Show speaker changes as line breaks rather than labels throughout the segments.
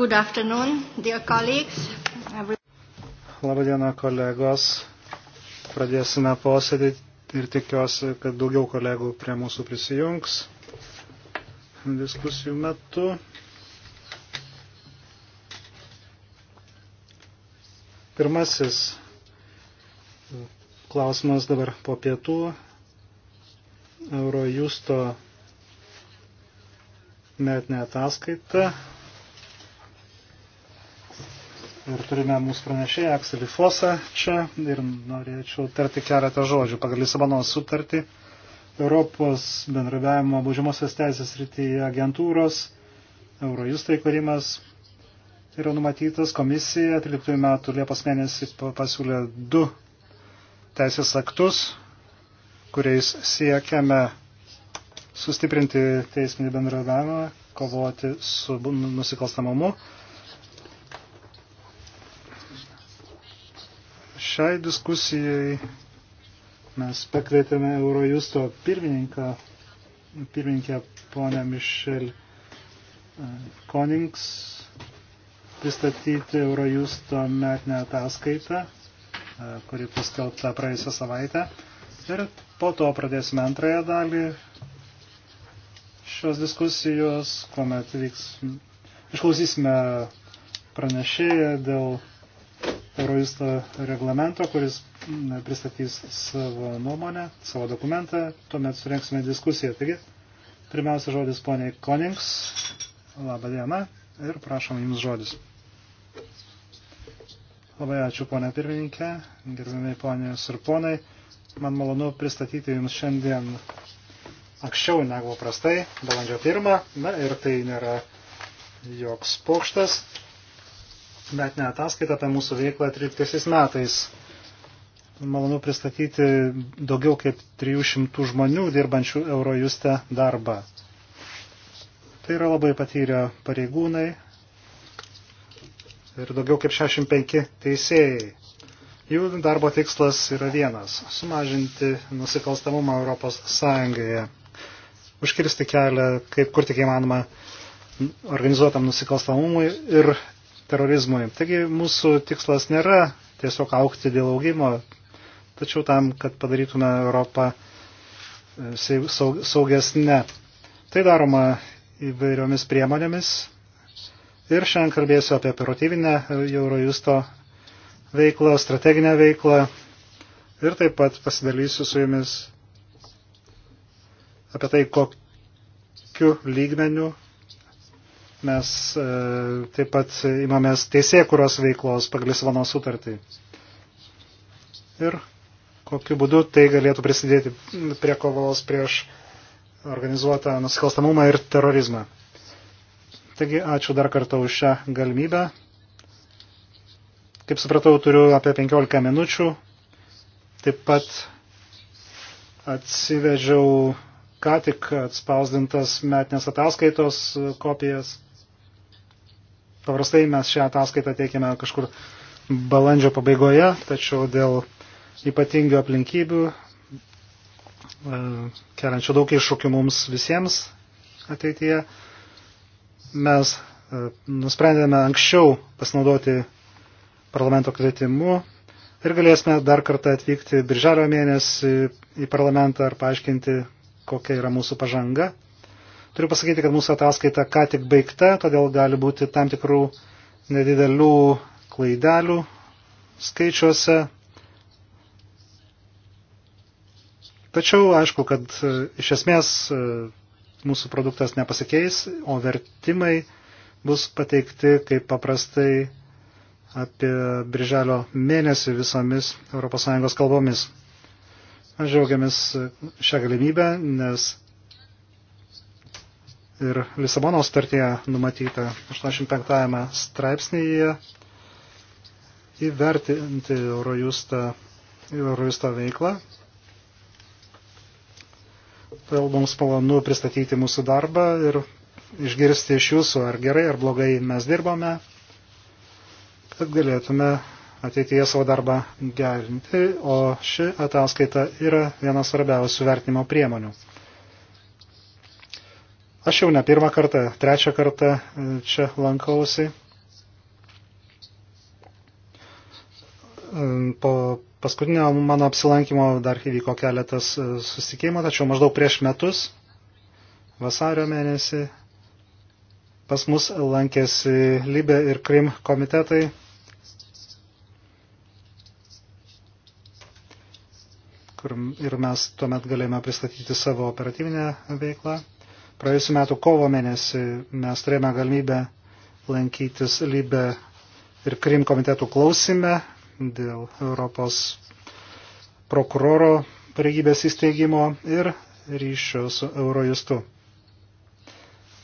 Good afternoon, dear colleagues.
Labadiena, kolegos. Pradėsime posėdį ir tikiuosi, kad daugiau kolegų prie mūsų prisijungs diskusijų metu. Pirmasis klausimas dabar po pietų. Eurojusto metinė ataskaita Ir turime mūsų pranešėją Akselį Fosą čia ir norėčiau tarti keletą žodžių. Pagal Lisabono sutartį Europos bendravimo baudžiamosios teisės rytyje agentūros, Eurojustai kūrimas yra numatytas. Komisija 13 metų Liepos mėnesį pasiūlė du teisės aktus, kuriais siekiame sustiprinti teisminį bendradavimą, kovoti su nusikalstamumu Šiai diskusijai mes pakvietėme Eurojusto pirmininką, pirmininkę ponę Mišel e, Konings pristatyti Eurojusto metinę ataskaitą, e, kuri paskelbta praėjusią savaitę. Ir po to pradėsime antrąją dalį šios diskusijos, kuomet vyks, išklausysime pranešėją dėl Eurojusto reglamento, kuris pristatys savo nuomonę, savo dokumentą. Tuomet surenksime diskusiją. Taigi, pirmiausia žodis poniai Konings. Labą dieną ir prašom jums žodis. Labai ačiū, ponė pirmininkė, gerbimiai ponės ir ponai. Man malonu pristatyti jums šiandien anksčiau negu prastai, balandžio pirmą, na ir tai nėra joks pokštas metinę ataskaitą apie mūsų veiklą 13 metais. Malonu pristatyti daugiau kaip 300 žmonių dirbančių Eurojuste darbą. Tai yra labai patyrę pareigūnai ir daugiau kaip 65 teisėjai. Jų darbo tikslas yra vienas - sumažinti nusikalstamumą Europos Sąjungoje, užkirsti kelią, kaip kur tik įmanoma, organizuotam nusikalstamumui ir terorizmui. Taigi mūsų tikslas nėra tiesiog aukti dėl augimo, tačiau tam, kad padarytume Europą e, saugesnę. Tai daroma įvairiomis priemonėmis. Ir šiandien kalbėsiu apie operatyvinę e, Eurojusto veiklą, strateginę veiklą. Ir taip pat pasidalysiu su jumis apie tai, kokiu lygmeniu mes e, taip pat imamės teisėkuros veiklos pagal Lisabono sutartį. Ir kokiu būdu tai galėtų prisidėti prie kovos prieš organizuotą nusikalstamumą ir terorizmą. Taigi, ačiū dar kartą už šią galimybę. Kaip supratau, turiu apie 15 minučių. Taip pat atsivežiau ką tik atspausdintas metinės ataskaitos kopijas. Paprastai mes šią ataskaitą teikiame kažkur balandžio pabaigoje, tačiau dėl ypatingių aplinkybių, e, keliančių daug iššūkių mums visiems ateityje, mes e, nusprendėme anksčiau pasinaudoti parlamento kvietimu ir galėsime dar kartą atvykti birželio mėnesį į parlamentą ir paaiškinti, kokia yra mūsų pažanga. Turiu pasakyti, kad mūsų ataskaita ką tik baigta, todėl gali būti tam tikrų nedidelių klaidelių skaičiuose. Tačiau aišku, kad e, iš esmės e, mūsų produktas nepasikeis, o vertimai bus pateikti kaip paprastai apie birželio mėnesį visomis ES kalbomis. Mes džiaugiamės e, šią galimybę, nes ir Lisabono startyje numatyta 85 straipsnėje įvertinti Eurojustą, Eurojustą veiklą. Todėl mums malonu pristatyti mūsų darbą ir išgirsti iš jūsų, ar gerai ar blogai mes dirbame, kad galėtume ateityje savo darbą gerinti, o ši ataskaita yra vienas svarbiausių vertinimo priemonių. Aš jau ne pirmą kartą, trečią kartą e, čia lankausi. Po paskutinio mano apsilankimo dar įvyko keletas e, susitikimų, tačiau maždaug prieš metus, vasario mėnesį, pas mus lankėsi Libė ir Krim komitetai. kur ir mes tuomet galėjome pristatyti savo operatyvinę veiklą. Praėjusiu metu kovo mėnesį mes turėjome galimybę lankytis Libe ir Krim komitetų klausime dėl Europos prokuroro pareigybės įsteigimo ir ryšio su Eurojustu.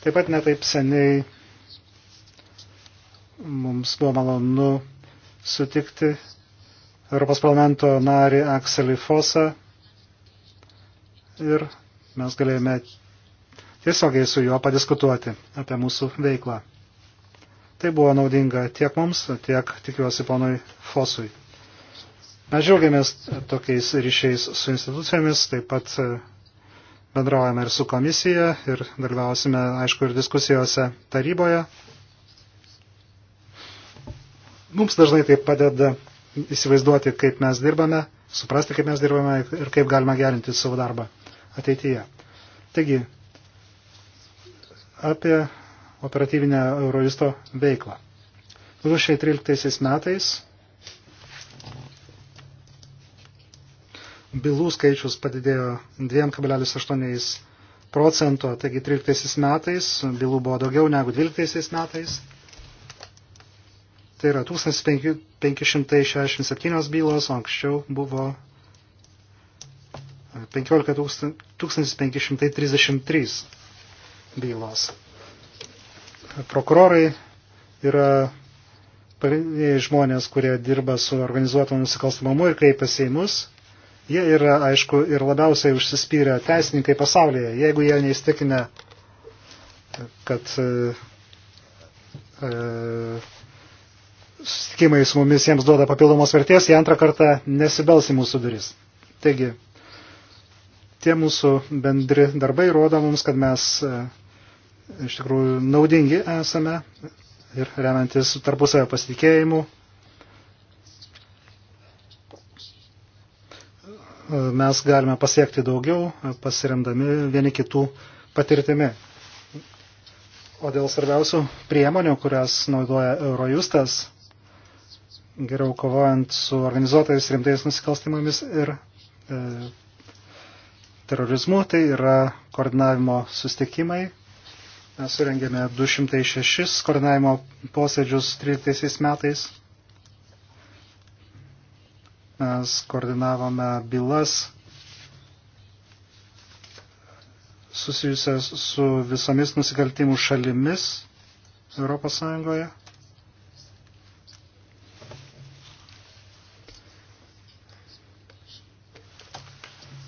Taip pat netaip seniai mums buvo malonu sutikti Europos parlamento narį Akselį Fosą ir mes galėjome tiesiogiai su juo padiskutuoti apie mūsų veiklą. Tai buvo naudinga tiek mums, tiek tikiuosi ponui Fosui. Mes džiaugiamės tokiais ryšiais su institucijomis, taip pat e, bendraujame ir su komisija ir dalyvausime, aišku, ir diskusijose taryboje. Mums dažnai tai padeda įsivaizduoti, kaip mes dirbame, suprasti, kaip mes dirbame ir kaip galima gerinti savo darbą ateityje. Taigi, apie operatyvinę Eurojusto veiklą. 2013 metais bylų skaičius padidėjo 2,8 procento, taigi 13 metais bylų buvo daugiau negu 12 metais. Tai yra 1567 bylos, o anksčiau buvo 15 1533 bylos. Prokurorai yra žmonės, kurie dirba su organizuotu nusikalstamumu ir kreipiasi į mus. Jie yra, aišku, ir labiausiai užsispyrę teisininkai pasaulyje. Jeigu jie neįstikinę, kad e, e, susitikimai su mumis jiems duoda papildomos vertės, jie antrą kartą nesibels į mūsų duris. Taigi, tie mūsų bendri darbai rodo mums, kad mes e, iš tikrųjų naudingi esame ir remiantis tarpusavio pasitikėjimu. Mes galime pasiekti daugiau, pasiremdami vieni kitų patirtimi. O dėl svarbiausių priemonių, kurias naudoja Eurojustas, geriau kovojant su organizuotais rimtais nusikalstimamis ir e, terorizmu, tai yra koordinavimo sustikimai, surengėme 206 koordinavimo posėdžius 13 metais. Mes koordinavome bylas susijusias su visomis nusikaltimų šalimis Europos Sąjungoje.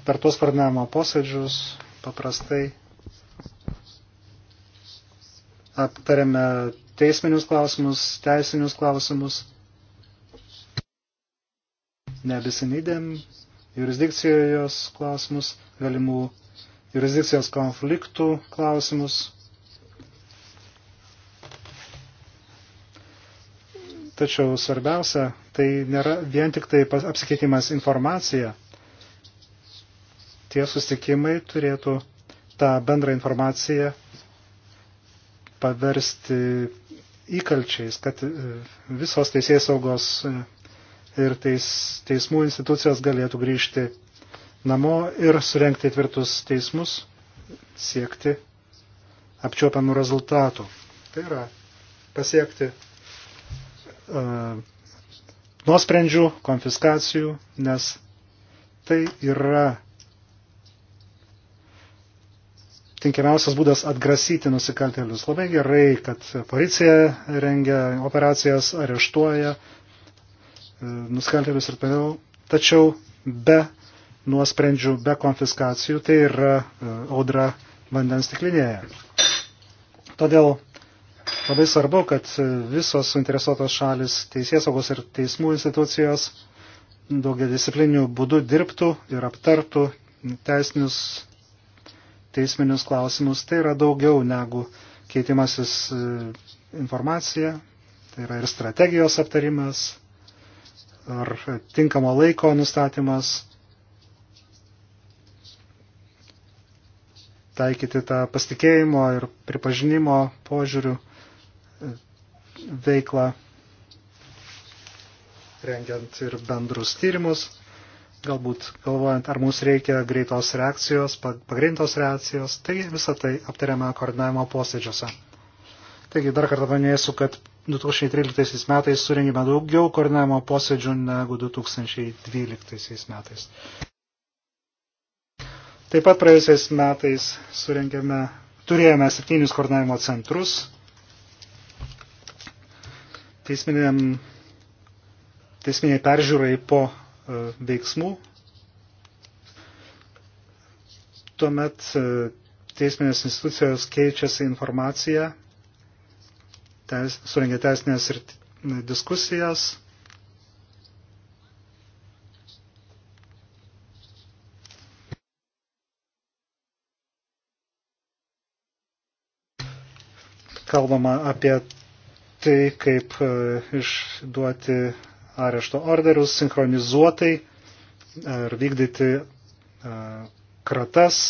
Per tuos koordinavimo posėdžius paprastai aptarėme teisminius klausimus, teisinius klausimus, nebesinydėm, jurisdikcijos klausimus, galimų jurisdikcijos konfliktų klausimus. Tačiau svarbiausia, tai nėra vien tik tai apsikeitimas informacija. Tie sustikimai turėtų tą bendrą informaciją paversti įkalčiais, kad e, visos teisės saugos e, ir teis, teismų institucijos galėtų grįžti namo ir surenkti tvirtus teismus, siekti apčiopiamų rezultatų. Tai yra pasiekti uh, nuosprendžių, konfiskacijų, nes tai yra tinkamiausias būdas atgrasyti nusikaltėlius. Labai gerai, kad policija rengia operacijas, areštuoja e, nusikaltėlius ir toliau. Tačiau be nuosprendžių, be konfiskacijų tai yra e, audra vandens stiklinėje. Todėl labai svarbu, kad visos suinteresuotos šalis, teisėsaugos ir teismų institucijos daugia disciplinių būdų dirbtų ir aptartų teisinius teisminius klausimus. Tai yra daugiau negu keitimasis e, informacija, tai yra ir strategijos aptarimas, ar tinkamo laiko nustatymas, taikyti tą pasitikėjimo ir pripažinimo požiūrių e, veiklą, rengiant ir bendrus tyrimus galbūt galvojant, ar mums reikia greitos reakcijos, pagrindos reakcijos, tai visą tai aptariame koordinavimo posėdžiuose. Taigi dar kartą paminėsiu, kad 2013 metais surengėme daugiau koordinavimo posėdžių negu 2012 metais. Taip pat praėjusiais metais surengėme, turėjome septynis koordinavimo centrus teisminiai peržiūrai po E, veiksmų, tuomet e, teisminės institucijos keičiasi informaciją, teis, surengia teisinės ir diskusijas. Kalbama apie tai, kaip e, išduoti arešto orderius sinchronizuotai e, ir vykdyti e, kratas.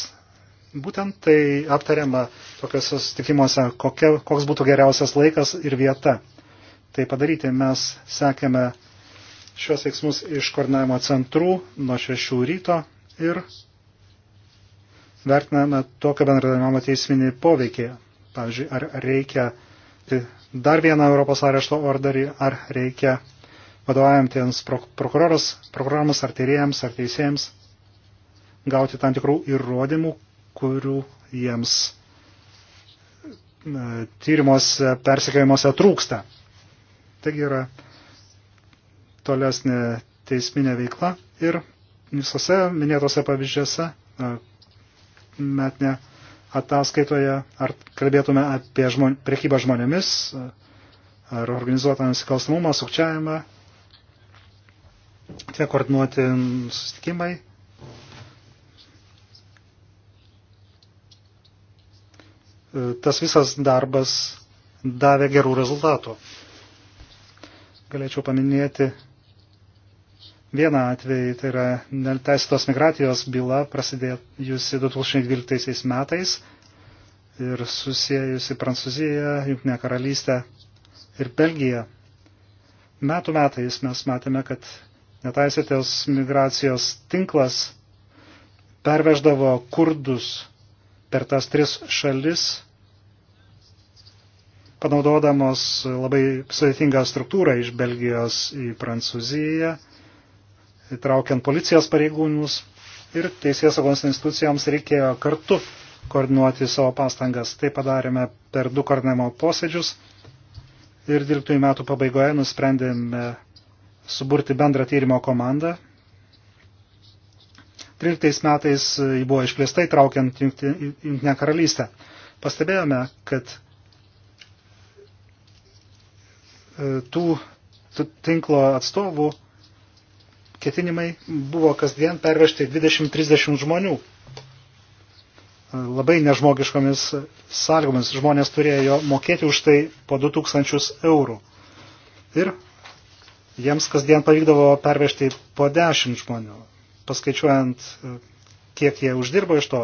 Būtent tai aptariama tokiuose susitikimuose, kokia, koks būtų geriausias laikas ir vieta. Tai padaryti mes sekėme šios veiksmus iš koordinavimo centrų nuo 6 ryto ir vertiname tokio bendradarbiavimo teisminį poveikį. Pavyzdžiui, ar reikia dar vieną Europos arešto orderį, ar reikia vadovaujantiems prokurorams ar tyrėjams ar teisėjams gauti tam tikrų įrodymų, kurių jiems tyrimuose, persikėjimuose trūksta. Taigi yra tolesnė teisminė veikla ir visose minėtose pavyzdžiuose metinė ataskaitoje, ar kalbėtume apie žmon, priekybą žmonėmis, ar organizuotą nusikalstamumą, sukčiavimą, tie koordinuoti susitikimai. E, tas visas darbas davė gerų rezultatų. Galėčiau paminėti vieną atvejį, tai yra neteisėtos migracijos byla prasidėjusi 2012 metais ir susijęjusi Prancūziją, Junktinę karalystę ir Belgiją. Metų metais mes matėme, kad netaisėtės migracijos tinklas perveždavo kurdus per tas tris šalis, panaudodamos labai sudėtingą struktūrą iš Belgijos į Prancūziją, įtraukiant policijos pareigūnus ir teisės saugos institucijoms reikėjo kartu koordinuoti savo pastangas. Tai padarėme per du koordinavimo posėdžius ir 12 metų pabaigoje nusprendėme suburti bendrą tyrimo komandą. 13 metais jį buvo išplėsta įtraukiant Junktinę karalystę. Pastebėjome, kad e, tų tinklo atstovų ketinimai buvo kasdien pervežti 20-30 žmonių. E, labai nežmogiškomis sąlygomis žmonės turėjo mokėti už tai po 2000 eurų. Ir jiems kasdien pavykdavo pervežti po 10 žmonių. Paskaičiuojant, e, kiek jie uždirbo iš to,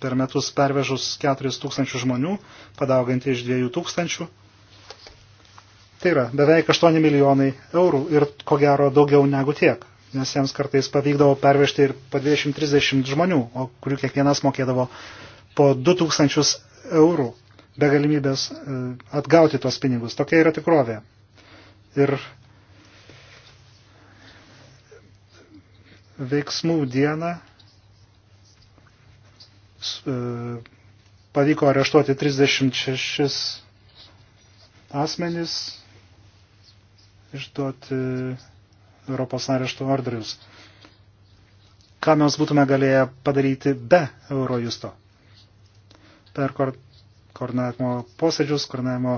per metus pervežus 4000 žmonių, padaugant iš 2000. Tai yra beveik 8 milijonai eurų ir ko gero daugiau negu tiek, nes jiems kartais pavykdavo pervežti ir po 20-30 žmonių, o kurių kiekvienas mokėdavo po 2000 eurų be galimybės e, atgauti tuos pinigus. Tokia yra tikrovė. Ir veiksmų dieną e, pavyko areštuoti 36 asmenys, išduoti Europos arešto orderius. Ką mes būtume galėję padaryti be Eurojusto? Per koordinavimo posėdžius, koordinavimo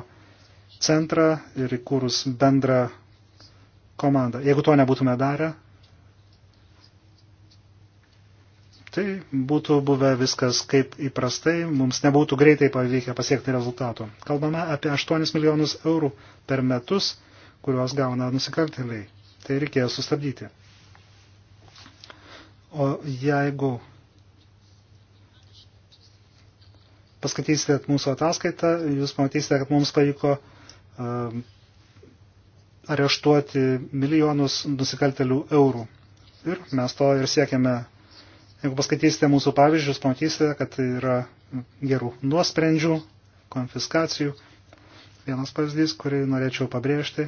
centrą ir įkūrus bendrą komandą. Jeigu to nebūtume darę, Tai būtų buvę viskas kaip įprastai, mums nebūtų greitai pavykę pasiekti rezultatų. Kalbame apie 8 milijonus eurų per metus, kuriuos gauna nusikaltėliai. Tai reikėjo sustabdyti. O jeigu paskaitysite mūsų ataskaitą, jūs pamatysite, kad mums pavyko um, areštuoti milijonus nusikaltelių eurų. Ir mes to ir siekiame Jeigu paskaitysite mūsų pavyzdžius, pamatysite, kad yra gerų nuosprendžių, konfiskacijų. Vienas pavyzdys, kurį norėčiau pabrėžti,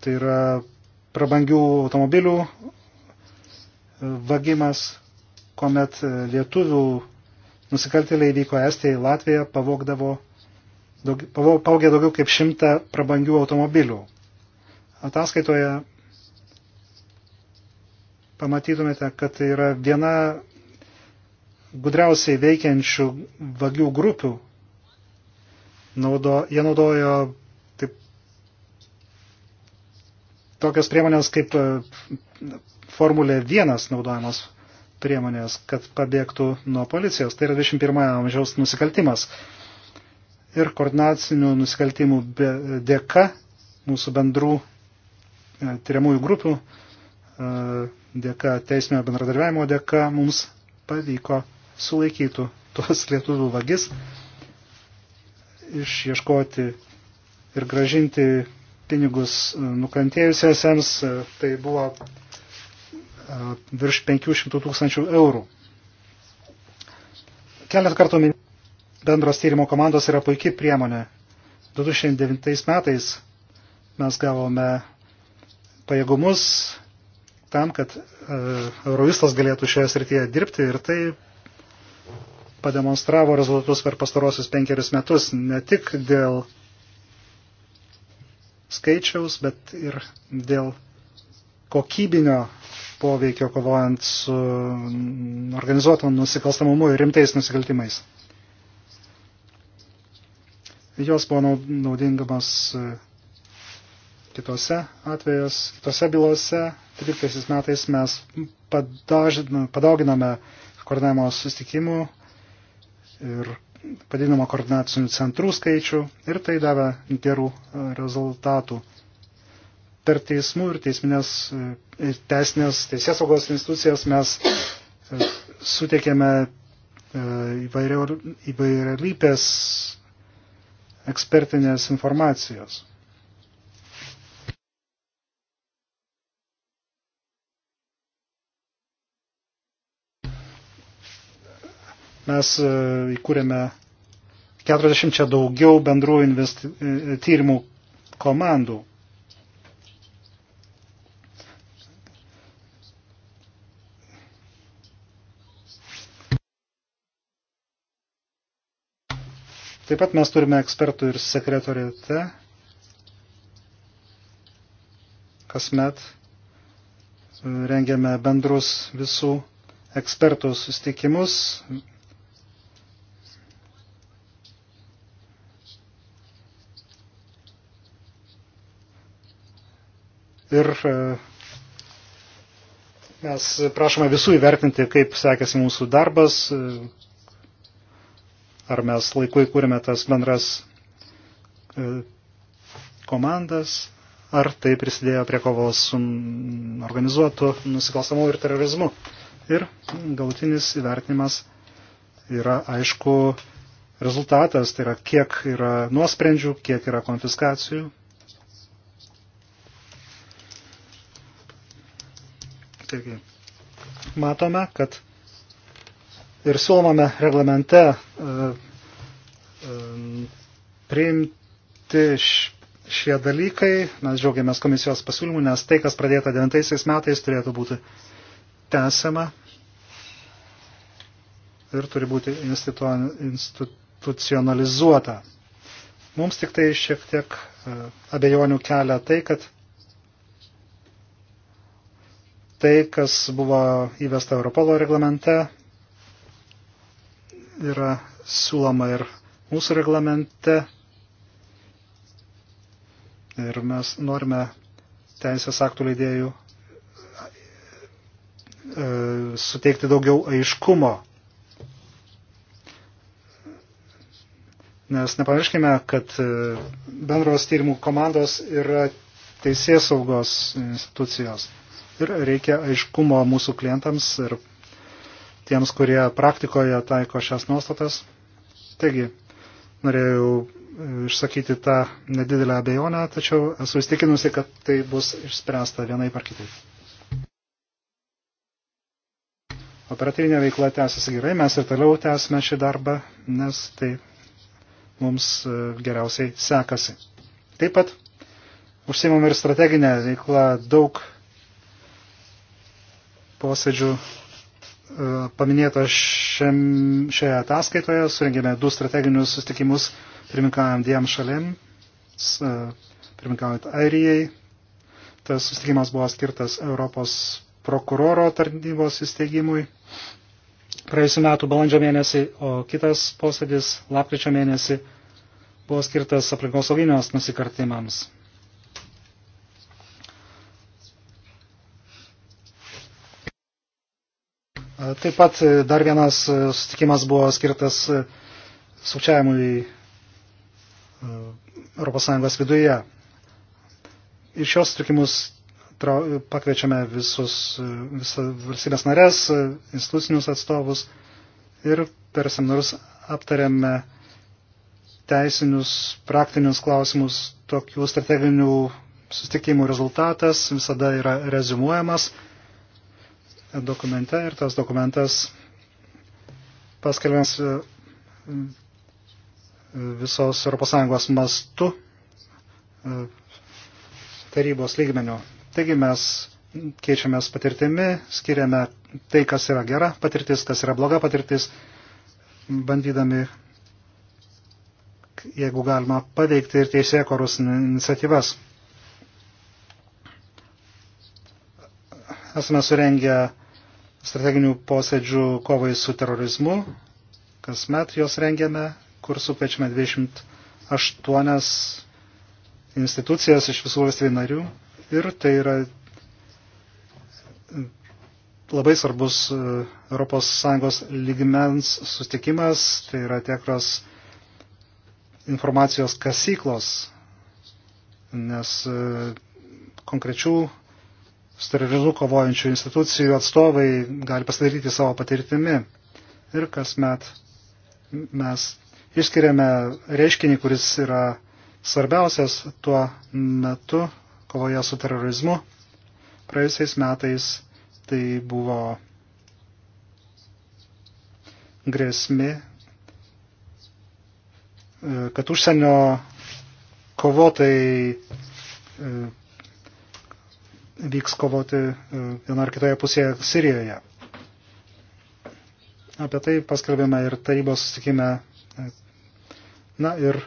tai yra prabangių automobilių vagimas, kuomet lietuvių nusikaltėliai vyko Estija į Latviją, pavogdavo, daug, pavogė daugiau kaip šimtą prabangių automobilių. Ataskaitoje pamatytumėte, kad tai yra viena gudriausiai veikiančių vagių grupių. Naudo, jie naudojo taip, tokias priemonės kaip e, Formulė 1 naudojamos priemonės, kad pabėgtų nuo policijos. Tai yra 21 amžiaus nusikaltimas. Ir koordinacinių nusikaltimų dėka mūsų bendrų e, tyriamųjų grupių E, dėka, teisinio bendradarbiavimo dėka mums pavyko sulaikytų tuos lietuvių vagis, išieškoti ir gražinti pinigus e, nukantėjusiesiems, e, tai buvo virš 500 tūkstančių eurų. Keletą kartų bendros tyrimo komandos yra puikiai priemonė. 2009 metais mes gavome pajėgumus tam, kad e, Eurovistas galėtų šioje srityje dirbti ir tai pademonstravo rezultatus per pastarosius penkerius metus, ne tik dėl skaičiaus, bet ir dėl kokybinio poveikio kovojant su organizuotam nusikalstamumu ir rimtais nusikaltimais. Jos buvo naudingamos e, kitose atvejos, kitose bylose. 13 metais mes padauginame koordinavimo sustikimų ir padidinamo koordinacinių centrų skaičių ir tai davė gerų e, rezultatų. Per teismų ir teisminės ir e, teisinės teisės saugos institucijas mes e, suteikėme įvairialypės ekspertinės informacijos. Mes e, įkūrėme 40 daugiau bendrų investi... E, e, tyrimų komandų. Taip pat mes turime ekspertų ir sekretoriate. Kasmet rengiame bendrus visų ekspertų sustikimus, Ir e, mes prašome visų įvertinti, kaip sekėsi mūsų darbas, e, ar mes laiku įkūrėme tas bendras e, komandas, ar tai prisidėjo prie kovos su organizuotu nusikalstamu ir terorizmu. Ir galutinis įvertinimas yra aišku rezultatas, tai yra kiek yra nuosprendžių, kiek yra konfiskacijų Taigi, matome, kad ir siūlomame reglamente e, e, priimti šie dalykai. Mes džiaugiamės komisijos pasiūlymų, nes tai, kas pradėta 9 metais, turėtų būti tęsiama ir turi būti institu, institucionalizuota. Mums tik tai šiek tiek e, abejonių kelia tai, kad tai, kas buvo įvesta Europolo reglamente, yra siūloma ir mūsų reglamente. Ir mes norime teisės aktų leidėjų e, suteikti daugiau aiškumo. Nes nepamirškime, kad e, bendros tyrimų komandos yra teisės saugos institucijos ir reikia aiškumo mūsų klientams ir tiems, kurie praktikoje taiko šias nuostatas. Taigi, norėjau e, išsakyti tą nedidelę abejonę, tačiau esu įstikinusi, kad tai bus išspręsta vienai par kitaip. Operatyvinė veikla tęsiasi gerai, mes ir toliau tęsime šį darbą, nes tai mums e, geriausiai sekasi. Taip pat užsimam ir strateginę veiklą daug posėdžių e, paminėta šiam, šioje ataskaitoje. Surengėme du strateginius sustikimus pirminkavim dviem šalėms, e, pirminkavim Airijai. Tas sustikimas buvo skirtas Europos prokuroro tarnybos įsteigimui praėjusiu metu balandžio mėnesį, o kitas posėdis lapkričio mėnesį buvo skirtas aplinkosauginės nusikartimams. Taip pat e, dar vienas e, sutikimas buvo skirtas e, sukčiavimui ES viduje. Į šios sutikimus pakviečiame visus visą valstybės narės, institucinius atstovus ir per seminarus aptarėme teisinius, praktinius klausimus. Tokių strateginių sustikimų rezultatas visada yra rezumuojamas dokumente ir tas dokumentas paskelbiamas e, e, visos ES mastu e, tarybos lygmeniu. Taigi mes keičiamės patirtimi, skiriame tai, kas yra gera patirtis, kas yra bloga patirtis, bandydami, jeigu galima, paveikti ir teisėkorus iniciatyvas. Esame surengę strateginių posėdžių kovai su terorizmu. Kasmet jos rengiame, kur sukviečiame 28 institucijas iš visų valstybių narių. Ir tai yra labai svarbus e, ES lygmens sustikimas, tai yra tikros informacijos kasyklos, nes e, konkrečių sterilizų kovojančių institucijų atstovai gali pasidaryti savo patirtimi. Ir kasmet mes išskiriame reiškinį, kuris yra svarbiausias tuo metu kovoje su terorizmu. Praėjusiais metais tai buvo grėsmi, e, kad užsienio kovotojai e, vyks kovoti e, viena ar kitoje pusėje Sirijoje. Apie tai paskelbėme ir tarybos susitikime. E, na ir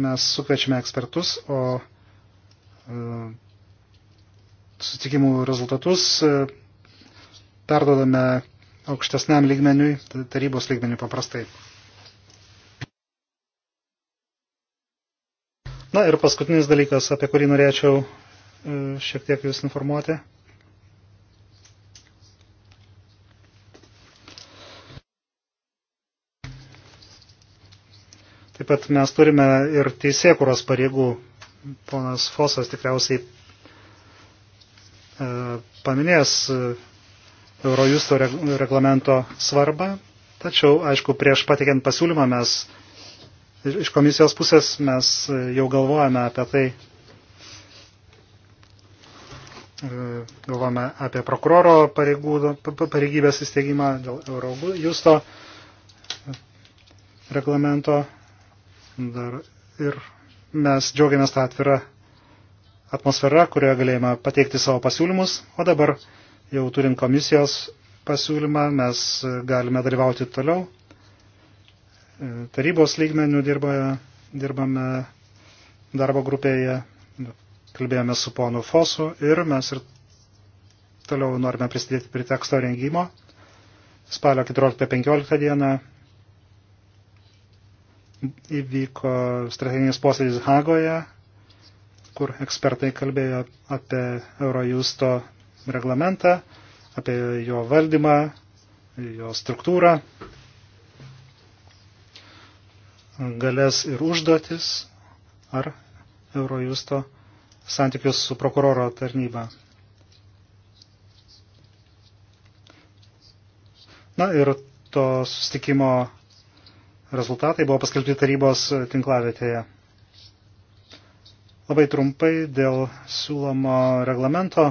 mes sukvečiame ekspertus, o e, susitikimų rezultatus perdodame aukštesniam lygmeniui, tarybos lygmeniui paprastai. Na ir paskutinis dalykas, apie kurį norėčiau Mm, šiek tiek jūs informuoti. Taip pat mes turime ir teisėkuros pareigų. Ponas Fosas tikriausiai e, paminės e, Eurojusto reglamento svarbą, tačiau, aišku, prieš patikiant pasiūlymą mes iš komisijos pusės mes e, jau galvojame apie tai, E, galvome apie prokuroro pareigų, pareigybės įsteigimą dėl Eurogų justo reglamento. Dar ir mes džiaugiamės tą atvirą atmosferą, kurioje galėjome pateikti savo pasiūlymus, o dabar jau turint komisijos pasiūlymą mes galime dalyvauti toliau. E, tarybos lygmenių dirbame, dirbame darbo grupėje kalbėjome su ponu Fosu ir mes ir toliau norime prisidėti prie teksto rengimo. Spalio 14-15 dieną įvyko strateginis posėdis Hagoje, kur ekspertai kalbėjo apie Eurojusto reglamentą, apie jo valdymą, jo struktūrą, galės ir užduotis ar Eurojusto santykius su prokuroro tarnyba. Na ir to sustikimo rezultatai buvo paskelbti tarybos tinklavietėje. Labai trumpai dėl siūlomo reglamento,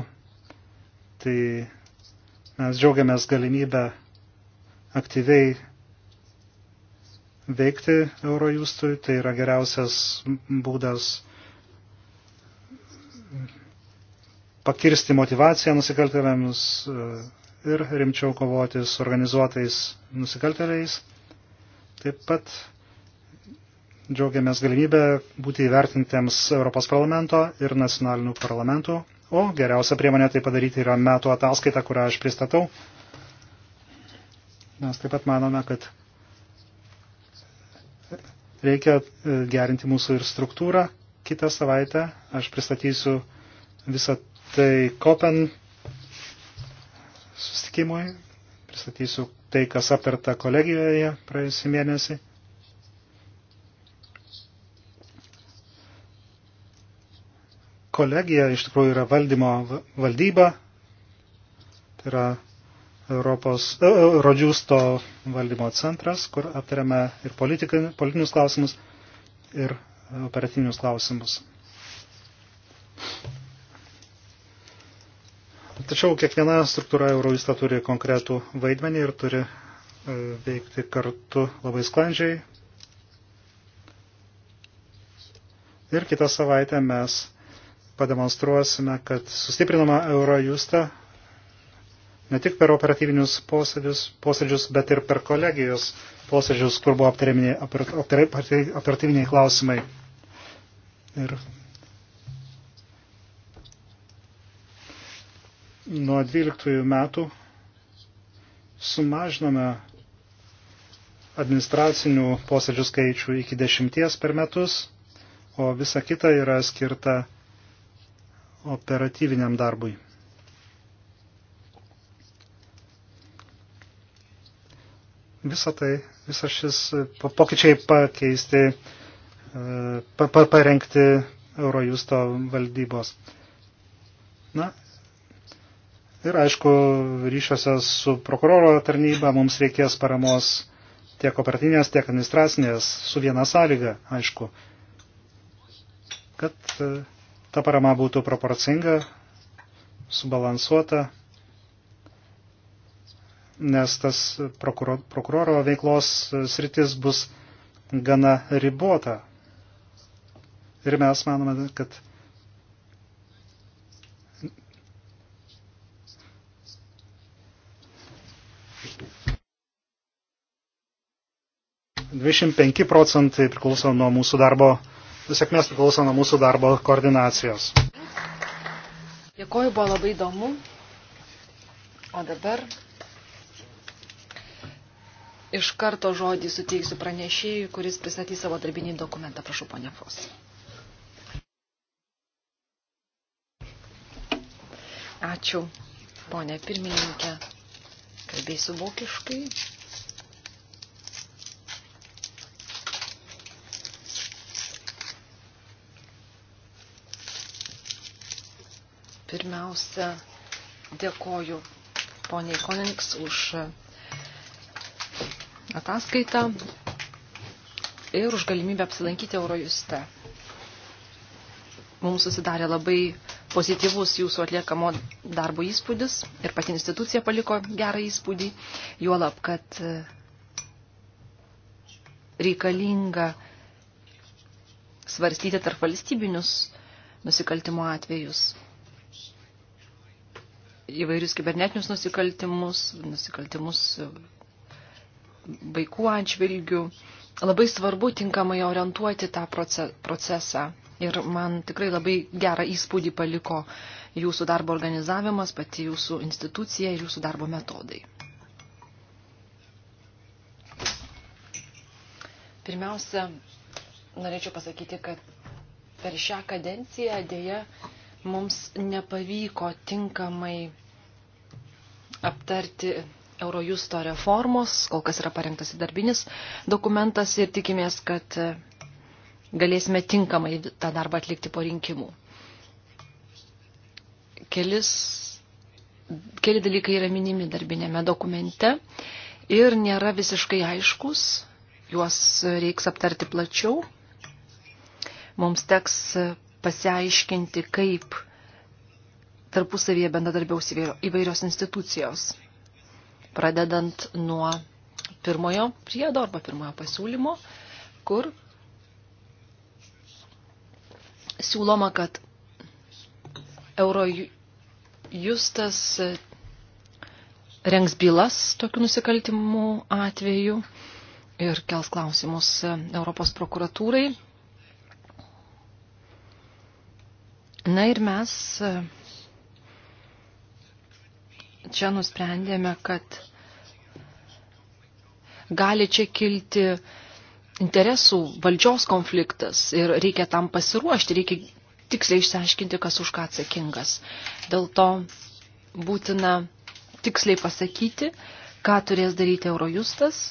tai mes džiaugiamės galimybę aktyviai veikti Eurojustui, tai yra geriausias būdas pakirsti motivaciją nusikaltėliams e, ir rimčiau kovoti su organizuotais nusikaltėliais. Taip pat džiaugiamės galimybę būti įvertintiems Europos parlamento ir nacionalinių parlamentų, o geriausia priemonė tai padaryti yra metų ataskaita, kurią aš pristatau. Mes taip pat manome, kad reikia e, gerinti mūsų ir struktūrą. Kitą savaitę aš pristatysiu visą tai Kopen sustikimui. Pristatysiu tai, kas aptarta kolegijoje praėjusį mėnesį. Kolegija iš tikrųjų yra valdymo valdyba, tai yra Europos e, e, Rodžiūsto valdymo centras, kur aptariame ir politinius klausimus, ir operatyvinius klausimus. Tačiau kiekviena struktūra Euroista turi konkretų vaidmenį ir turi e, veikti kartu labai sklandžiai. Ir kitą savaitę mes pademonstruosime, kad sustiprinama Eurojustą ne tik per operatyvinius posėdžius, posėdžius bet ir per kolegijos posėdžius, kur buvo aptariminiai, operatyviniai klausimai. Ir nuo 12 metų sumažinome administracinių posėdžių skaičių iki dešimties per metus, o visa kita yra skirta operatyviniam darbui. Visa tai, visa šis pokyčiai pakeisti, e, pa, pa, parengti Eurojusto valdybos. Na Ir aišku, ryšiuose su prokuroro tarnyba mums reikės paramos tiek operatinės, tiek administracinės, su viena sąlyga, aišku, kad e, ta parama būtų proporcinga, subalansuota, nes tas prokuro, prokuroro veiklos sritis bus gana ribota. Ir mes manome, kad 25 procentai priklauso nuo mūsų darbo, sėkmės priklauso nuo mūsų darbo koordinacijos.
Dėkoju, buvo labai įdomu. O dabar iš karto žodį suteiksiu pranešėjui, kuris pristatys savo darbinį dokumentą. Prašau, ponia Fos. Ačiū, ponia pirmininkė. Kalbėsiu vokiškai. Pirmiausia, dėkoju poniai Konings už ataskaitą ir už galimybę apsilankyti Eurojuste. Mums susidarė labai pozityvus jūsų atliekamo darbo įspūdis ir pati institucija paliko gerą įspūdį, juolab, kad reikalinga svarstyti tarp valstybinius nusikaltimo atvejus įvairius kibernetinius nusikaltimus, nusikaltimus vaikų atžvilgių. Labai svarbu tinkamai orientuoti tą procesą. Ir man tikrai labai gerą įspūdį paliko jūsų darbo organizavimas, pati jūsų institucija ir jūsų darbo metodai. Pirmiausia, norėčiau pasakyti, kad per šią kadenciją dėja mums nepavyko tinkamai aptarti Eurojusto reformos, kol kas yra parengtas darbinis dokumentas ir tikimės, kad galėsime tinkamai tą darbą atlikti po rinkimų. Kelis, keli dalykai yra minimi darbinėme dokumente ir nėra visiškai aiškus, juos reiks aptarti plačiau. Mums teks pasiaiškinti, kaip tarpusavėje bendradarbiaus įvairios institucijos, pradedant nuo pirmojo priedo arba pirmojo pasiūlymo, kur siūloma, kad Eurojustas rengs bylas tokių nusikaltimų atveju ir kels klausimus Europos prokuratūrai Na ir mes e, čia nusprendėme, kad gali čia kilti interesų valdžios konfliktas ir reikia tam pasiruošti, reikia tiksliai išsiaiškinti, kas už ką atsakingas. Dėl to būtina tiksliai pasakyti, ką turės daryti Eurojustas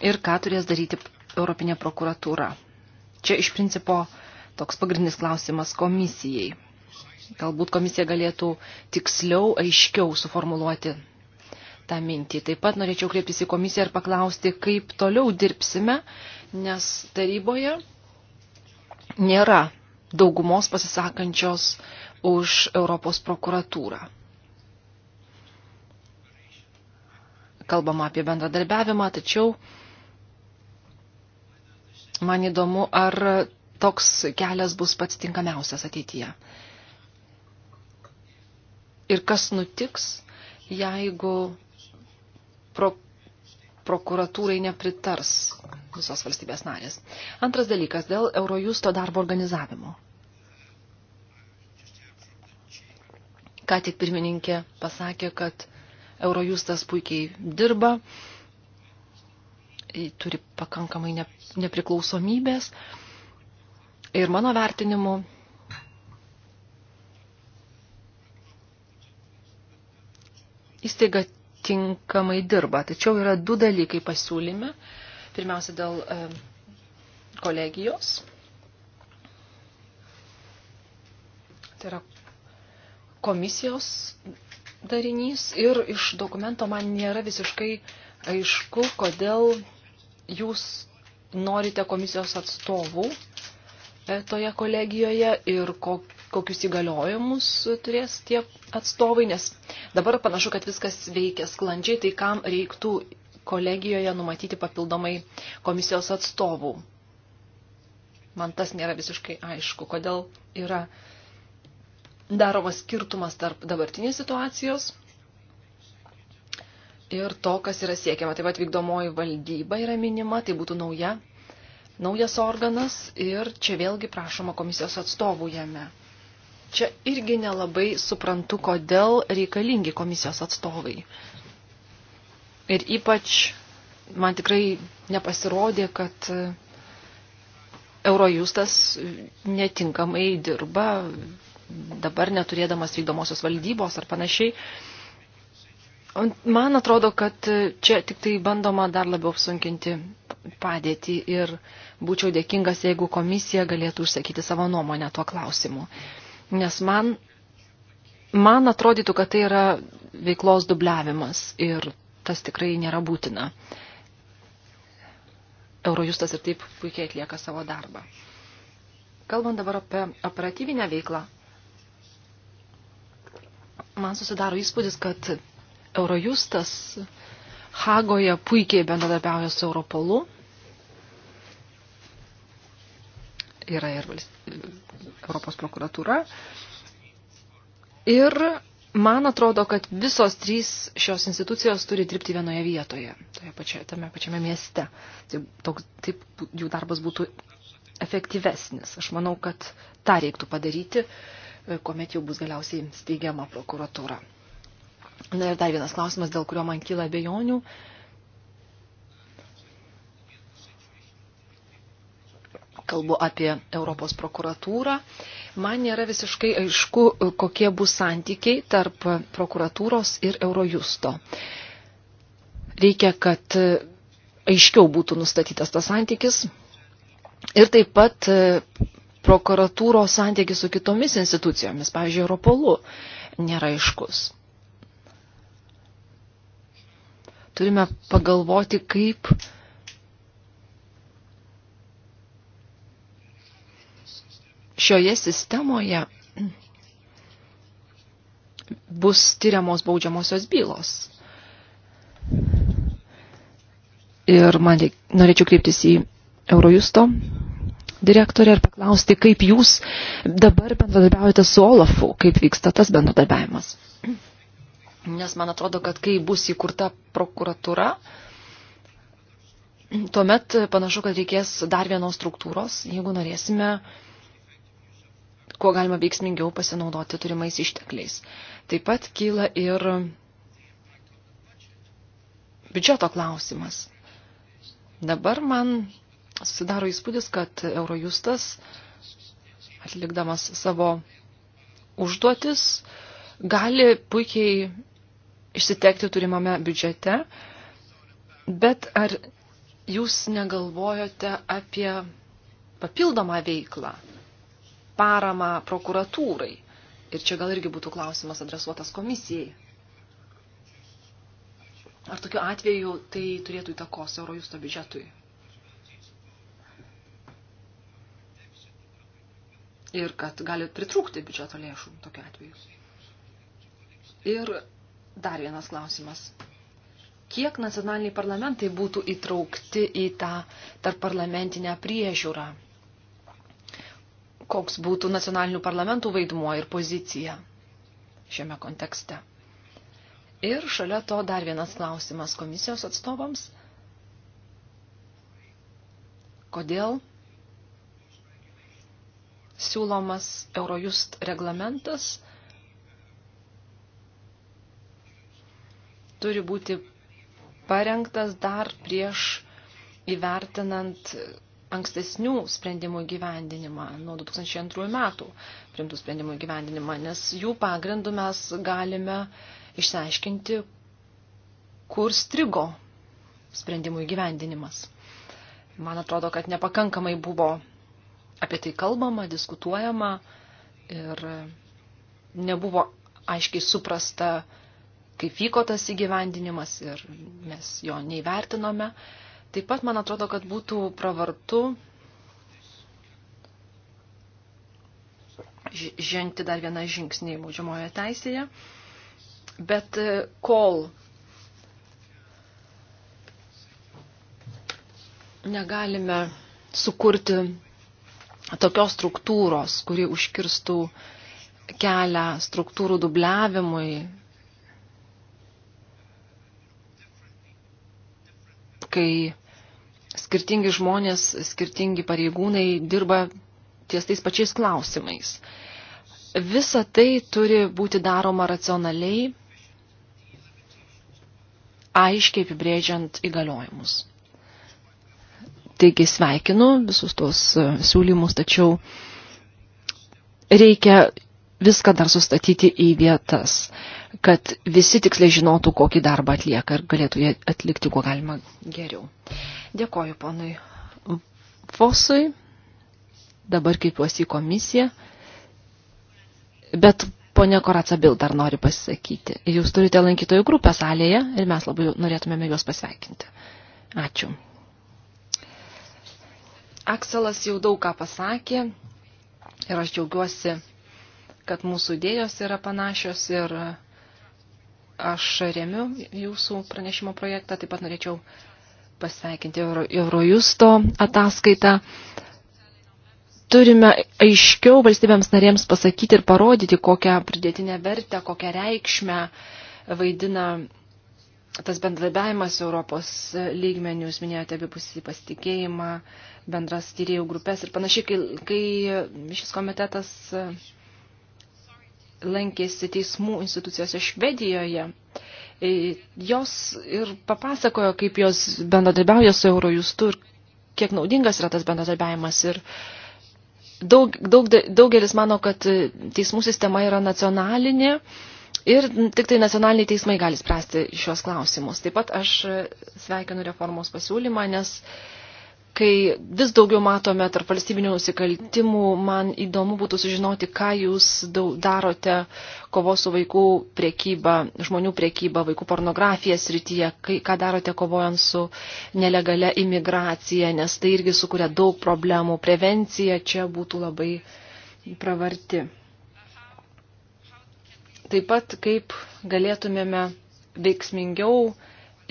ir ką turės daryti Europinė prokuratūra. Čia iš principo toks pagrindinis klausimas komisijai. Galbūt komisija galėtų tiksliau, aiškiau suformuluoti tą mintį. Taip pat norėčiau kreiptis į komisiją ir paklausti, kaip toliau dirbsime, nes taryboje nėra daugumos pasisakančios už Europos prokuratūrą. Kalbama apie bendradarbiavimą, tačiau man įdomu, ar toks kelias bus pats tinkamiausias ateityje. Ir kas nutiks, jeigu pro, prokuratūrai nepritars visos valstybės narės. Antras dalykas dėl Eurojusto darbo organizavimo. Ką tik pirmininkė pasakė, kad Eurojustas puikiai dirba, turi pakankamai nepriklausomybės. Ir mano vertinimu įstaiga tinkamai dirba. Tačiau yra du dalykai pasiūlyme. Pirmiausia, dėl e, kolegijos. Tai yra komisijos darinys ir iš dokumento man nėra visiškai aišku, kodėl jūs norite komisijos atstovų E, toje kolegijoje ir kokius įgaliojimus turės tie atstovai, nes dabar panašu, kad viskas veikia sklandžiai, tai kam reiktų kolegijoje numatyti papildomai komisijos atstovų. Man tas nėra visiškai aišku, kodėl yra daromas skirtumas tarp dabartinės situacijos ir to, kas yra siekiama. Taip pat vykdomoji valdyba yra minima, tai būtų nauja naujas organas ir čia vėlgi prašoma komisijos atstovų jame. Čia irgi nelabai suprantu, kodėl reikalingi komisijos atstovai. Ir ypač man tikrai nepasirodė, kad Eurojustas netinkamai dirba, dabar neturėdamas vykdomosios valdybos ar panašiai. Man atrodo, kad čia tik tai bandoma dar labiau apsunkinti padėtį ir būčiau dėkingas, jeigu komisija galėtų užsakyti savo nuomonę tuo klausimu. Nes man, man atrodytų, kad tai yra veiklos dubliavimas ir tas tikrai nėra būtina. Eurojustas ir taip puikiai atlieka savo darbą. Kalbant dabar apie operatyvinę veiklą, man susidaro įspūdis, kad Eurojustas Hagoje puikiai bendradarbiauja su Europolu yra ir Europos prokuratūra. Ir man atrodo, kad visos trys šios institucijos turi dirbti vienoje vietoje, toje pačioje, tame pačiame mieste. Tai toks, taip jų darbas būtų efektyvesnis. Aš manau, kad tą reiktų padaryti, e, kuomet jau bus galiausiai steigiama prokuratūra. Na ir dar vienas klausimas, dėl kurio man kyla abejonių. Uh, kalbu apie Europos prokuratūrą, man nėra visiškai aišku, kokie bus santykiai tarp prokuratūros ir Eurojusto. Reikia, kad aiškiau būtų nustatytas tas santykis ir taip pat e, prokuratūros santykis su kitomis institucijomis, pavyzdžiui, Europolu, nėra aiškus. Turime pagalvoti, kaip šioje sistemoje bus tyriamos baudžiamosios bylos. Ir man reik, norėčiau kreiptis į Eurojusto direktorę ir paklausti, kaip jūs dabar bendradarbiaujate su Olafu, kaip vyksta tas bendradarbiavimas. Nes man atrodo, kad kai bus įkurta prokuratūra, tuomet panašu, kad reikės dar vienos struktūros, jeigu norėsime uh, kuo galima veiksmingiau pasinaudoti turimais ištekliais. Taip pat kyla ir biudžeto klausimas. Dabar man susidaro įspūdis, kad Eurojustas, atlikdamas savo užduotis, gali puikiai išsitekti turimame biudžete, bet ar jūs negalvojote apie papildomą veiklą? paramą prokuratūrai. Ir čia gal irgi būtų klausimas adresuotas komisijai. Ar tokiu atveju tai turėtų įtakos Eurojusto biudžetui? Ir kad gali pritrūkti biudžeto lėšų tokiu atveju. Ir dar vienas klausimas. Kiek nacionaliniai parlamentai būtų įtraukti į tą tarp parlamentinę priežiūrą? koks būtų nacionalinių parlamentų vaidmuo ir pozicija šiame kontekste. Ir šalia to dar vienas klausimas komisijos atstovams. Kodėl siūlomas Eurojust reglamentas turi būti parengtas dar prieš įvertinant ankstesnių sprendimų gyvendinimą nuo 2002 metų primtų sprendimų gyvendinimą, nes jų pagrindų mes galime išsiaiškinti, kur strigo sprendimų įgyvendinimas. Man atrodo, kad nepakankamai buvo apie tai kalbama, diskutuojama ir nebuvo aiškiai suprasta, kaip vyko tas įgyvendinimas ir mes jo neįvertinome. Taip pat man atrodo, kad būtų pravartu žengti dar vieną žingsnį baudžiamojo teisėje. Bet e, kol negalime sukurti tokios struktūros, kuri užkirstų kelią struktūrų dubliavimui, kai skirtingi žmonės, skirtingi pareigūnai dirba ties tais pačiais klausimais. Visa tai turi būti daroma racionaliai, aiškiai apibrėžiant įgaliojimus. Taigi sveikinu visus tos e, siūlymus, tačiau reikia viską dar sustatyti į vietas kad visi tiksliai žinotų, kokį darbą atlieka ir galėtų jį atlikti kuo galima geriau. Dėkoju ponui Fosui, dabar kreipiuosi į komisiją, bet ponia Koraca Bil dar nori pasisakyti. Jūs turite lankytojų grupę salėje ir mes labai norėtumėme juos pasveikinti. Ačiū. Akselas jau daug ką pasakė ir aš džiaugiuosi, kad mūsų idėjos yra panašios ir Aš remiu jūsų pranešimo projektą, taip pat norėčiau pasveikinti Euro, Eurojusto ataskaitą. Turime aiškiau valstybėms narėms pasakyti ir parodyti, kokią pridėtinę vertę, kokią reikšmę vaidina tas bendradarbiavimas Europos lygmenių, jūs minėjote abipusį pasitikėjimą, bendras tyriejų grupės ir panašiai, kai, kai šis komitetas lankėsi teismų institucijose Švedijoje. E, jos ir papasakojo, kaip jos bendradarbiauja su Eurojustu ir kiek naudingas yra tas bendradarbiavimas. Ir daug, daug, daugelis mano, kad teismų sistema yra nacionalinė ir tik tai nacionaliniai teismai gali spręsti šios klausimus. Taip pat aš sveikinu reformos pasiūlymą, nes uh, kai vis daugiau matome tarp valstybinių nusikaltimų, man įdomu būtų sužinoti, ką jūs darote kovos su vaikų priekyba, žmonių priekyba, vaikų pornografija srityje, kai, ką darote kovojant su nelegale imigracija, nes tai irgi sukuria daug problemų. Prevencija čia būtų labai pravarti. Taip pat kaip galėtumėme veiksmingiau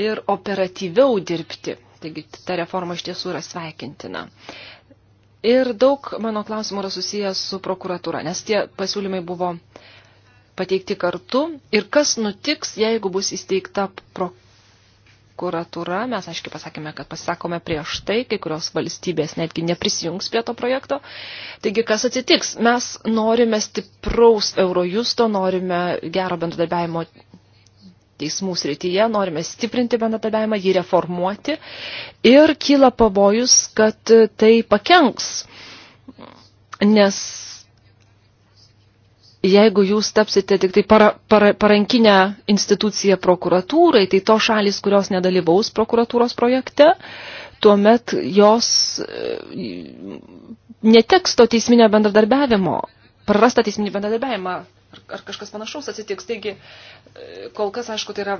ir operatyviau dirbti Taigi ta reforma iš tiesų yra sveikintina. Ir daug mano klausimų yra susijęs su prokuratūra, nes tie pasiūlymai buvo pateikti kartu. Ir kas nutiks, jeigu bus įsteigta prokuratūra, mes aiškiai pasakėme, kad pasisakome prieš tai, kai kurios valstybės netgi neprisijungs prie to projekto. Taigi, kas atsitiks? Mes norime stipraus Eurojusto, norime gero bendradarbiavimo teismų srityje, norime stiprinti bendradarbiavimą, jį reformuoti ir kyla pavojus, kad tai pakenks, nes jeigu jūs tapsite tik tai para, para, parankinę instituciją prokuratūrai, tai to šalis, kurios nedalyvaus prokuratūros projekte, tuomet jos e, neteks to teisminio bendradarbiavimo, prarasta teisminį bendradarbiavimą ar, ar kažkas panašaus atsitiks. Taigi, e, kol kas, aišku, tai yra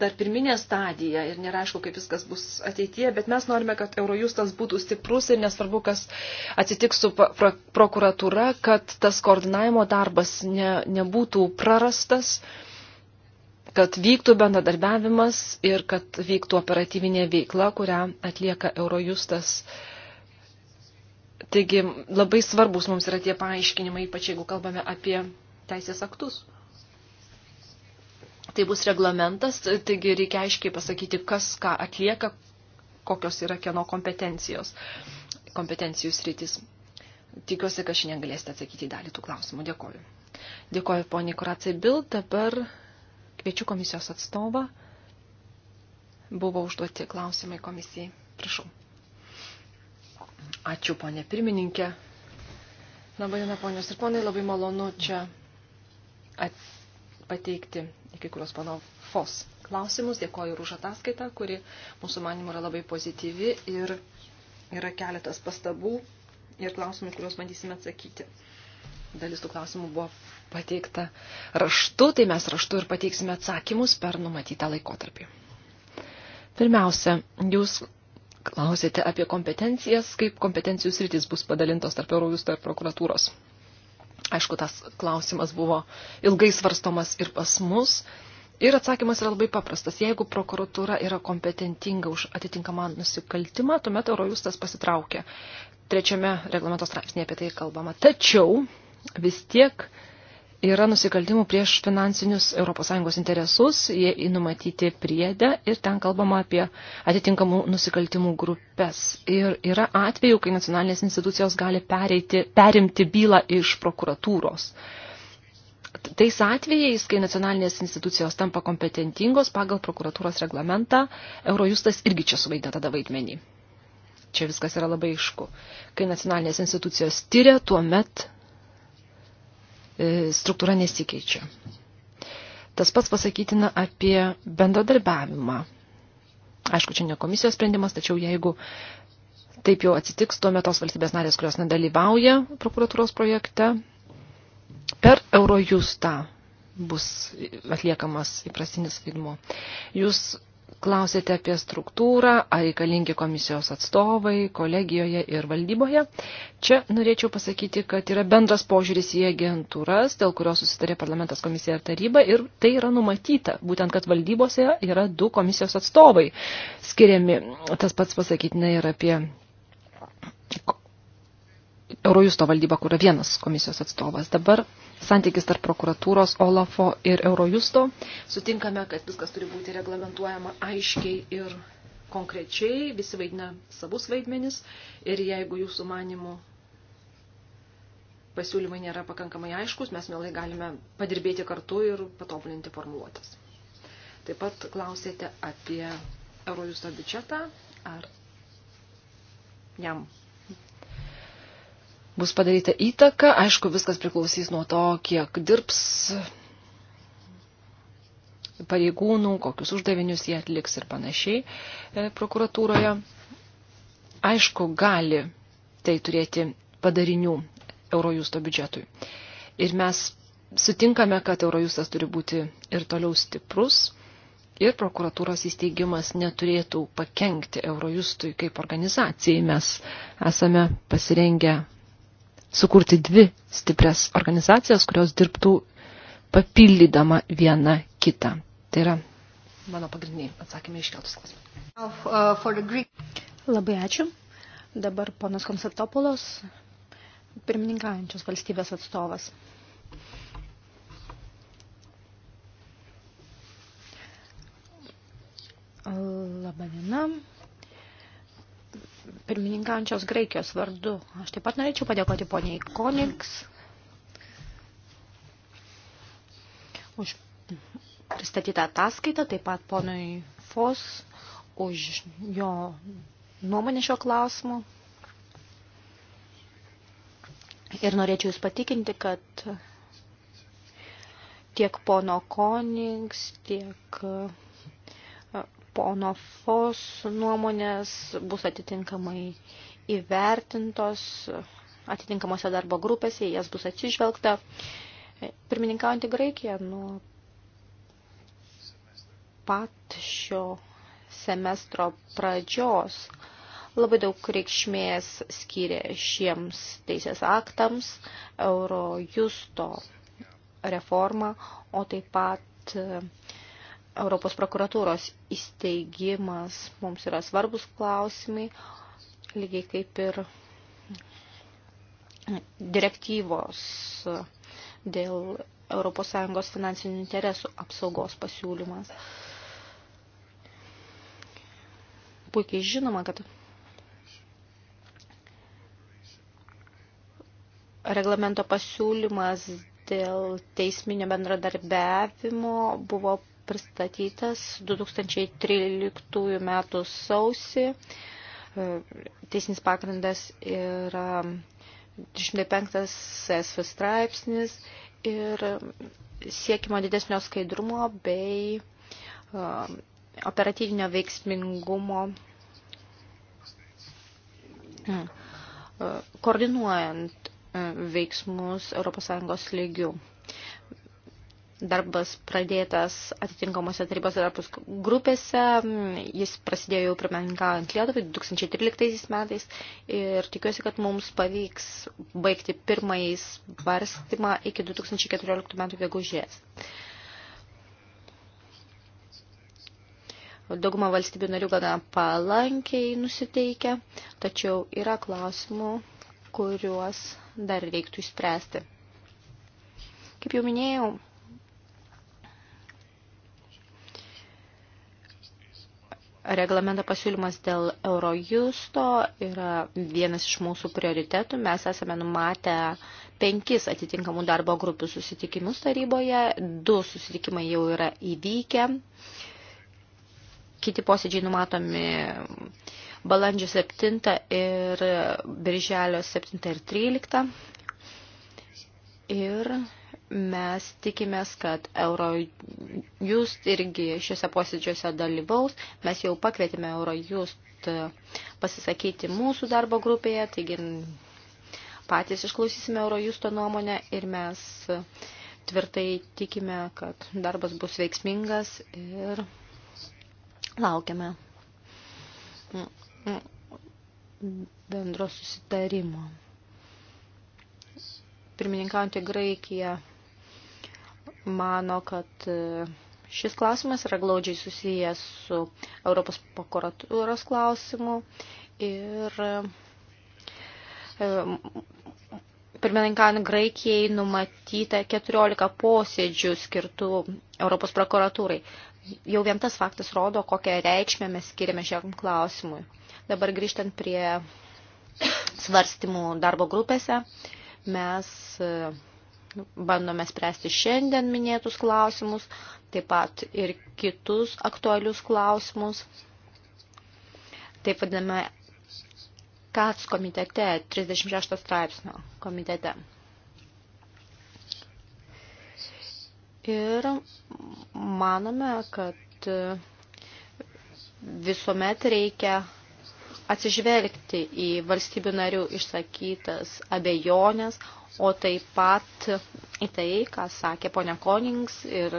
dar pirminė stadija ir nėra aišku, kaip viskas bus ateityje, bet mes norime, kad Eurojustas būtų stiprus ir nesvarbu, kas atsitiks su pro prokuratūra, kad tas koordinavimo darbas ne, nebūtų prarastas, kad vyktų bendradarbiavimas ir kad vyktų operatyvinė veikla, kurią atlieka Eurojustas. Taigi labai svarbus mums yra tie paaiškinimai, ypač jeigu kalbame apie teisės aktus. Tai bus reglamentas, taigi reikia aiškiai pasakyti, kas ką atlieka, kokios yra kieno kompetencijos, kompetencijų sritis. Tikiuosi, kad šiandien galėsite atsakyti dalį tų klausimų. Dėkoju. Dėkoju poniai Kuracai Bil. Dabar kviečiu komisijos atstovą. Buvo užduoti klausimai komisijai. Prašau. Ačiū, ponė pirmininkė. Labai diena, ponios ir ponai, labai malonu čia pateikti iki kurios pano FOS klausimus. Dėkoju ir už ataskaitą, kuri mūsų manimų yra labai pozityvi ir yra keletas pastabų ir klausimų, kuriuos bandysime atsakyti. Dalis tų klausimų buvo pateikta raštu, tai mes raštu ir pateiksime atsakymus per numatytą laikotarpį. Pirmiausia, jūs klausėte apie kompetencijas, kaip kompetencijų sritis bus padalintos tarp Eurovus ir prokuratūros. Aišku, tas klausimas buvo ilgai svarstomas ir pas mus. Ir atsakymas yra labai paprastas. Jeigu prokuratūra yra kompetentinga už atitinkamą nusikaltimą, tuomet Eurojustas pasitraukia. Trečiame reglamento straipsnėje apie tai kalbama. Tačiau vis tiek uh, yra nusikaltimų prieš finansinius ES interesus, jie įnumatyti priedę ir ten kalbama apie atitinkamų nusikaltimų grupės. Ir yra atvejų, kai nacionalinės institucijos gali pereiti, perimti bylą iš prokuratūros. Tais atvejais, kai nacionalinės institucijos tampa kompetentingos pagal prokuratūros reglamentą, Eurojustas irgi čia suvaidina tada vaidmenį. Čia viskas yra labai aišku. Kai nacionalinės institucijos tyria, tuomet E, struktūra nesikeičia. Tas pats pasakytina apie bendradarbiavimą. Aišku, čia ne komisijos sprendimas, tačiau jeigu taip jau atsitiks, tuomet tos valstybės narės, kurios nedalyvauja prokuratūros projekte, per Eurojustą bus atliekamas įprastinis vaidmuo. Jūs klausėte apie struktūrą, ar reikalingi komisijos atstovai kolegijoje ir valdyboje. Čia norėčiau pasakyti, kad yra bendras požiūris į agentūras, dėl kurios susitarė parlamentas komisija ir taryba ir tai yra numatyta, būtent kad valdybose yra du komisijos atstovai skiriami. Tas pats pasakytina ir apie Eurojusto valdyba, kur yra vienas komisijos atstovas. Dabar santykis tarp prokuratūros, Olafo ir Eurojusto. Sutinkame, kad viskas turi būti reglamentuojama aiškiai ir konkrečiai, visi vaidina savus vaidmenis ir jeigu jūsų manimų pasiūlymai nėra pakankamai aiškus, mes mielai galime padirbėti kartu ir patobulinti formuluotis. Taip pat klausėte apie Eurojusto biudžetą, ar jam bus padaryta įtaka. Aišku, viskas priklausys nuo to, kiek dirbs pareigūnų, kokius uždavinius jie atliks ir panašiai e, prokuratūroje. Aišku, gali tai turėti padarinių Eurojusto biudžetui. Ir mes sutinkame, kad Eurojustas turi būti ir toliau stiprus ir prokuratūros įsteigimas neturėtų pakengti Eurojustui kaip organizacijai. Mes esame pasirengę sukurti dvi stiprias organizacijas, kurios dirbtų papildydama viena kitą. Tai yra mano pagrindiniai atsakymai iškeltus klausimus. Labai
ačiū. Dabar ponas Konstantopoulos, pirmininkaujančios valstybės atstovas. Labadiena pirmininkančios Graikijos vardu. Aš taip pat norėčiau padėkoti poniai Koniks už pristatytą ataskaitą, taip pat ponui Fos už jo nuomonę šio klausimu. Ir norėčiau Jūs patikinti, kad tiek pono Konings, tiek pono Fos nuomonės bus atitinkamai įvertintos atitinkamose darbo grupėse, jas bus atsižvelgta. Pirmininkaujantį Graikiją nuo pat šio semestro pradžios labai daug reikšmės skyrė šiems teisės aktams, Eurojusto reformą, o taip pat Europos prokuratūros įsteigimas mums yra svarbus klausimai, lygiai kaip ir direktyvos dėl ES finansinių interesų apsaugos pasiūlymas. Puikiai žinoma, kad reglamento pasiūlymas dėl teisminio bendradarbiavimo buvo pristatytas 2013 metų sausį. E, Teisinis pagrindas yra 25 SV straipsnis ir siekimo didesnio skaidrumo bei e, operatyvinio veiksmingumo e, koordinuojant veiksmus ES lygių. Darbas pradėtas atitinkamose tarybos darbus grupėse, jis prasidėjo jau pirmininkavant Lietuvai 2013 metais ir tikiuosi, kad mums pavyks baigti pirmąjį svarstymą iki 2014 metų gegužės. Dauguma valstybių narių gana palankiai nusiteikia, tačiau yra klausimų, kuriuos dar reiktų išspręsti. Kaip jau minėjau, reglamento pasiūlymas dėl Eurojusto yra vienas iš mūsų prioritetų. Mes esame numatę penkis atitinkamų darbo grupių susitikimus taryboje. Du susitikimai jau yra įvykę. Kiti posėdžiai numatomi balandžio 7 ir birželio 7 ir 13. Ir mes tikimės, kad Eurojust irgi šiuose posėdžiuose dalyvaus. Mes jau pakvietėme Eurojust pasisakyti mūsų darbo grupėje, taigi patys išklausysime Eurojusto nuomonę ir mes tvirtai tikime, kad darbas bus veiksmingas ir laukiame bendro susitarimo pirmininkaujantį Graikiją mano, kad e, šis klausimas yra glaudžiai susijęs su Europos prokuratūros klausimu ir e, e, pirmininkant Graikijai numatyta 14 posėdžių skirtų Europos prokuratūrai. Jau vien tas faktas rodo, kokią reikšmę mes skiriame šiam klausimui. Dabar grįžtant prie svarstymų darbo grupėse, mes bandome spręsti šiandien minėtus klausimus, taip pat ir kitus aktualius klausimus. Taip vadiname KATS komitete, 36 straipsnio komitete. Ir manome, kad visuomet reikia atsižvelgti į valstybių narių išsakytas abejonės, o taip pat į tai, ką sakė ponia Konings ir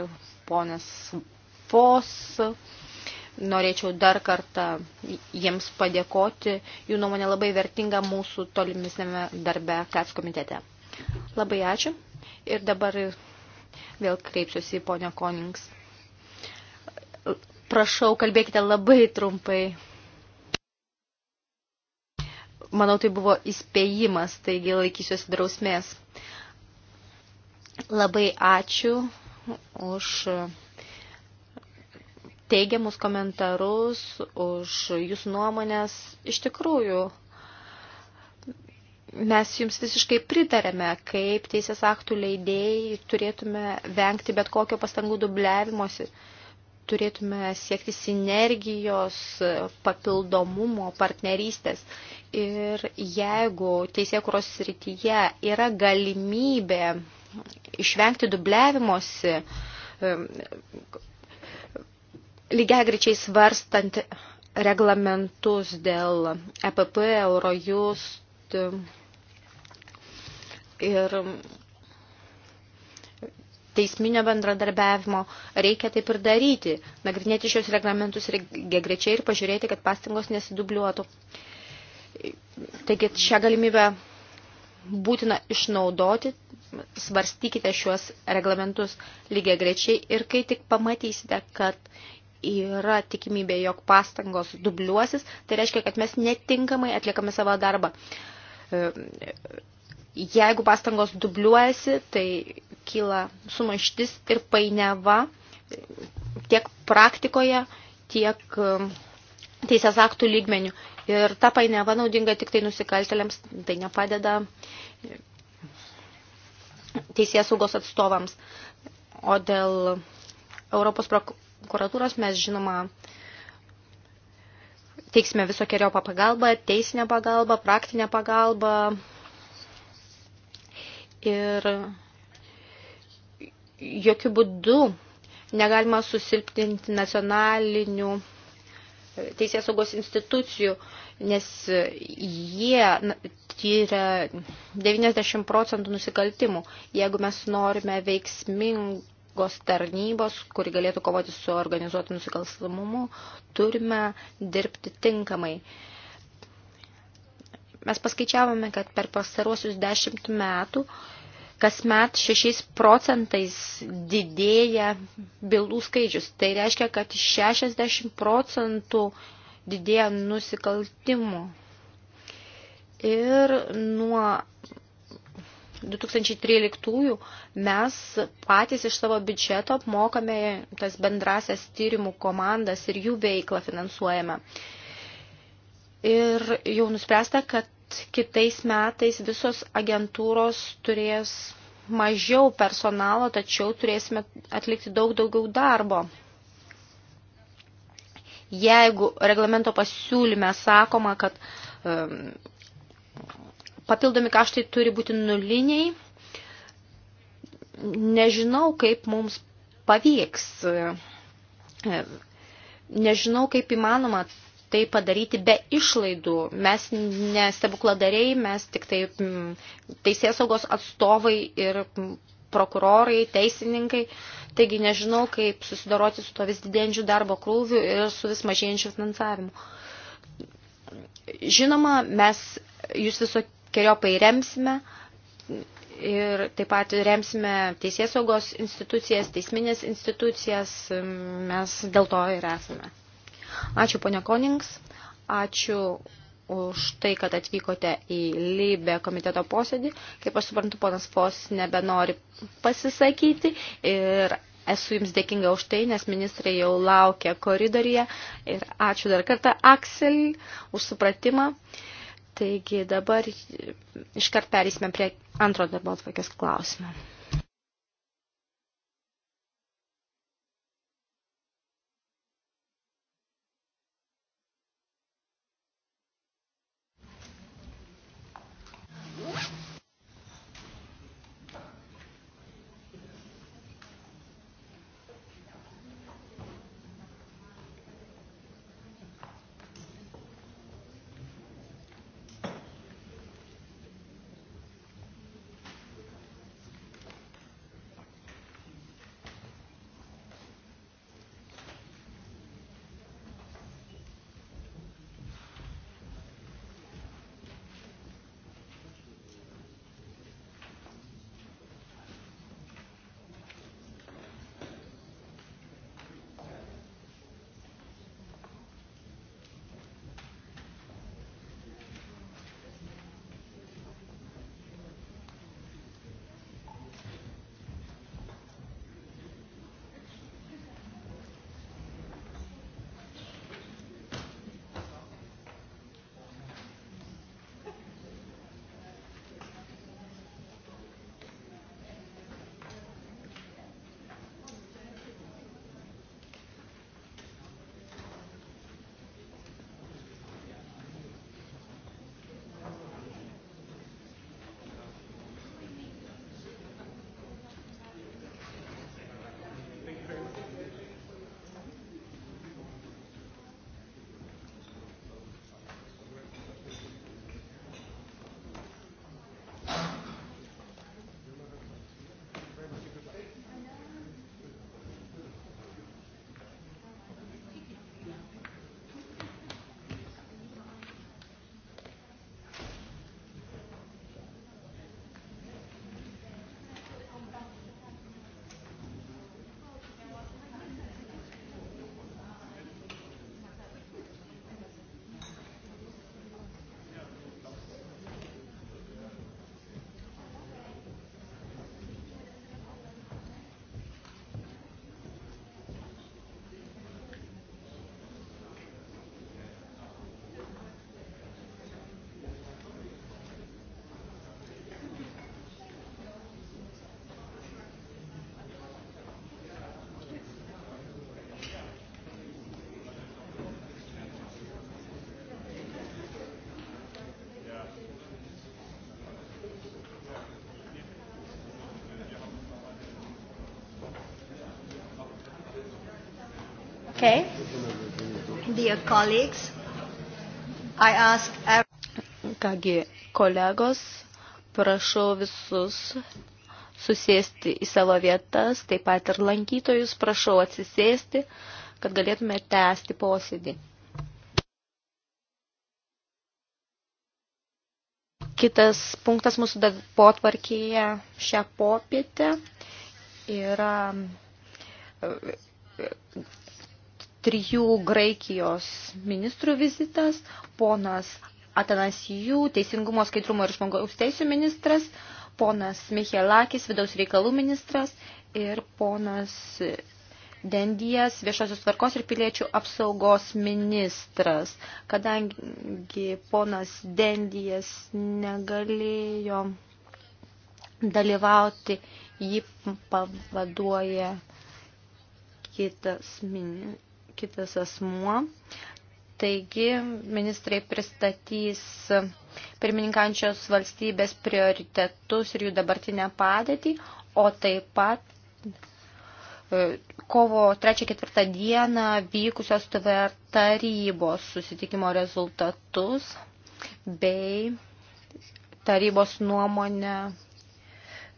ponas Vos. Norėčiau dar kartą jiems padėkoti, jų nuomonė labai vertinga mūsų tolimesnėme darbe KATS komitete. Labai ačiū ir dabar vėl kreipsiuosi į ponia Konings. Prašau, kalbėkite labai trumpai manau, tai buvo įspėjimas, taigi laikysiuosi drausmės. Labai ačiū už teigiamus komentarus, už jūsų nuomonės. Iš tikrųjų, mes jums visiškai pritarėme, kaip teisės aktų leidėjai turėtume vengti bet kokio pastangų dubliavimosi. Uh, turėtume siekti sinergijos, papildomumo, partnerystės. Ir jeigu teisėkuros srityje yra galimybė išvengti dubliavimosi, lygiagrečiai svarstant reglamentus dėl EPP, Eurojust ir teisminio bendradarbiavimo, reikia taip ir daryti, nagrinėti šios reglamentus reikia grečiai ir pažiūrėti, kad pastangos nesidubliuotų. Taigi šią galimybę būtina išnaudoti, svarstykite šiuos reglamentus lygiai grečiai ir kai tik pamatysite, kad yra tikimybė, jog pastangos dubliuosis, tai reiškia, kad mes netinkamai atliekame savo darbą ehm, jeigu pastangos dubliuojasi, tai kyla sumaištis ir painiava tiek praktikoje, tiek um, teisės aktų lygmenių. Ir ta painiava naudinga tik tai nusikaltelėms, tai nepadeda teisės saugos atstovams. O dėl Europos prokuratūros mes žinoma teiksime visokiojo pagalbą, teisinę pagalbą, praktinę pagalbą. Ir jokių būdų negalima susilpninti nacionalinių e, teisės saugos institucijų, nes jie tyria 90 procentų nusikaltimų. Jeigu mes norime veiksmingos tarnybos, kuri galėtų kovoti su organizuotu nusikalstamumu, turime dirbti tinkamai. Mes paskaičiavome, kad per pastaruosius dešimt metų kasmet 6 procentais didėja bylų skaičius. Tai reiškia, kad 60 procentų didėja nusikaltimų. Ir nuo 2013 mes patys iš savo biudžeto apmokame tas bendrasias tyrimų komandas ir jų veiklą finansuojame. Ir jau nuspręsta, kad kitais metais visos agentūros turės mažiau personalo, tačiau turėsime atlikti daug daugiau darbo. Jeigu reglamento pasiūlyme sakoma, kad um, papildomi kaštai turi būti nuliniai, nežinau, kaip mums pavyks, um, nežinau, kaip įmanoma tai padaryti be išlaidų. Mes nestebukladariai, mes tik tai mm, teisės saugos atstovai ir mm, prokurorai, teisininkai. Taigi nežinau, kaip susidoroti su to vis didėjančiu darbo krūviu ir su vis mažėjančiu finansavimu. Žinoma, mes jūs visokiojopai remsime ir taip pat remsime teisėsaugos institucijas, teisminės institucijas, mes dėl to ir esame. Ačiū, ponia Konings. Ačiū už tai, kad atvykote į Lybę komiteto posėdį. Kaip aš suprantu, ponas Fos nebenori pasisakyti ir esu jums dėkinga už tai, nes ministrai jau laukia koridoriuje. Ir ačiū dar kartą Aksel už supratimą. Taigi dabar iškart perėsime prie antro darbo atvarkės klausimo.
Okay.
Dear colleagues,
I ask...
Kągi, kolegos, prašau visus susėsti į savo vietas, taip pat ir lankytojus prašau atsisėsti, kad galėtume tęsti posėdį. Kitas punktas mūsų potvarkėje šią popietę yra trijų Graikijos ministrų vizitas, ponas Atanasijų, Teisingumo skaidrumo ir žmogaus teisų ministras, ponas Michelakis, vidaus reikalų ministras ir ponas Dendijas, viešosios tvarkos ir piliečių apsaugos ministras. Kadangi ponas Dendijas negalėjo dalyvauti, jį pavaduoja kitas ministras kitas asmuo. Taigi ministrai pristatys pirmininkančios valstybės prioritetus ir jų dabartinę padėtį, o taip pat e, kovo 3-4 dieną vykusios TVR tarybos susitikimo rezultatus bei tarybos nuomonę e,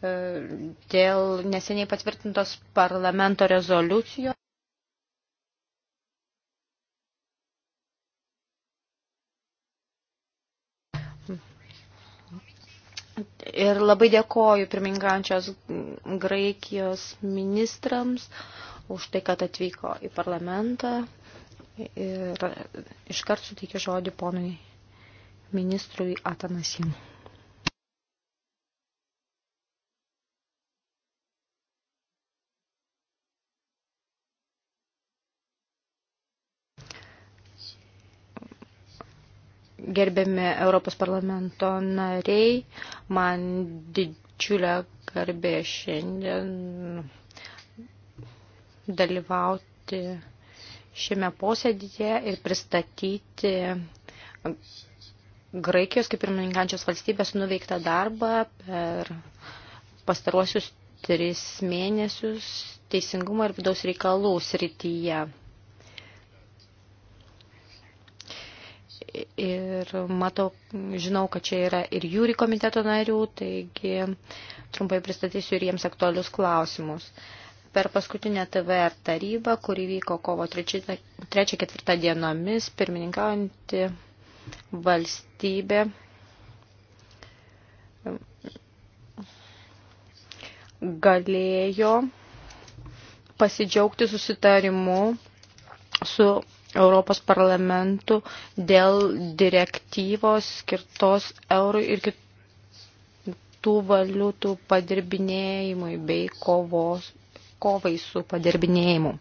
dėl neseniai patvirtintos parlamento rezoliucijos. Ir labai dėkoju pirmingančios Graikijos ministrams už tai, kad atvyko į parlamentą. Ir iškart suteikiu žodį ponui
ministrui Atanasimui.
gerbiami Europos parlamento nariai, man didžiulė garbė šiandien dalyvauti šiame posėdėje ir pristatyti Graikijos kaip pirmininkančios valstybės nuveiktą darbą per pastaruosius tris mėnesius teisingumo ir vidaus reikalų srityje. ir matau, žinau, kad čia yra ir jūri komiteto narių, taigi trumpai pristatysiu ir jiems aktualius klausimus. Per paskutinę TVR tarybą, kuri vyko kovo 3-4 dienomis, pirmininkaujanti valstybė galėjo pasidžiaugti susitarimu su Europos parlamentų dėl direktyvos skirtos eurui ir kitų valiutų padirbinėjimui bei kovos, kovai su padirbinėjimu.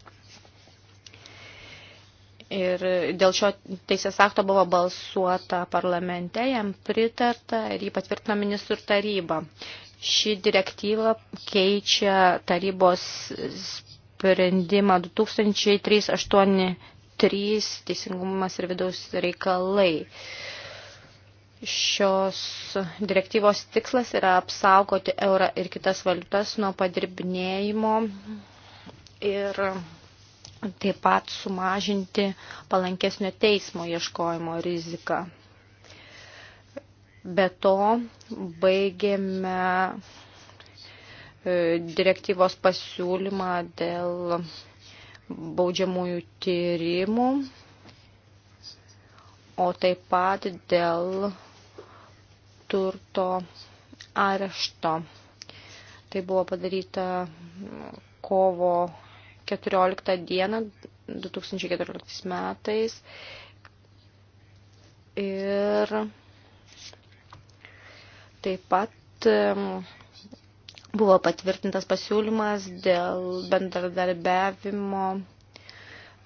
Ir dėl šio teisės akto buvo balsuota parlamente, jam pritarta ir jį patvirtino ministrų taryba. Ši direktyva keičia tarybos sprendimą 2385 3 teisingumas ir vidaus reikalai. Šios direktyvos tikslas yra apsaugoti eurą ir kitas valiutas nuo padirbinėjimo ir taip pat sumažinti palankesnio teismo ieškojimo riziką. Be to, baigėme e, direktyvos pasiūlymą dėl baudžiamųjų tyrimų, o taip pat dėl turto arešto. Tai buvo padaryta kovo 14 dieną 2014 metais ir taip pat Buvo patvirtintas pasiūlymas dėl bendradarbiavimo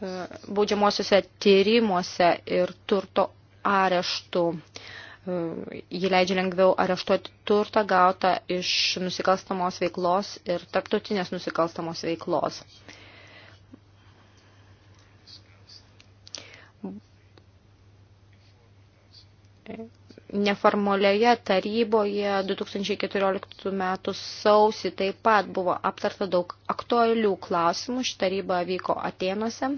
e, baudžiamosiuose tyrimuose ir turto areštų. E, Jį leidžia lengviau areštuoti turtą gautą iš nusikalstamos veiklos ir tarptautinės nusikalstamos veiklos neformalioje taryboje 2014 metų sausį taip pat buvo aptarta daug aktualių klausimų. Ši taryba vyko Atenuose.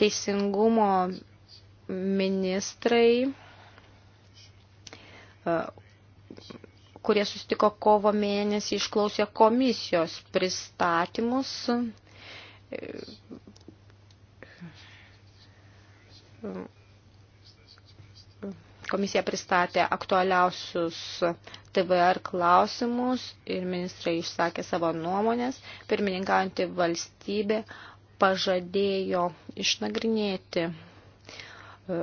Teisingumo ministrai, e, kurie sustiko kovo mėnesį, išklausė komisijos pristatymus e, Komisija pristatė aktualiausius TVR klausimus ir ministrai išsakė savo nuomonės. Pirmininkaujantį valstybė pažadėjo išnagrinėti e,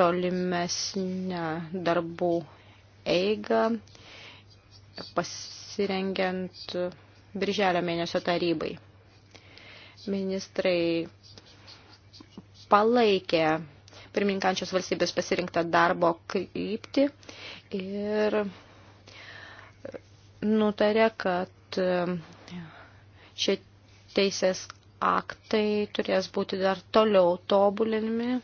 tolimesnę darbų eigą, pasirengiant birželio mėnesio tarybai. Ministrai palaikė pirmininkančios valstybės pasirinktą darbo kryptį ir nutarė, kad e, šie teisės aktai turės būti dar toliau tobulinami e,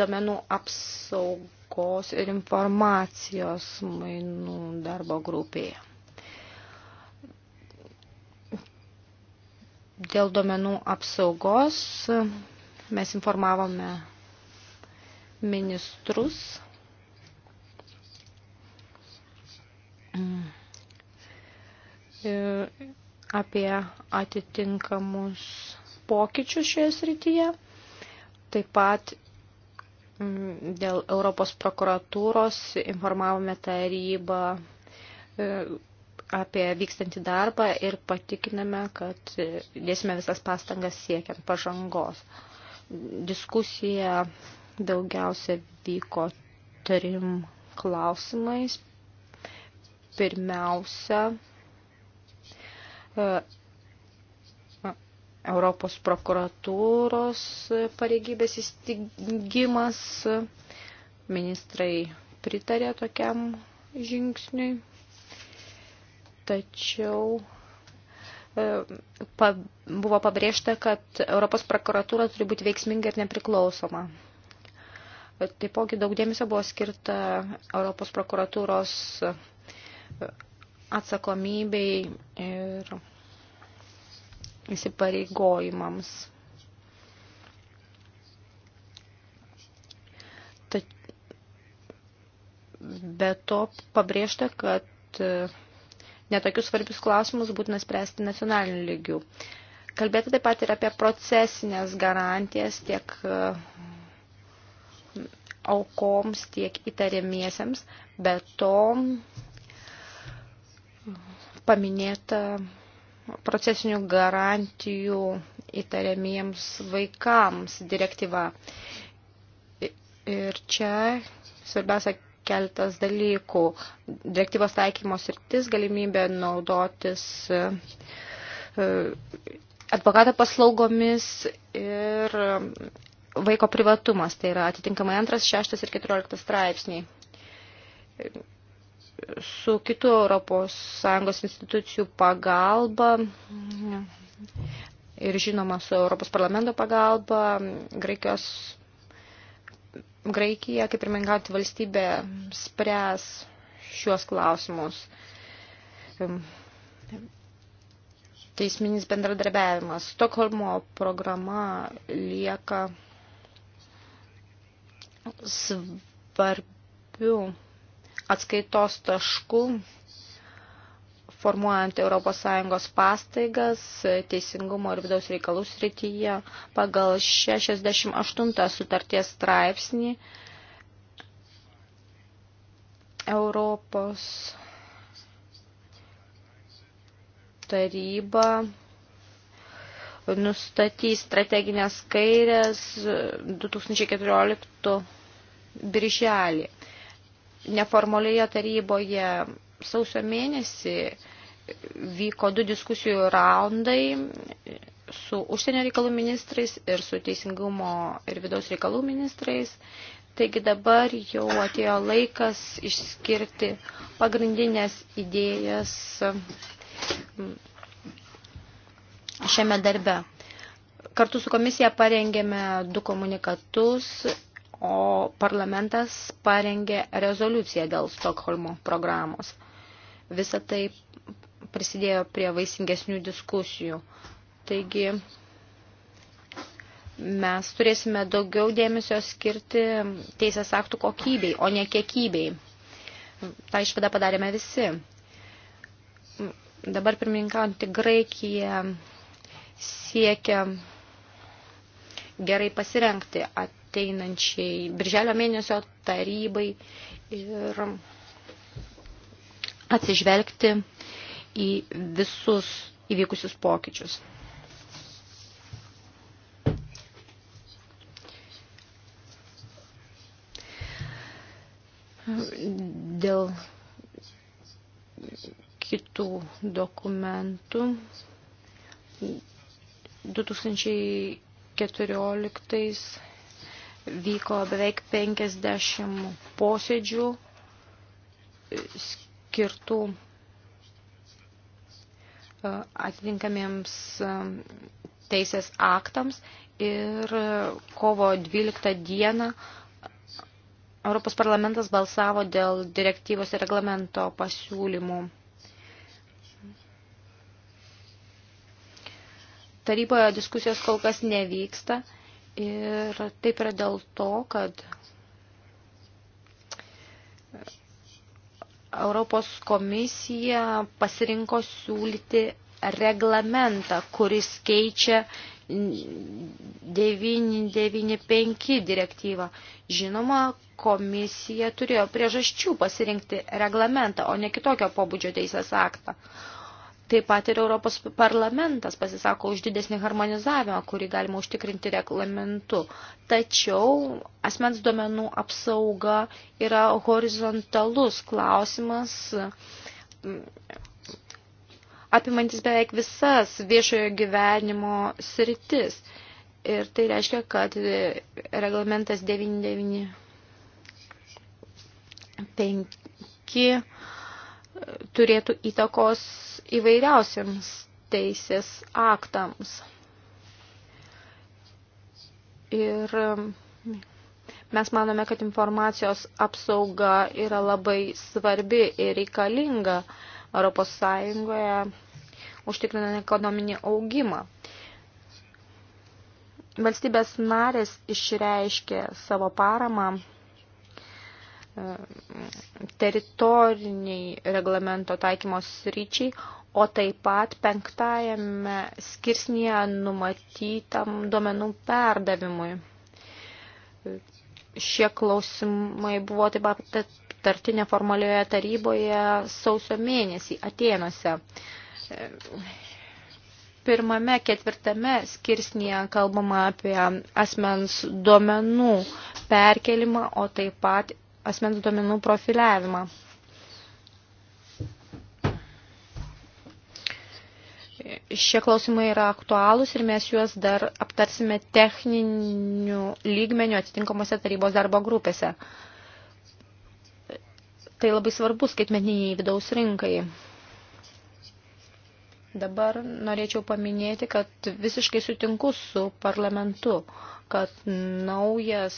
domenų apsaugos ir informacijos mainų darbo grupėje. Dėl domenų apsaugos mes informavome ministrus. E, apie atitinkamus pokyčius šioje srityje. Taip pat dėl Europos prokuratūros informavome tarybą e, apie vykstantį darbą ir patikiname, kad dėsime visas pastangas siekiant pažangos. Diskusija Daugiausia vyko trim klausimais. Pirmiausia, e, Europos prokuratūros pareigybės įstigimas. Ministrai pritarė tokiam žingsniui. Tačiau e, pa, buvo pabrėžta, kad Europos prokuratūra turi būti veiksminga ir nepriklausoma. Taipogi daug dėmesio buvo skirta Europos prokuratūros atsakomybei ir įsipareigojimams. Be to pabrėžta, kad netokius svarbius klausimus būtina spręsti nacionaliniu lygiu. Kalbėti taip pat ir apie procesinės garantijas tiek aukoms, tiek įtariamiesiems, bet to paminėta procesinių garantijų įtariamiems vaikams direktyva. Ir čia svarbiausia keltas dalykų. Direktyvos taikymos rytis galimybė naudotis e, advokato paslaugomis ir vaiko privatumas, tai yra atitinkamai 2, 6 ir 14 straipsniai. Su kitų ES institucijų pagalba ir žinoma su Europos parlamento pagalba Graikijos, Graikija, kaip ir mengauti valstybė, spręs šiuos klausimus. Teisminis bendradarbiavimas. Stokholmo programa lieka svarbių atskaitos taškų, formuojant ES pastaigas teisingumo ir vidaus reikalų srityje pagal 68 sutarties straipsnį Europos taryba nustatys strateginės kairės 2014 birželį. Neformalioje taryboje sausio mėnesį vyko du diskusijų raundai su užsienio reikalų ministrais ir su teisingumo ir vidaus reikalų ministrais. Taigi dabar jau atėjo laikas išskirti pagrindinės idėjas šiame darbe. Kartu su komisija parengėme du komunikatus, o parlamentas parengė rezoliuciją dėl Stokholmo programos. Visa tai prisidėjo prie vaisingesnių diskusijų. Taigi mes turėsime daugiau dėmesio skirti teisės aktų kokybei, o ne kiekybei. Ta išvada padarėme visi. Dabar pirmininkaujantį Graikiją siekia gerai pasirenkti ateinančiai birželio mėnesio tarybai ir atsižvelgti į visus įvykusius pokyčius. Dėl kitų dokumentų 2014 vyko beveik 50 posėdžių e, skirtų e, atitinkamiems e, teisės aktams ir kovo 12 dieną Europos parlamentas balsavo dėl direktyvos ir reglamento pasiūlymų. taryboje diskusijos kol kas nevyksta ir taip yra dėl to, kad Europos komisija pasirinko siūlyti reglamentą, kuris keičia 995 direktyvą. Žinoma, komisija turėjo priežasčių pasirinkti reglamentą, o ne kitokio pobūdžio teisės aktą. Taip pat ir Europos parlamentas pasisako už didesnį harmonizavimą, kurį galima užtikrinti reglamentu. Tačiau asmens duomenų apsauga yra horizontalus klausimas, apimantis beveik visas viešojo gyvenimo sritis. Ir tai reiškia, kad reglamentas 995 turėtų įtakos įvairiausiams teisės aktams. Ir um, mes manome, kad informacijos apsauga yra labai svarbi ir reikalinga Europos Sąjungoje užtikrinant ekonominį augimą. Valstybės narės išreiškė savo paramą um, teritoriniai reglamento taikymos ryčiai, o taip pat penktajame skirsnėje numatytam duomenų perdavimui. Šie klausimai buvo taip pat aptarti neformalioje taryboje sausio mėnesį Atenuose. Pirmame, ketvirtame skirsnėje kalbama apie asmens duomenų perkelimą, o taip pat asmens duomenų profiliavimą. Šie klausimai yra aktualūs ir mes juos dar aptarsime techninių lygmenių atitinkamose tarybos darbo grupėse. Tai labai svarbu skaitmeniniai vidaus rinkai. Dabar norėčiau paminėti, kad visiškai sutinku su parlamentu, kad naujas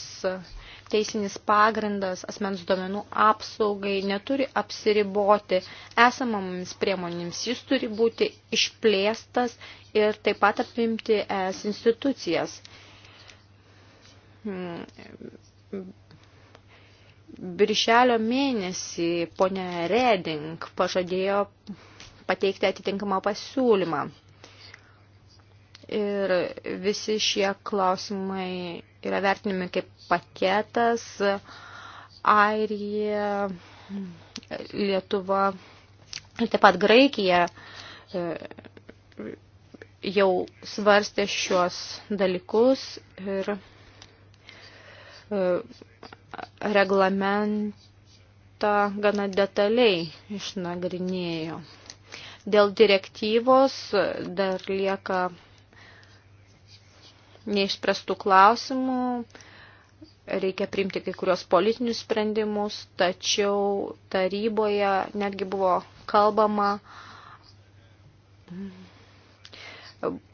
teisinis pagrindas asmens duomenų apsaugai neturi apsiriboti esamomis priemonėmis. Jis turi būti išplėstas ir taip pat apimti es institucijas. Birželio mėnesį ponia Reding pažadėjo pateikti atitinkamą pasiūlymą. Ir visi šie klausimai yra vertinimi kaip paketas. Airija, Lietuva ir taip pat Graikija e, jau svarstė šios dalykus ir e, reglamentą gana detaliai išnagrinėjo. Dėl direktyvos dar lieka neišspręstų klausimų, reikia priimti kai kurios politinius sprendimus, tačiau taryboje netgi buvo kalbama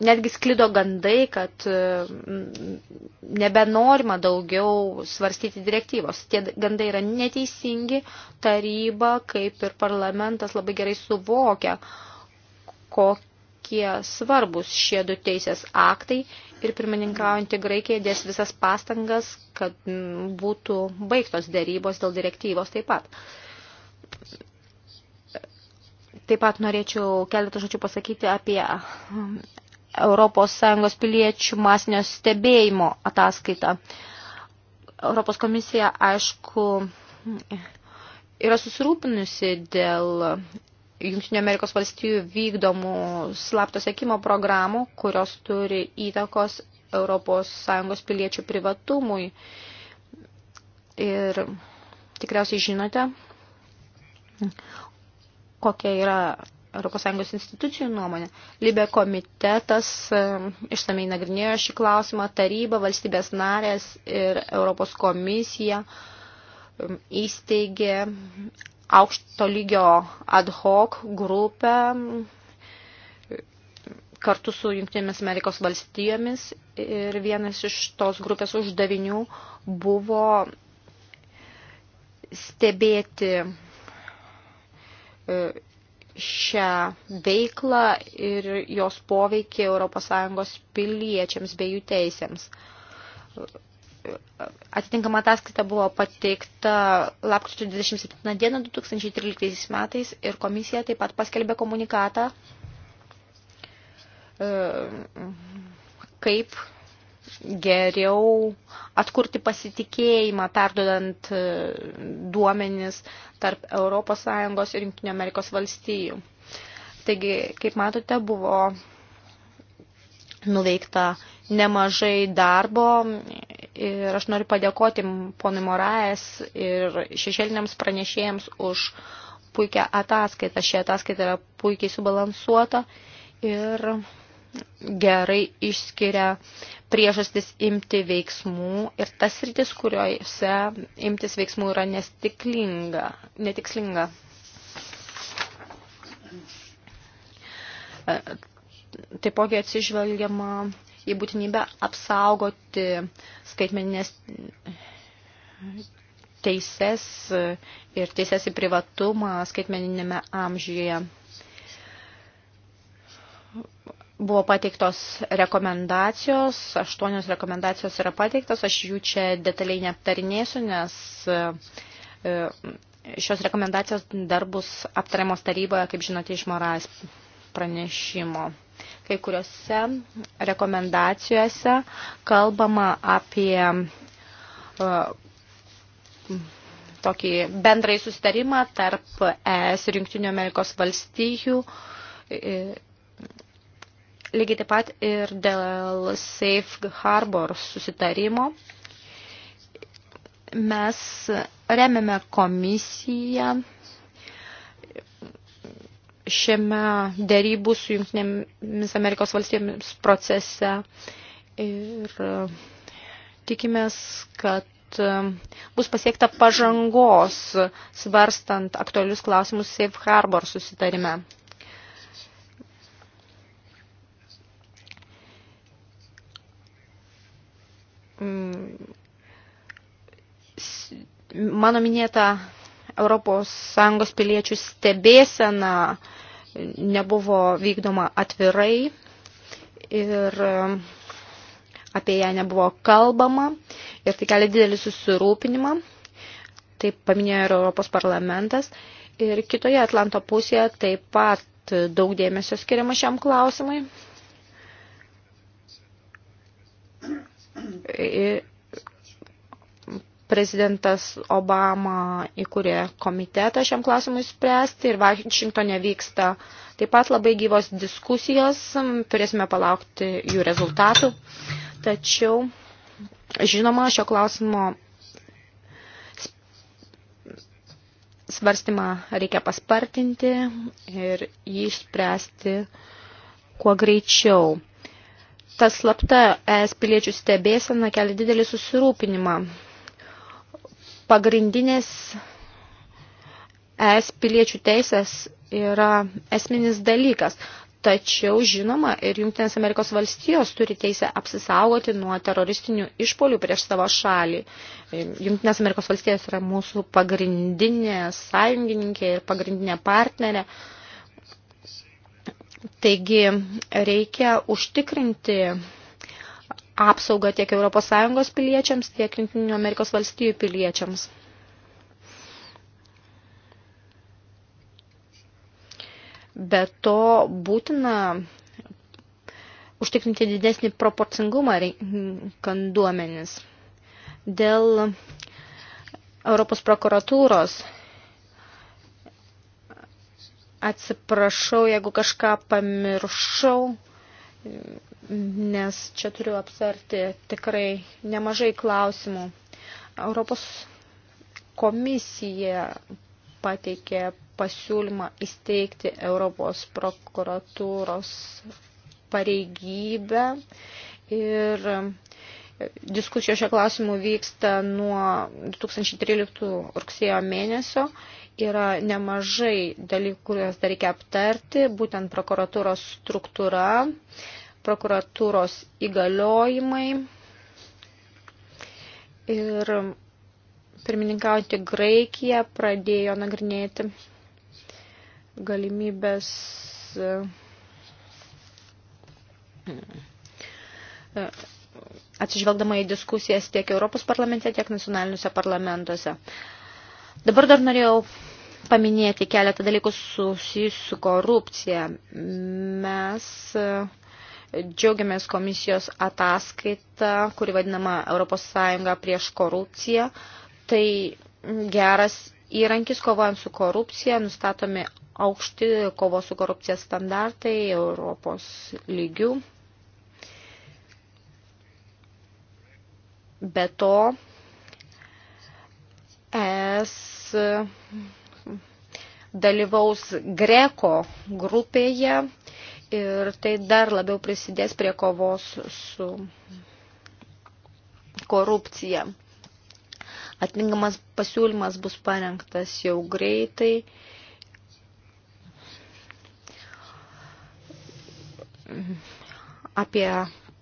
netgi sklido gandai, kad e, nebenorima daugiau svarstyti direktyvos. Tie gandai yra neteisingi, taryba, kaip ir parlamentas, labai gerai suvokia, kokie svarbus šie du teisės aktai ir pirmininkaujantį Graikiją dės visas pastangas, kad būtų baigtos dėrybos dėl direktyvos taip pat. Taip pat norėčiau keletą žodžių pasakyti apie ES piliečių masinio stebėjimo ataskaita. Europos komisija, aišku, yra susirūpinusi dėl Junktinio Amerikos valstijų vykdomų slapto sekimo programų, kurios turi įtakos ES piliečių privatumui. Ir tikriausiai žinote, kokia yra ES institucijų nuomonė. Libė komitetas e, išsamei nagrinėjo šį klausimą, taryba, valstybės narės ir Europos komisija e, įsteigė aukšto lygio ad hoc grupę e, kartu su Junktinėmis Amerikos valstijomis ir vienas iš tos grupės uždavinių buvo stebėti šią veiklą ir jos poveikį ES piliečiams bei jų teisėms. Atitinkama ataskaita buvo pateikta lapkričio 27 dieną 2013 metais ir komisija taip pat paskelbė komunikatą, e, kaip geriau atkurti pasitikėjimą, perdodant e, duomenis tarp ES ir Junktinio Amerikos valstijų. Taigi, kaip matote, buvo nuveikta nemažai darbo ir aš noriu padėkoti ponui Moraes ir šešėliniams pranešėjams už puikią ataskaitą. Ši ataskaita yra puikiai subalansuota ir gerai išskiria priežastis imti veiksmų ir tas rytis, kuriuose imtis veiksmų yra nestiklinga, netikslinga. E, taipogi atsižvelgiama į būtinybę apsaugoti skaitmeninės teises ir teises į privatumą skaitmeninėme amžiuje. Buvo pateiktos rekomendacijos, aštuonios rekomendacijos yra pateiktos, aš jų čia detaliai neaptarinėsiu, nes e, šios rekomendacijos dar bus aptariamos taryboje, kaip žinote, iš Morais pranešimo. Kai kuriuose rekomendacijose kalbama apie e, tokį bendrai sustarimą tarp ES ir Junktinių Amerikos valstijų e, Lygiai taip pat ir dėl Safe Harbor susitarimo mes remiame komisiją šiame dėrybų su Junktinėmis Amerikos valstybėmis procese ir e, tikimės, kad e, bus pasiekta pažangos svarstant aktualius klausimus Safe Harbor susitarime. Mm, mano minėta ES piliečių stebėsena nebuvo vykdoma atvirai ir um, apie ją nebuvo kalbama ir tai kelia didelį susirūpinimą. Taip paminėjo ir Europos parlamentas. Ir kitoje Atlanto pusėje taip pat daug dėmesio skiriama šiam klausimui. prezidentas Obama įkūrė komitetą šiam klausimui spręsti ir Vašingtonė vyksta taip pat labai gyvos diskusijos, turėsime palaukti jų rezultatų. Tačiau, žinoma, šio klausimo svarstymą reikia paspartinti ir jį išspręsti kuo greičiau ta slapta ES piliečių stebėsena kelia didelį susirūpinimą. Pagrindinės ES piliečių teisės yra esminis dalykas. Tačiau, žinoma, ir Junktinės Amerikos valstijos turi teisę apsisaugoti nuo teroristinių išpolių prieš savo šalį. Junktinės Amerikos valstijos yra mūsų pagrindinė sąjungininkė ir pagrindinė partnerė. Uh, Taigi reikia užtikrinti apsaugą tiek ES piliečiams, tiek JAV piliečiams. Be to būtina užtikrinti didesnį proporcingumą renkant duomenis. Dėl Europos prokuratūros Atsiprašau, jeigu kažką pamiršau, nes čia turiu aptarti tikrai nemažai klausimų. Europos komisija pateikė pasiūlymą įsteigti Europos prokuratūros pareigybę ir diskusijos šio klausimu vyksta nuo 2013 rugsėjo mėnesio yra nemažai dalykų, kuriuos dar reikia aptarti, būtent prokuratūros struktūra, prokuratūros įgaliojimai. Ir pirmininkauti Graikiją pradėjo nagrinėti galimybės e, atsižvelgdama į diskusijas tiek Europos parlamente, tiek nacionaliniuose parlamentuose. Dabar dar norėjau paminėti keletą dalykų susijusių su korupcija. Mes e, džiaugiamės komisijos ataskaita, kuri vadinama ES prieš korupciją. Tai geras įrankis kovojant su korupcija, nustatomi aukšti kovos su korupcija standartai Europos lygių. Be to, es dalyvaus Greko grupėje ir tai dar labiau prisidės prie kovos su korupcija. Atmingamas pasiūlymas bus parengtas jau greitai. Apie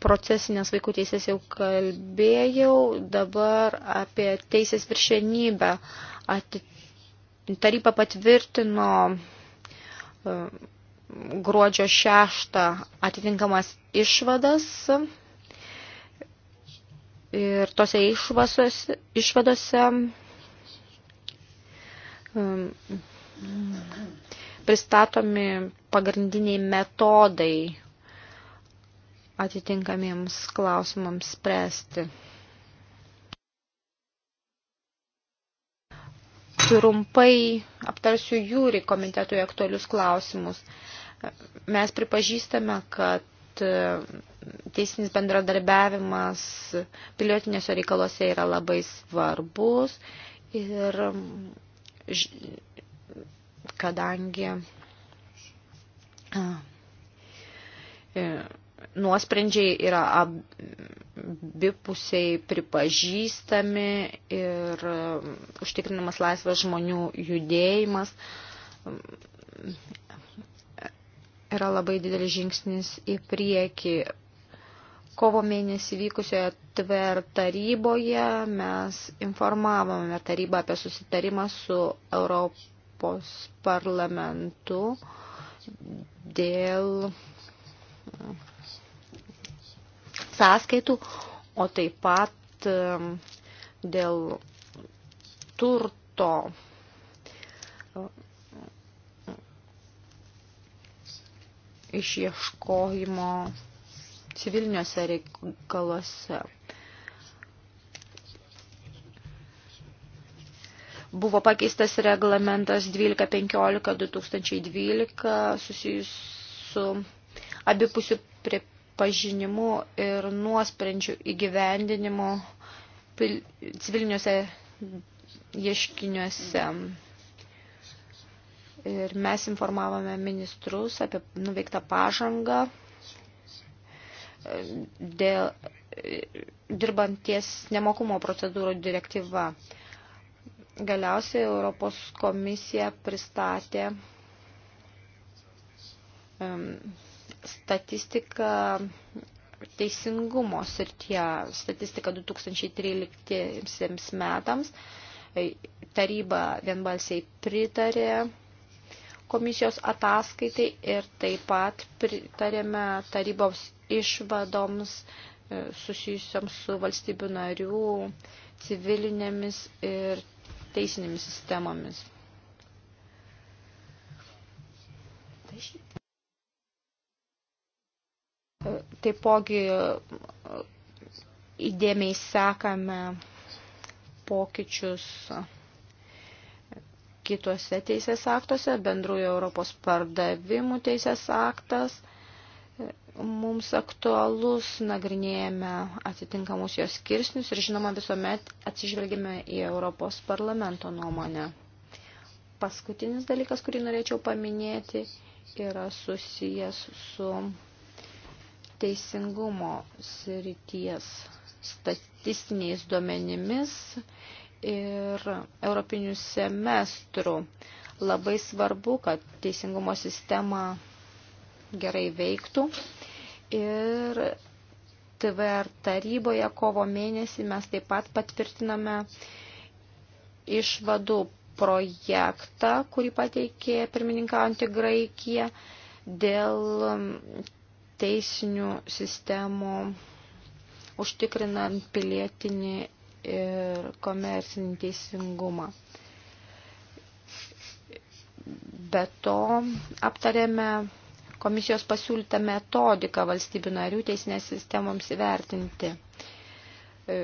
procesinės vaikų teisės jau kalbėjau, dabar apie teisės viršenybę. Atit Taryba patvirtino e, gruodžio 6 atitinkamas išvadas ir tose išvadose, išvadose pristatomi pagrindiniai metodai atitinkamiems klausimams spręsti. trumpai aptarsiu jūri komitetui aktualius klausimus. Mes pripažįstame, kad e, teisinis bendradarbiavimas piliotinėse reikaluose yra labai svarbus ir kadangi e, nuosprendžiai yra abipusiai pripažįstami ir um, užtikrinamas laisvas žmonių judėjimas um, yra labai didelis žingsnis į priekį. Kovo mėnesį vykusioje TVR taryboje mes informavome tarybą apie susitarimą su Europos parlamentu dėl sąskaitų, o taip pat dėl turto išieškojimo civiliniuose reikaluose. Buvo pakeistas reglamentas 1215-2012 susijus su abipusiu prie pažinimu ir nuosprendžių įgyvendinimu civiliniuose ieškiniuose. Ir mes informavome ministrus apie nuveiktą pažangą dėl dirbant ties nemokumo procedūrų direktyva. Galiausiai Europos komisija pristatė um, statistika teisingumo srityje, statistika 2013 metams. Taryba vienbalsiai pritarė komisijos ataskaitai ir taip pat pritarėme tarybos išvadoms e, susijusioms su valstybių narių civilinėmis ir teisinėmis sistemomis. Tai šį Taipogi įdėmiai sekame pokyčius kitose teisės aktuose, bendrųjų Europos pardavimų teisės aktas mums aktualus, nagrinėjame atitinkamus jos skirsnius ir žinoma visuomet atsižvelgime į Europos parlamento nuomonę. Paskutinis dalykas, kurį norėčiau paminėti, yra susijęs su teisingumo srities statistiniais duomenimis ir europinių semestrų. Labai svarbu, kad teisingumo sistema gerai veiktų. Ir TVR taryboje kovo mėnesį mes taip pat patvirtiname išvadų projektą, kurį pateikė pirmininkaujantį Graikiją dėl teisinių sistemų, užtikrinant pilietinį ir komercinį teisingumą. Be to aptarėme komisijos pasiūlytą metodiką valstybių narių teisinės sistemoms įvertinti. E,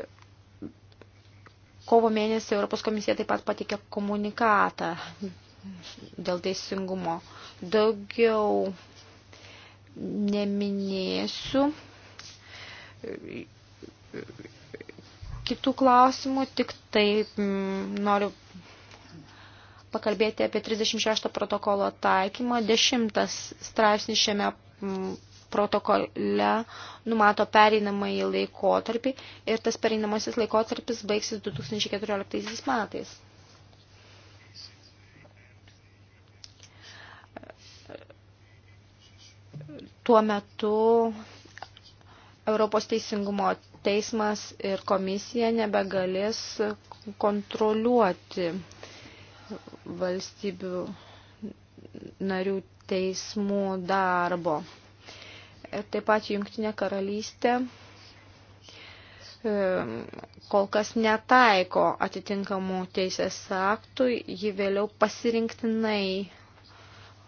kovo mėnesį Europos komisija taip pat patikė komunikatą dėl teisingumo. Daugiau neminėsiu kitų klausimų, tik tai m, mm, noriu pakalbėti apie 36 protokolo taikymą. Dešimtas straipsnis šiame mm, protokole numato pereinamąjį laikotarpį ir tas pereinamasis laikotarpis baigsis 2014 metais. Tuo metu Europos teisingumo teismas ir komisija nebegalės kontroliuoti valstybių narių teismų darbo. Ir taip pat Jungtinė karalystė e, kol kas netaiko atitinkamų teisės aktų, ji vėliau pasirinktinai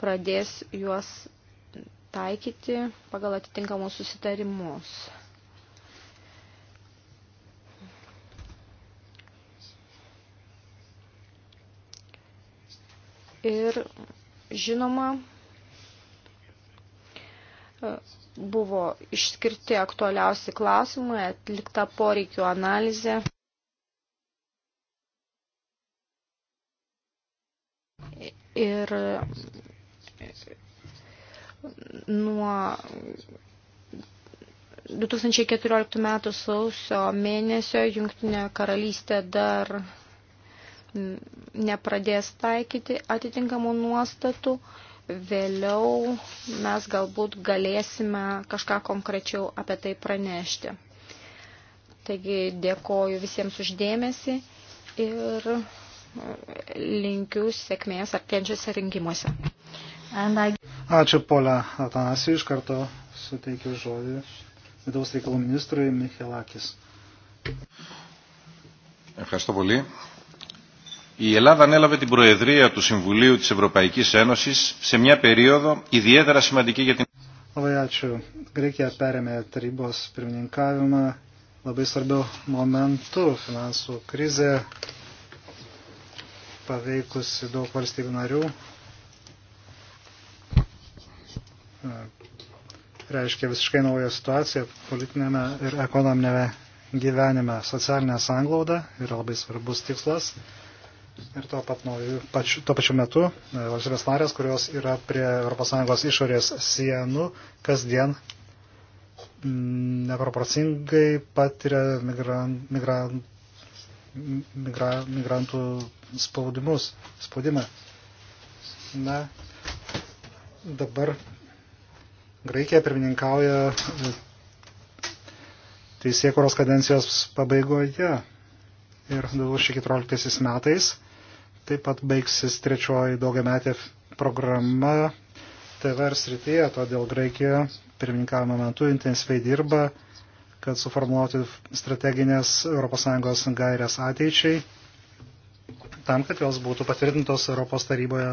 pradės juos taikyti pagal atitinkamus susitarimus. Ir žinoma, buvo išskirti aktualiausi klausimai, atlikta poreikių analizė. Ir nuo 2014 metų sausio mėnesio Jungtinė karalystė dar nepradės taikyti atitinkamų nuostatų. Vėliau mes galbūt galėsime kažką konkrečiau apie tai pranešti. Taigi dėkoju visiems uždėmesi ir linkiu sėkmės artėjančiuose rinkimuose. I...
Ačiū, Polia Atanasi, iš karto suteikiu žodį vidaus reikalų ministrui Michelakis. Ευχαριστώ πολύ. Η Ελλάδα ανέλαβε την Προεδρία του Συμβουλίου της Ευρωπαϊκής Ένωσης σε μια περίοδο ιδιαίτερα σημαντική για την... Labai ačiū. Greikija perėmė tarybos pirmininkavimą labai svarbiu momentu finansų krizė paveikusi daug valstybių narių, reiškia visiškai naują situaciją politinėme ir ekonominėme gyvenime. Socialinė sanglauda yra labai svarbus tikslas. Ir tuo, pat nauju, pač, tuo pačiu metu e, valstybės narės, kurios yra prie ES išorės sienų, kasdien mm, neproporcingai patiria migran, migran, migra, migrantų spaudimus, spaudimą. Na, dabar Graikija pirmininkauja e, teisėkuros kadencijos pabaigoje ir 2014 metais taip pat baigsis trečioji daugiametė programa TVR srityje, todėl Graikija pirmininkavimo metu intensyviai dirba, kad suformuoti strateginės ES gairias ateičiai, tam, kad jos būtų patvirtintos Europos taryboje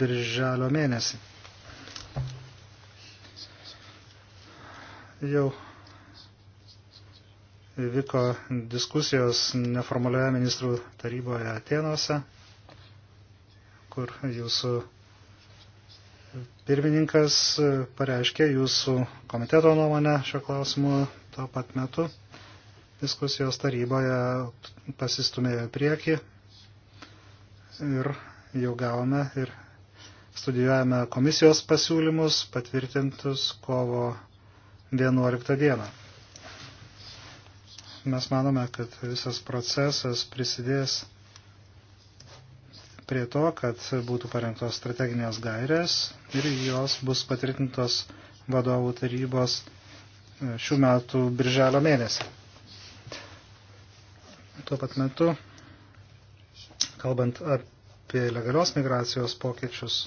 birželio mėnesį. Jau vyko diskusijos neformalioje ministrų taryboje Atenuose, kur jūsų pirmininkas pareiškė jūsų komiteto nuomonę šio klausimu tuo pat metu. Diskusijos taryboje pasistumėjo į priekį ir jau gavome ir studijuojame komisijos pasiūlymus patvirtintus kovo 11 dieną. Mes manome, kad visas procesas prisidės prie to, kad būtų parengtos strateginės gairės ir jos bus patvirtintos vadovų tarybos e, šių metų birželio mėnesį. Tuo pat metu, kalbant apie legalios migracijos pokyčius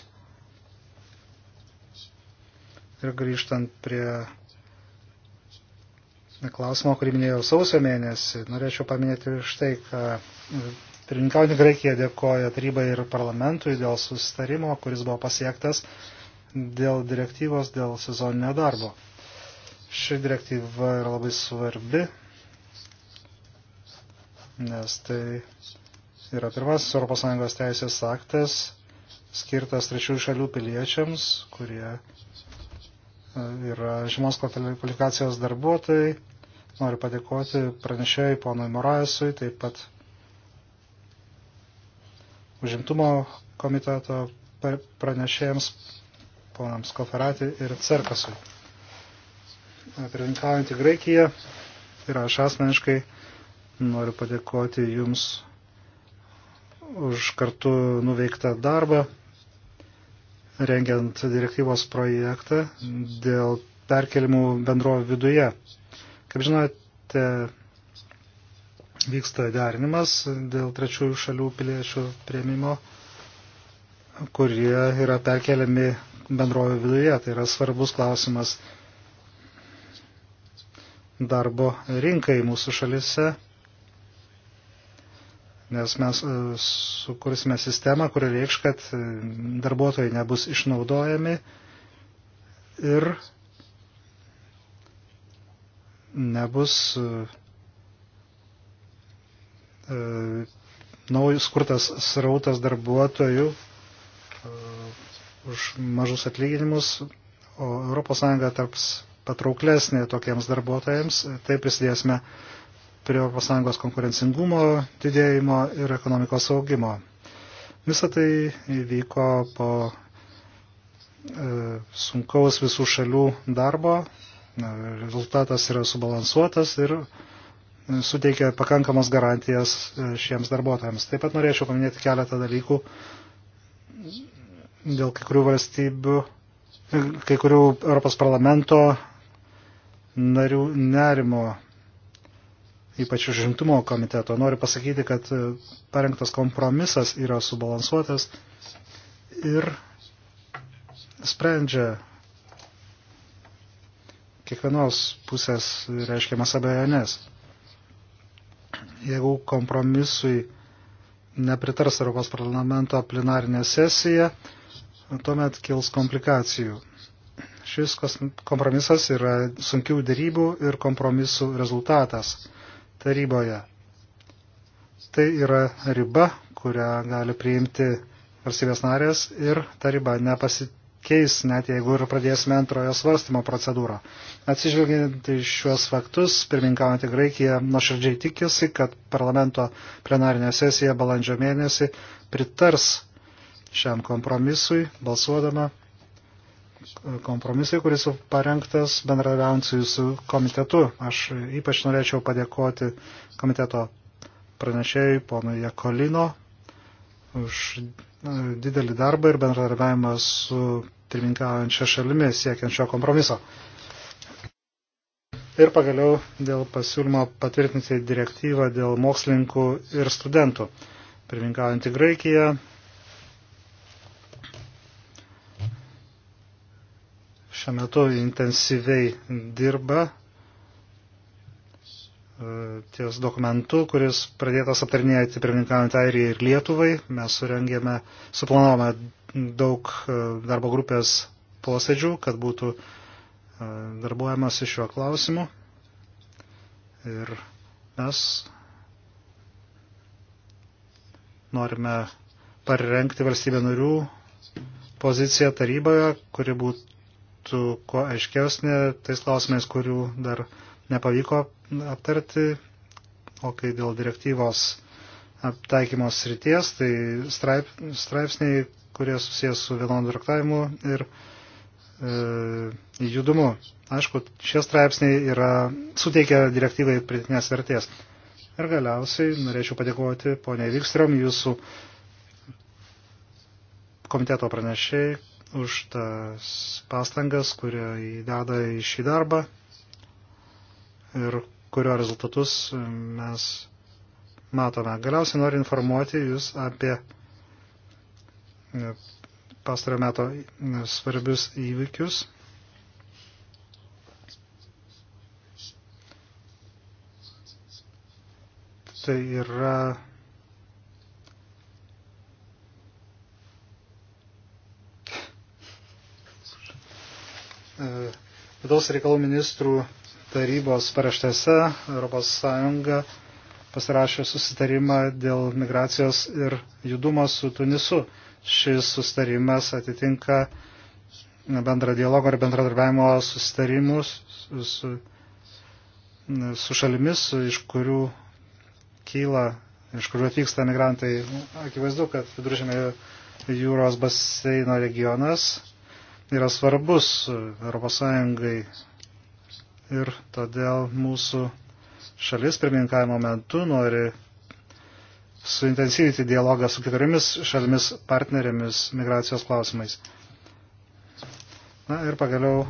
ir grįžtant prie klausimo, kurį minėjau sausio mėnesį, norėčiau paminėti štai, ką e, pirmininkaujant Graikija dėkoja tarybai ir parlamentui dėl sustarimo, kuris buvo pasiektas dėl direktyvos dėl sezoninio darbo. Ši direktyva yra labai svarbi, nes tai yra pirmasis ES teisės aktas skirtas trečių šalių piliečiams, kurie yra žemos kvalifikacijos darbuotojai. Noriu padėkoti pranešėjai ponui Moraesui, taip pat užimtumo komiteto pranešėjams ponams Koferati ir Cerkasui. Pirinkaujant į Graikiją ir aš asmeniškai noriu padėkoti jums už kartu nuveiktą darbą rengiant direktyvos projektą dėl perkelimų bendrovų viduje. Kaip žinote, vyksta derinimas dėl trečiųjų šalių piliečių prieimimo, kurie yra perkeliami bendrovų viduje. Tai yra svarbus klausimas darbo rinkai mūsų šalise nes mes e, sukursime sistemą, kuri reikš, kad e, darbuotojai nebus išnaudojami ir nebus e, naujus kurtas srautas darbuotojų už mažus atlyginimus, o ES taps patrauklesnė tokiems darbuotojams, tai prisidėsime prie ES konkurencingumo didėjimo ir ekonomikos augimo. Visą tai įvyko po e, sunkaus visų šalių darbo, rezultatas yra subalansuotas ir e, suteikia pakankamas garantijas e, šiems darbuotojams. Taip pat norėčiau paminėti keletą dalykų dėl kai kurių valstybių, kai kurių Europos parlamento narių nerimo ypač užimtumo komiteto. Noriu pasakyti, kad e, parengtas kompromisas yra subalansuotas ir sprendžia kiekvienos pusės reiškiamas abejonės. Jeigu kompromisui nepritars Europos parlamento plenarinė sesija, tuomet kils komplikacijų. Šis kompromisas yra sunkių dėrybų ir kompromisų rezultatas taryboje. Tai yra riba, kurią gali priimti valstybės narės ir ta riba nepasikeis, net jeigu ir pradėsime antrojo svarstymo procedūrą. Atsižvelgiant į šiuos faktus, pirmininkaujantį Graikiją nuoširdžiai tikisi, kad parlamento plenarinė sesija balandžio mėnesį pritars šiam kompromisui, balsuodama kompromisai, kuris parengtas bendradaviant su jūsų komitetu. Aš ypač norėčiau padėkoti komiteto pranešėjui ponui Jekolino už e, didelį darbą ir bendradarbiavimą su pirmininkaujančia šalimi siekiančio kompromiso. Ir pagaliau dėl pasiūlymo patvirtinti direktyvą dėl mokslininkų ir studentų. Pirmininkaujantį Graikiją šiuo metu intensyviai dirba e, ties dokumentu, kuris pradėtas aptarnėti pirmininkaujant Airijai ir Lietuvai. Mes surengėme, suplanavome daug e, darbo grupės posėdžių, kad būtų e, darbuojamas iš šiuo klausimu. Ir mes norime parengti valstybė narių poziciją taryboje, kuri būtų būtų kuo aiškesnė tais klausimais, kurių dar nepavyko aptarti, o kai dėl direktyvos aptaikymos srities, tai straip, straipsniai, kurie susijęs su vienodu traktavimu ir e, judumu. Aišku, šie straipsniai yra, suteikia direktyvai pridėtinės vertės. Ir galiausiai norėčiau padėkoti ponė Vikstrom, jūsų komiteto pranešėjai, už tas pastangas, kurio įdeda į šį darbą ir kurio rezultatus mes matome. Galiausiai noriu informuoti Jūs apie pastarojo meto svarbius įvykius. Tai yra E, vidaus reikalų ministrų tarybos paraštėse ES pasirašė susitarimą dėl migracijos ir judumo su Tunisu. Šis susitarimas atitinka bendrą dialogą ir bendradarbiavimo susitarimus su, su šalimis, iš kurių kyla, iš kurių atvyksta migrantai. Akivaizdu, kad viduržėmė jūros baseino regionas yra svarbus ES ir todėl mūsų šalis pirmininkavimo metu nori suintensyvinti dialogą su keturiamis šalimis partnerėmis migracijos klausimais. Na ir pagaliau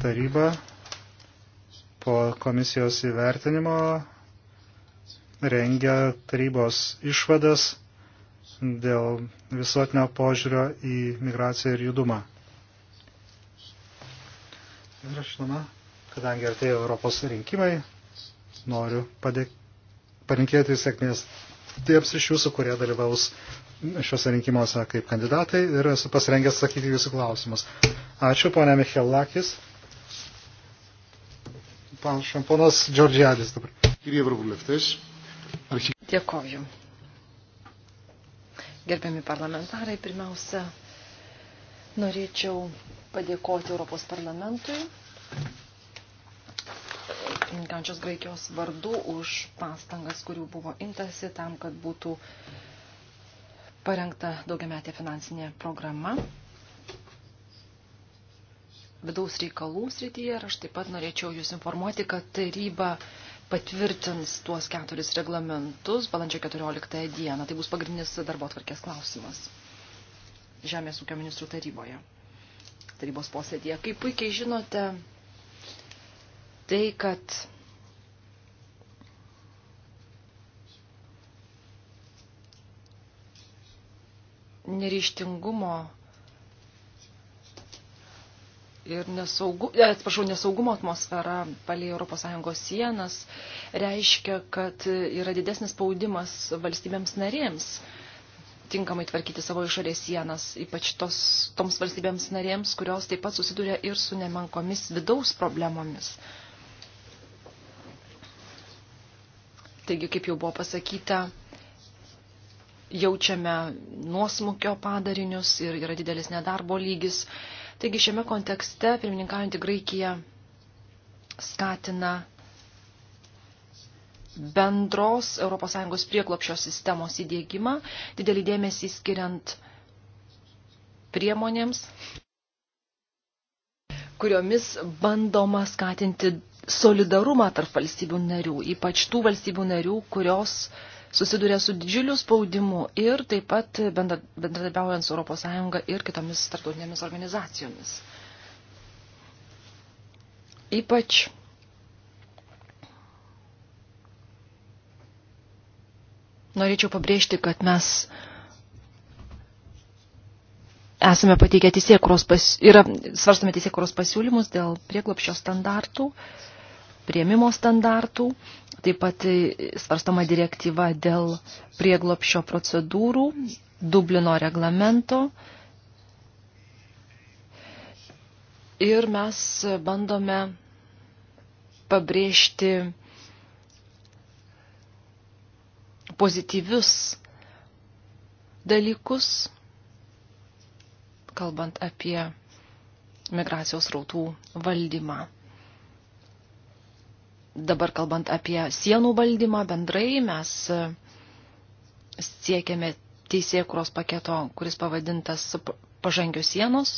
taryba po komisijos įvertinimo rengia tarybos išvadas dėl visuotinio požiūrio į migraciją ir judumą. Ir aš žinoma, kadangi artėjo Europos rinkimai, noriu padėk... palinkėti sėkmės tiems iš jūsų, kurie dalyvaus šiuose rinkimuose kaip kandidatai ir esu pasirengęs atsakyti jūsų klausimus. Ačiū, ponia Michelakis. Ponas Džordžiadis dabar.
Dėkoju gerbiami parlamentarai, pirmiausia, norėčiau padėkoti Europos parlamentui, kančios Graikijos vardu, už pastangas, kurių buvo imtasi tam, kad būtų parengta daugiametė finansinė programa vidaus reikalų srityje ir aš taip pat norėčiau Jūs informuoti, kad taryba patvirtins tuos keturis reglamentus balandžio 14 dieną. Tai bus pagrindinis darbo atvarkės klausimas Žemės ūkio ministrų taryboje, tarybos posėdėje. Kaip puikiai žinote, tai, kad neryštingumo ir nesaugu, e, atsiprašau, nesaugumo atmosfera palie ES sienas reiškia, kad yra didesnis spaudimas valstybėms narėms tinkamai tvarkyti savo išorės sienas, ypač tos, toms valstybėms narėms, kurios taip pat susiduria ir su nemenkomis vidaus problemomis. Taigi, kaip jau buvo pasakyta, jaučiame nuosmukio padarinius ir yra didelis nedarbo lygis. Uh, Taigi šiame kontekste pirmininkaujantį Graikiją skatina bendros ES prieklopšio sistemos įdėgymą, didelį dėmesį skiriant priemonėms, kuriomis bandoma skatinti solidarumą tarp valstybių narių, ypač tų valstybių narių, kurios uh, susiduria su didžiuliu spaudimu ir taip pat bendradarbiaujant su ES ir kitomis tarptautinėmis organizacijomis. Ypač norėčiau pabrėžti, kad mes esame pateikę teisėkuros pas, yra svarstame teisėkuros pasiūlymus dėl prieglopščio standartų. Uh, prieimimo standartų, taip pat svarstama direktyva dėl prieglopšio procedūrų, Dublino reglamento. Ir mes bandome pabrėžti pozityvius dalykus, kalbant apie migracijos rautų valdymą. Dabar kalbant apie sienų valdymą bendrai, mes e, siekiame teisėkuros paketo, kuris pavadintas pažangios sienos.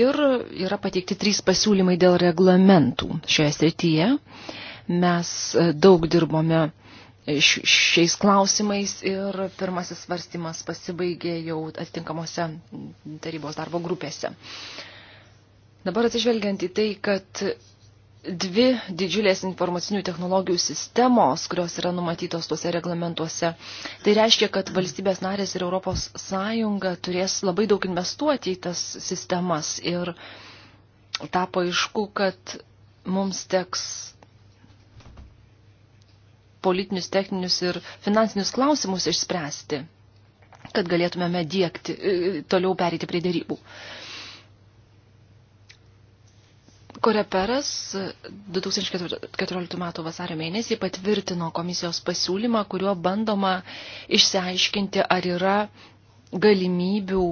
Ir yra pateikti trys pasiūlymai dėl reglamentų šioje srityje. Mes e, daug dirbome e, šiais klausimais ir pirmasis svarstymas pasibaigė jau atitinkamuose tarybos darbo grupėse. Dabar atsižvelgiant į tai, kad dvi didžiulės informacinių technologijų sistemos, kurios yra numatytos tuose reglamentuose. Tai reiškia, kad valstybės narės ir Europos Sąjunga turės labai daug investuoti į tas sistemas ir tapo aišku, kad mums teks politinius, techninius ir finansinius klausimus išspręsti, kad galėtumėme diekti, e, toliau perėti prie dėrybų. Koreperas 2014 m. vasario mėnesį patvirtino komisijos pasiūlymą, kuriuo bandoma išsiaiškinti, ar yra galimybių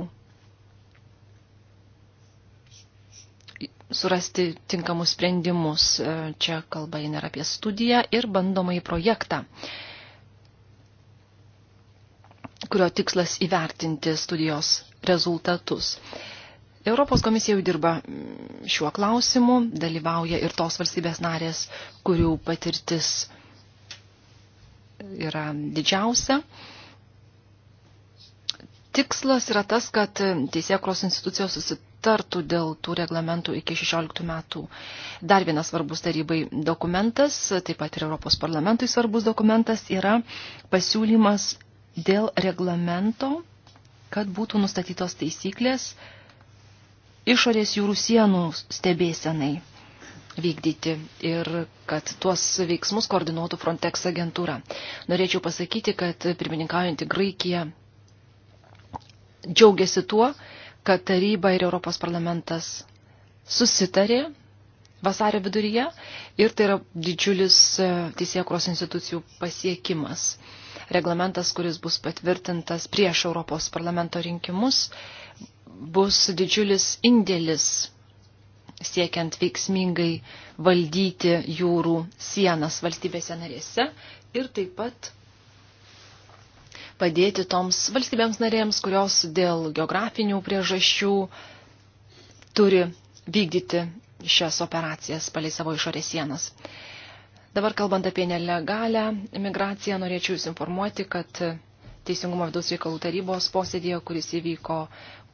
surasti tinkamus sprendimus. Čia kalba jin yra apie studiją ir bandomąjį projektą, kurio tikslas įvertinti studijos rezultatus. Europos komisija jau dirba šiuo klausimu, dalyvauja ir tos valstybės narės, kurių patirtis yra didžiausia. Tikslas yra tas, kad teisėkros institucijos susitartų dėl tų reglamentų iki 16 metų. Dar vienas svarbus tarybai dokumentas, taip pat ir Europos parlamentui svarbus dokumentas, yra pasiūlymas dėl reglamento, kad būtų nustatytos taisyklės, išorės jūrų sienų stebėsenai vykdyti ir kad tuos veiksmus koordinuotų Frontex agentūra. Norėčiau pasakyti, kad pirmininkaujantį Graikiją džiaugiasi tuo, kad taryba ir Europos parlamentas susitarė vasario viduryje ir tai yra didžiulis e, teisėkuros institucijų pasiekimas. Reglamentas, kuris bus patvirtintas prieš Europos parlamento rinkimus, bus didžiulis indėlis siekiant veiksmingai valdyti jūrų sienas valstybėse narėse ir taip pat padėti toms valstybėms narėms, kurios dėl geografinių priežasčių turi vykdyti šias operacijas palei savo išorės sienas. Dabar kalbant apie nelegalę migraciją, norėčiau Jūs informuoti, kad Teisingumo vidaus reikalų tarybos posėdėje, kuris įvyko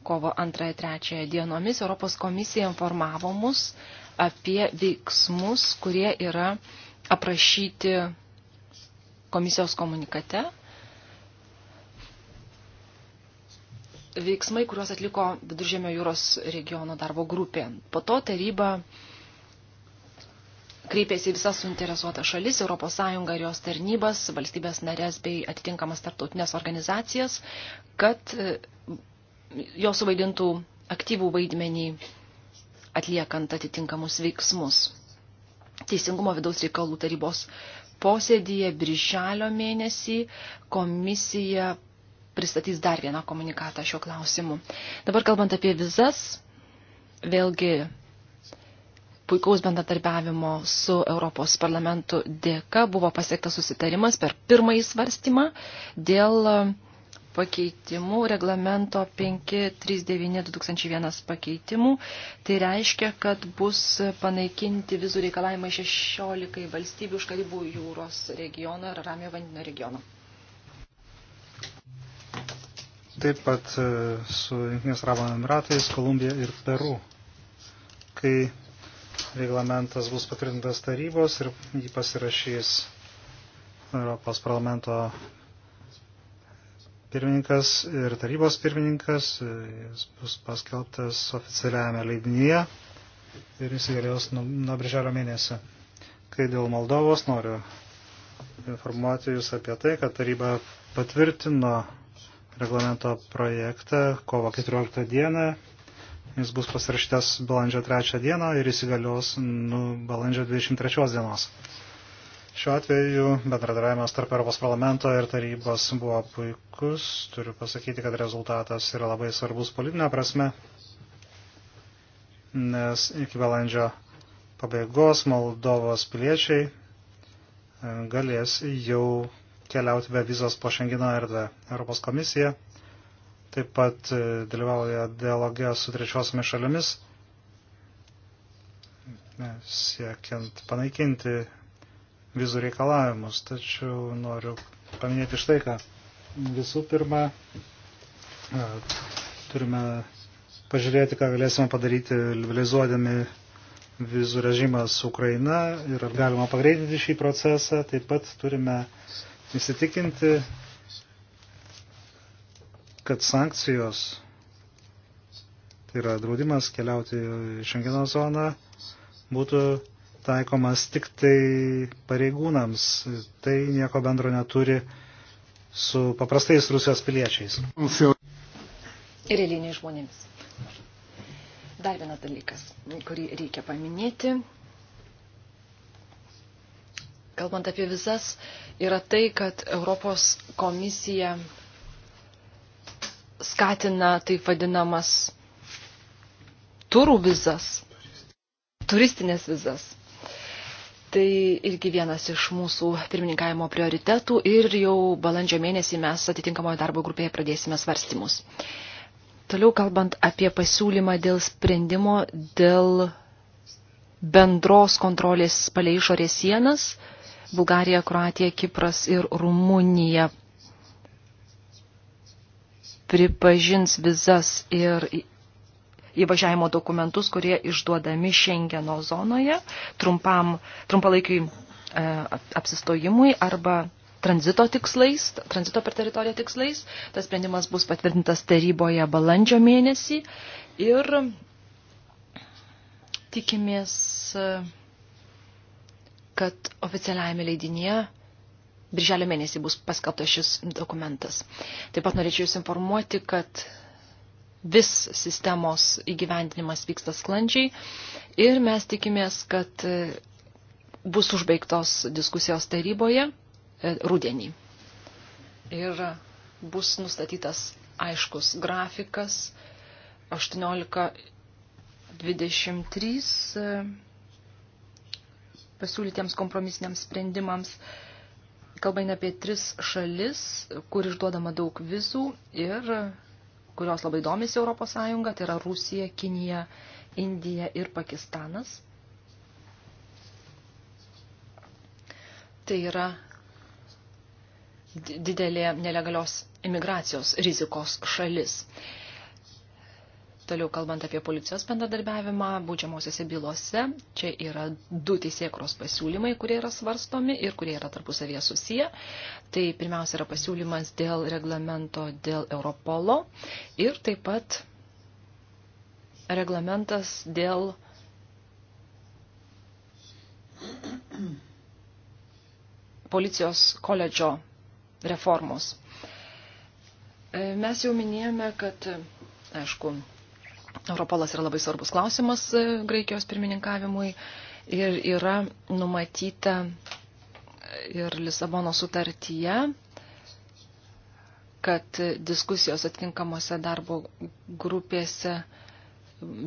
kovo 2-3 dienomis Europos komisija informavo mus apie veiksmus, kurie yra aprašyti komisijos komunikate. Veiksmai, kuriuos atliko Viduržėmio jūros regiono darbo grupė. Po to taryba kreipėsi visas suinteresuotas šalis, ES ir jos tarnybas, valstybės narės bei atitinkamas tarptautinės organizacijas, kad jos suvaidintų aktyvų vaidmenį atliekant atitinkamus veiksmus. Teisingumo vidaus reikalų tarybos posėdėje birželio mėnesį komisija pristatys dar vieną komunikatą šiuo klausimu. Dabar kalbant apie vizas, vėlgi puikaus bendradarbiavimo su Europos parlamentu dėka buvo pasiektas susitarimas per pirmąjį svarstymą dėl pakeitimų, reglamento 539-2001 pakeitimų. Tai reiškia, kad bus panaikinti vizų reikalavimai 16 valstybių už Karibų jūros regioną ir Ramio vandenio regioną.
Taip pat e, su Junktinės Arabų Emiratais, Kolumbija ir Peru. Kai reglamentas bus patvirtintas tarybos ir jį pasirašys Europos parlamento pirmininkas ir tarybos pirmininkas. Jis bus paskelbtas oficialiame leidinyje ir jis įgalios nuo birželio mėnesio. Kai dėl Moldovos noriu informuoti Jūs apie tai, kad taryba patvirtino reglamento projektą kovo 14 dieną. Jis bus pasirašytas balandžio 3 dieną ir įsigalios nu, balandžio 23 dienos. Šiuo atveju bendradarbiavimas tarp Europos parlamento ir tarybos buvo puikus. Turiu pasakyti, kad rezultatas yra labai svarbus politinė prasme, nes iki balandžio pabaigos Moldovos piliečiai e, galės jau keliauti be vizos po Šengino erdvę. Europos komisija taip pat e, dalyvauja dialogė su trečiosiomis šalimis, e, siekiant panaikinti vizų reikalavimus, tačiau noriu paminėti štai ką. Visų pirma, turime pažiūrėti, ką galėsime padaryti, liberalizuodami vizų režimą su Ukraina ir ar galima pagreitinti šį procesą. Taip pat turime įsitikinti, kad sankcijos, tai yra draudimas keliauti į Šengeno zoną, būtų taikomas tik tai pareigūnams. Tai nieko bendro neturi su paprastais Rusijos piliečiais.
Ir eiliniais žmonėmis. Dar vienas dalykas, kurį reikia paminėti. Kalbant apie vizas, yra tai, kad Europos komisija skatina taip vadinamas turų vizas, turistinės vizas. Tai irgi vienas iš mūsų pirmininkavimo prioritetų ir jau balandžio mėnesį mes atitinkamoje darbo grupėje pradėsime svarstymus. Toliau kalbant apie pasiūlymą dėl sprendimo dėl bendros kontrolės palei išorės sienas, Bulgarija, Kroatija, Kipras ir Rumunija pripažins vizas ir įvažiavimo dokumentus, kurie išduodami Šengeno zonoje trumpam, trumpalaikiui e, apsistojimui arba tranzito tikslais, tranzito per teritoriją tikslais. Tas sprendimas bus patvirtintas taryboje balandžio mėnesį ir tikimės, kad oficialiajame leidinėje Birželio mėnesį bus paskelbtas šis dokumentas. Taip pat norėčiau Jūs informuoti, kad vis sistemos įgyvendinimas vyksta sklandžiai ir mes tikimės, kad e, bus užbaigtos diskusijos taryboje e, rudenį. Ir bus nustatytas aiškus grafikas 18.23 e, pasiūlytiems kompromisiniams sprendimams kalba eina apie tris šalis, kur išduodama daug vizų ir kurios labai domisi ES, tai yra Rusija, Kinija, Indija ir Pakistanas. Tai yra didelė nelegalios imigracijos rizikos šalis. Toliau kalbant apie policijos bendradarbiavimą, būdžiamosiose bylose, čia yra du teisėkros pasiūlymai, kurie yra svarstomi ir kurie yra tarpusavėje susiję. Tai pirmiausia yra pasiūlymas dėl reglamento dėl Europolo ir taip pat reglamentas dėl policijos koledžo reformos. Mes jau minėjome, kad, aišku, Europolas yra labai svarbus klausimas e, Graikijos pirmininkavimui ir yra numatyta e, ir Lisabono sutartyje, kad diskusijos atitinkamose darbo grupėse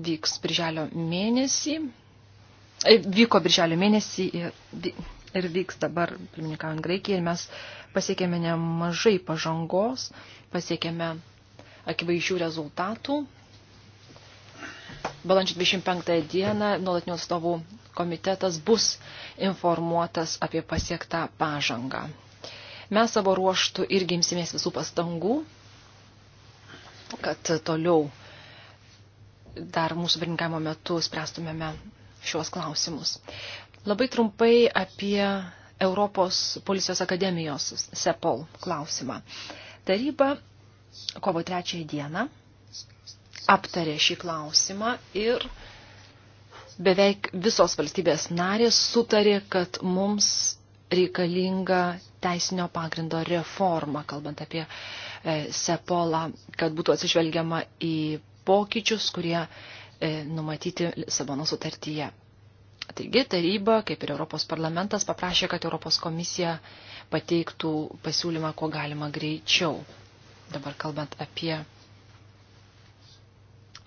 vyks birželio mėnesį, e, vyko birželio mėnesį ir, ir vyks dabar, pirmininkaujant Graikijai, ir mes pasiekėme nemažai pažangos, pasiekėme akivaizdžių rezultatų balandžio 25 dieną nuolatinių atstovų komitetas bus informuotas apie pasiektą pažangą. Mes savo ruoštų irgi imsimės visų pastangų, kad toliau dar mūsų pirmininkavimo metu spręstumėme šios klausimus. Labai trumpai apie Europos policijos akademijos SEPOL klausimą. Taryba kovo trečiąją dieną aptarė šį klausimą ir beveik visos valstybės narės sutarė, kad mums reikalinga teisinio pagrindo reforma, kalbant apie e, Sepolą, kad būtų atsižvelgiama į pokyčius, kurie e, numatyti Lisabono sutartyje. Taigi taryba, kaip ir Europos parlamentas, paprašė, kad Europos komisija pateiktų pasiūlymą, kuo galima greičiau. Dabar kalbant apie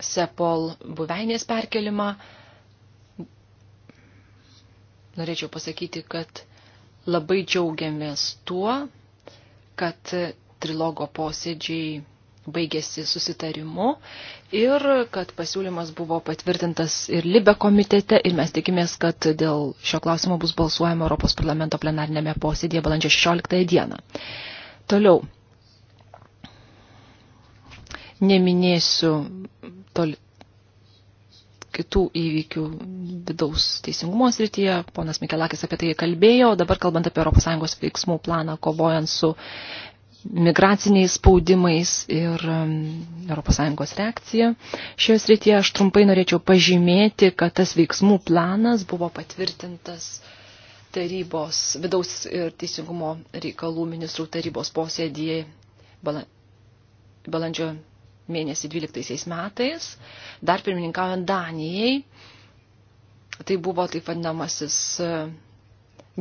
Sepol buveinės perkelimą. Norėčiau pasakyti, kad labai džiaugiamės tuo, kad trilogo posėdžiai baigėsi susitarimu ir kad pasiūlymas buvo patvirtintas ir Libe komitete ir mes tikimės, kad dėl šio klausimo bus balsuojama Europos parlamento plenarinėme posėdėje balandžio 16 dieną. Toliau. Neminėsiu toli kitų įvykių vidaus teisingumo srityje. Ponas Mikelakis apie tai kalbėjo. Dabar kalbant apie ES veiksmų planą, kovojant su migraciniais spaudimais ir um, ES reakcija. Šioje srityje aš trumpai norėčiau pažymėti, kad tas veiksmų planas buvo patvirtintas tarybos, vidaus ir teisingumo reikalų ministrų tarybos posėdėje balandžio mėnesį 12 metais, dar pirmininkaujant Danijai. Tai buvo taip vadinamasis e,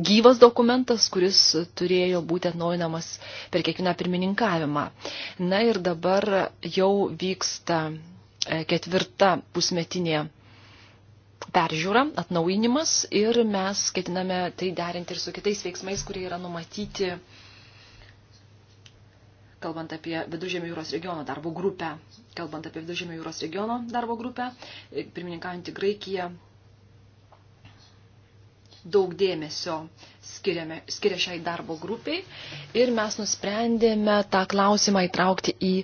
gyvas dokumentas, kuris turėjo būti atnaujinamas per kiekvieną pirmininkavimą. Na ir dabar jau vyksta e, ketvirta pusmetinė peržiūra, atnaujinimas ir mes ketiname tai derinti ir su kitais veiksmais, kurie yra numatyti uh, kalbant apie Vidužėmio jūros regiono darbo grupę. Kalbant apie Vidužėmio jūros regiono darbo grupę, pirmininkaujantį Graikiją daug dėmesio skiriame, skiria šiai darbo grupiai ir mes nusprendėme tą klausimą įtraukti į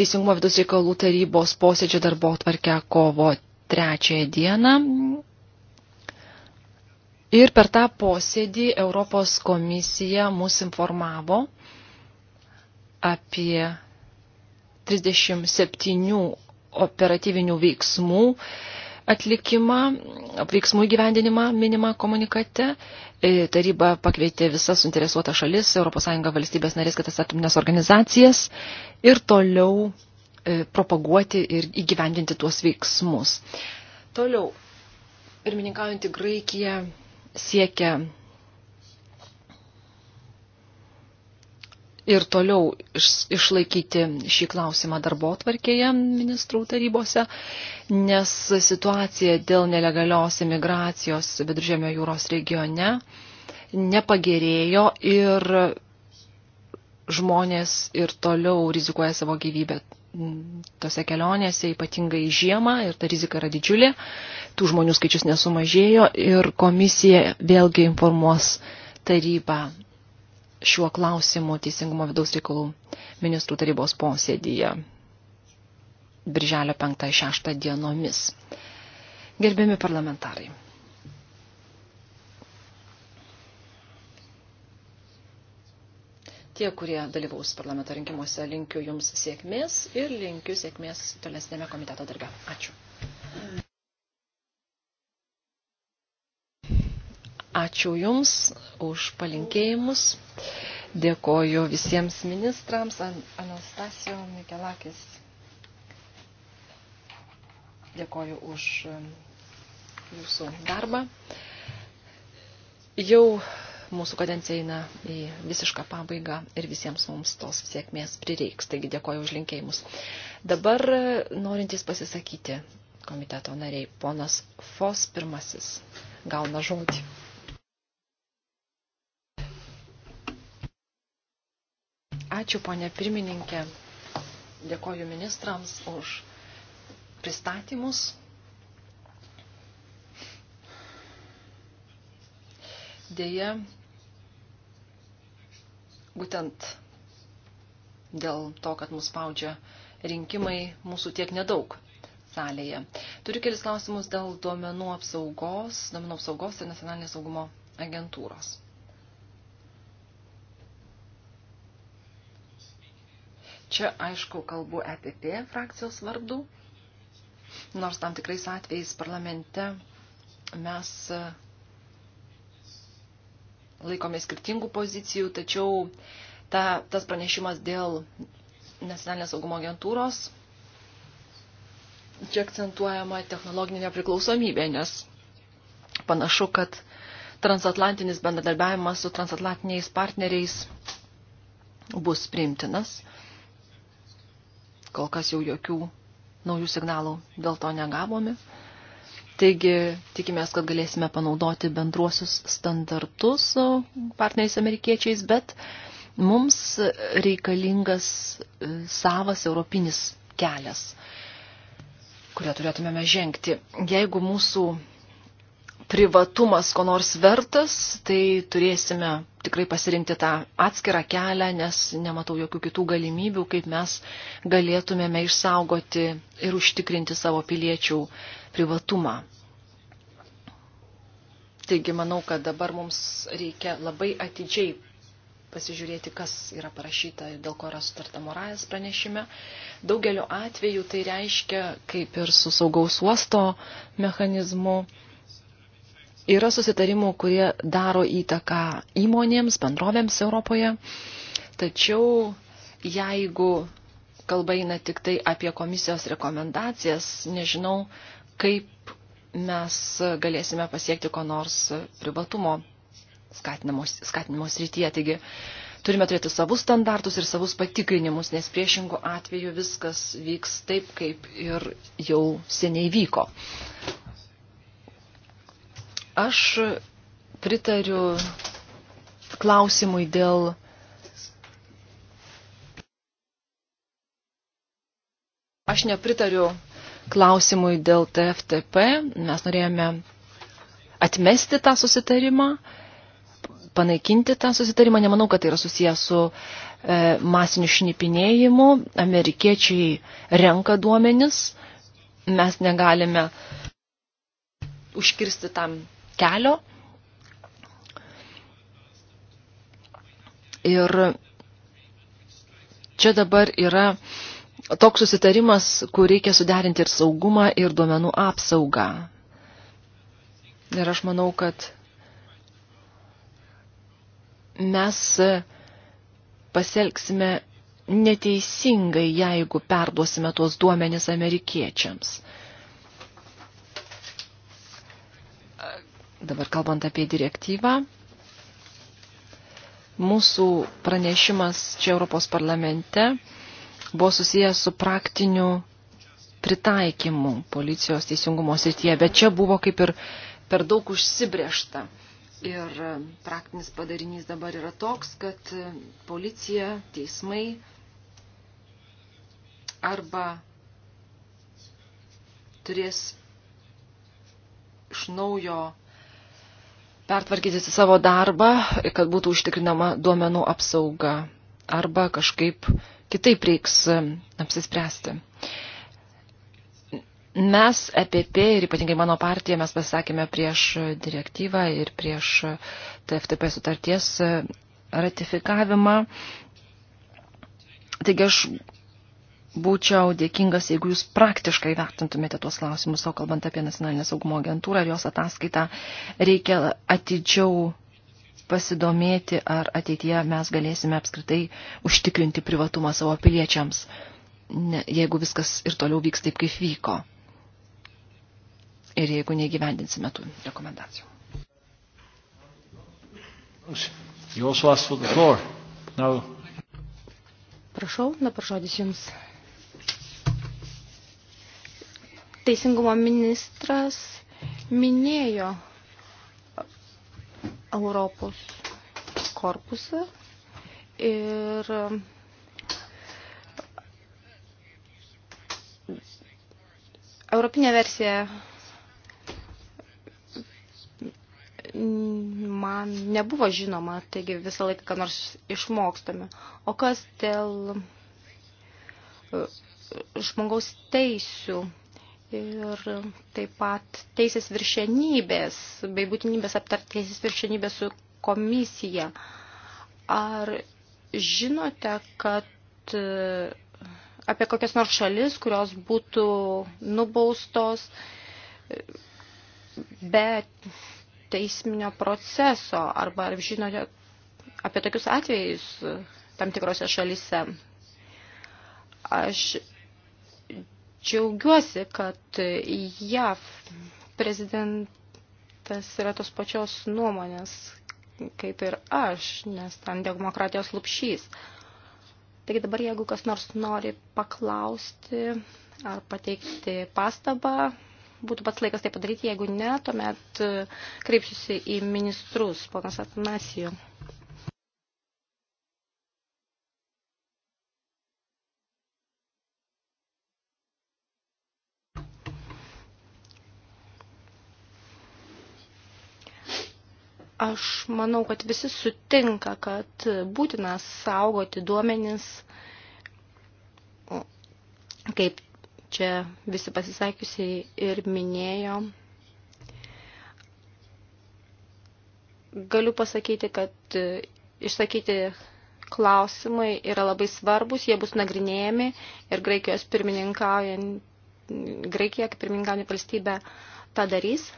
Teisingumo vidus reikalų tarybos posėdžio darbo tvarkę kovo trečiąją dieną. Ir per tą posėdį Europos komisija mus informavo apie 37 operatyvinių veiksmų atlikimą, veiksmų įgyvendinimą minimą komunikate. E, taryba pakvietė visas suinteresuotas šalis, ES valstybės narės, kitas atominės organizacijas ir toliau e, propaguoti ir įgyvendinti tuos veiksmus. Toliau, pirmininkaujantį Graikiją siekia ir toliau išlaikyti šį klausimą darbo tvarkėje ministrų tarybose, nes situacija dėl nelegalios imigracijos Viduržėmio jūros regione nepagerėjo ir žmonės ir toliau rizikuoja savo gyvybę tose kelionėse, ypatingai žiemą, ir ta rizika yra didžiulė, tų žmonių skaičius nesumažėjo ir komisija vėlgi informuos tarybą šiuo klausimu Teisingumo vidaus reikalų ministrų tarybos posėdyje Birželio 5-6 dienomis. Gerbiami parlamentarai. Tie, kurie dalyvaus parlamento rinkimuose, linkiu Jums sėkmės ir linkiu sėkmės tolesnėme komiteto darbe. Ačiū. Ačiū Jums už palinkėjimus. Dėkoju visiems ministrams, Anastasijo Mikelakis. Dėkoju už um, Jūsų darbą. Jau mūsų kadencija eina į visišką pabaigą ir visiems mums tos sėkmės prireiks. Taigi dėkoju už linkėjimus. Dabar e, norintys pasisakyti komiteto nariai, ponas Fos pirmasis gauna žodį. Ačiū, ponė pirmininkė. Dėkoju ministrams už pristatymus. Dėja, būtent dėl to, kad mus spaudžia rinkimai, mūsų tiek nedaug salėje. Turiu kelis klausimus dėl duomenų apsaugos, duomenų apsaugos ir nacionalinės saugumo agentūros. Čia, aišku, kalbu EPP frakcijos vardu, nors tam tikrais atvejais parlamente mes e, laikome skirtingų pozicijų, tačiau ta, tas pranešimas dėl nacionalinės saugumo agentūros čia akcentuojama technologinė priklausomybė, nes panašu, kad transatlantinis bendradarbiavimas su transatlantiniais partneriais bus priimtinas kol kas jau jokių naujų signalų dėl to negavome. Taigi tikimės, kad galėsime panaudoti bendruosius standartus su partneriais amerikiečiais, bet mums reikalingas e, savas europinis kelias, kurio turėtumėme žengti. Jeigu mūsų privatumas ko nors vertas, tai turėsime tikrai pasirinkti tą atskirą kelią, nes nematau jokių kitų galimybių, kaip mes galėtumėme išsaugoti ir užtikrinti savo piliečių privatumą. Taigi manau, kad dabar mums reikia labai atidžiai pasižiūrėti, kas yra parašyta ir dėl ko yra sutarta moralės pranešime. Daugeliu atveju tai reiškia, kaip ir su saugaus uosto mechanizmu, Yra susitarimų, kurie daro įtaką įmonėms, bendrovėms Europoje, tačiau jeigu kalba eina tik tai apie komisijos rekomendacijas, nežinau, kaip mes galėsime pasiekti ko nors privatumo skatinimo srityje. Taigi turime turėti savus standartus ir savus patikrinimus, nes priešingų atveju viskas vyks taip, kaip ir jau seniai vyko. Aš pritariu klausimui dėl Aš nepritariu klausimui dėl TFTP. Mes norėjome atmesti tą susitarimą, panaikinti tą susitarimą. Nemanau, kad tai yra susijęs su e, masiniu šnipinėjimu. Amerikiečiai renka duomenis. Mes negalime užkirsti tam kelio. Ir čia dabar yra toks susitarimas, kur reikia suderinti ir saugumą, ir duomenų apsaugą. Ir aš manau, kad mes pasielgsime neteisingai, jeigu perduosime tuos duomenis amerikiečiams. Dabar kalbant apie direktyvą, mūsų pranešimas čia Europos parlamente buvo susijęs su praktiniu pritaikymu policijos teisingumo srityje, bet čia buvo kaip ir per daug užsibriešta. Ir praktinis padarinys dabar yra toks, kad policija, teismai arba turės iš naujo pertvarkyti savo darbą, kad būtų užtikrinama duomenų apsauga arba kažkaip kitaip reiks e, apsispręsti. Mes, EPP ir ypatingai mano partija, mes pasakėme prieš direktyvą ir prieš TFTP sutarties e, ratifikavimą. Taigi aš būčiau dėkingas, jeigu jūs praktiškai vertintumėte tuos klausimus, o kalbant apie nacionalinę saugumo agentūrą ir jos ataskaitą, reikia atidžiau pasidomėti, ar ateityje mes galėsime apskritai užtikrinti privatumą savo piliečiams, ne, jeigu viskas ir toliau vyks taip, kaip vyko. Ir jeigu negyvendinsime tų rekomendacijų.
You also asked for the floor. Now
Prašau, dabar žodis Jums. Teisingumo ministras minėjo Europos korpusą ir Europinė versija man nebuvo žinoma, taigi visą laiką ką nors išmokstame. O kas dėl e, žmogaus teisių ir taip pat teisės viršenybės, bei būtinybės aptarti teisės viršenybės su komisija. Ar žinote, kad e, apie kokias nors šalis, kurios būtų nubaustos e, be teisminio proceso, arba ar žinote apie tokius atvejus e, tam tikrose šalise? Aš džiaugiuosi, kad JAV prezidentas yra tos pačios nuomonės, kaip ir aš, nes ten demokratijos lupšys. Taigi dabar, jeigu kas nors nori paklausti ar pateikti pastabą, būtų pats laikas tai padaryti, jeigu ne, tuomet kreipsiuosi į ministrus, ponas Atanasijų. Aš manau, kad visi sutinka, kad būtina saugoti duomenis, kaip čia visi pasisakiusiai ir minėjo. Galiu pasakyti, kad išsakyti klausimai yra labai svarbus, jie bus nagrinėjami ir Graikijos pirmininkaujant, Graikija kaip pirmininkaujant valstybė tą darys.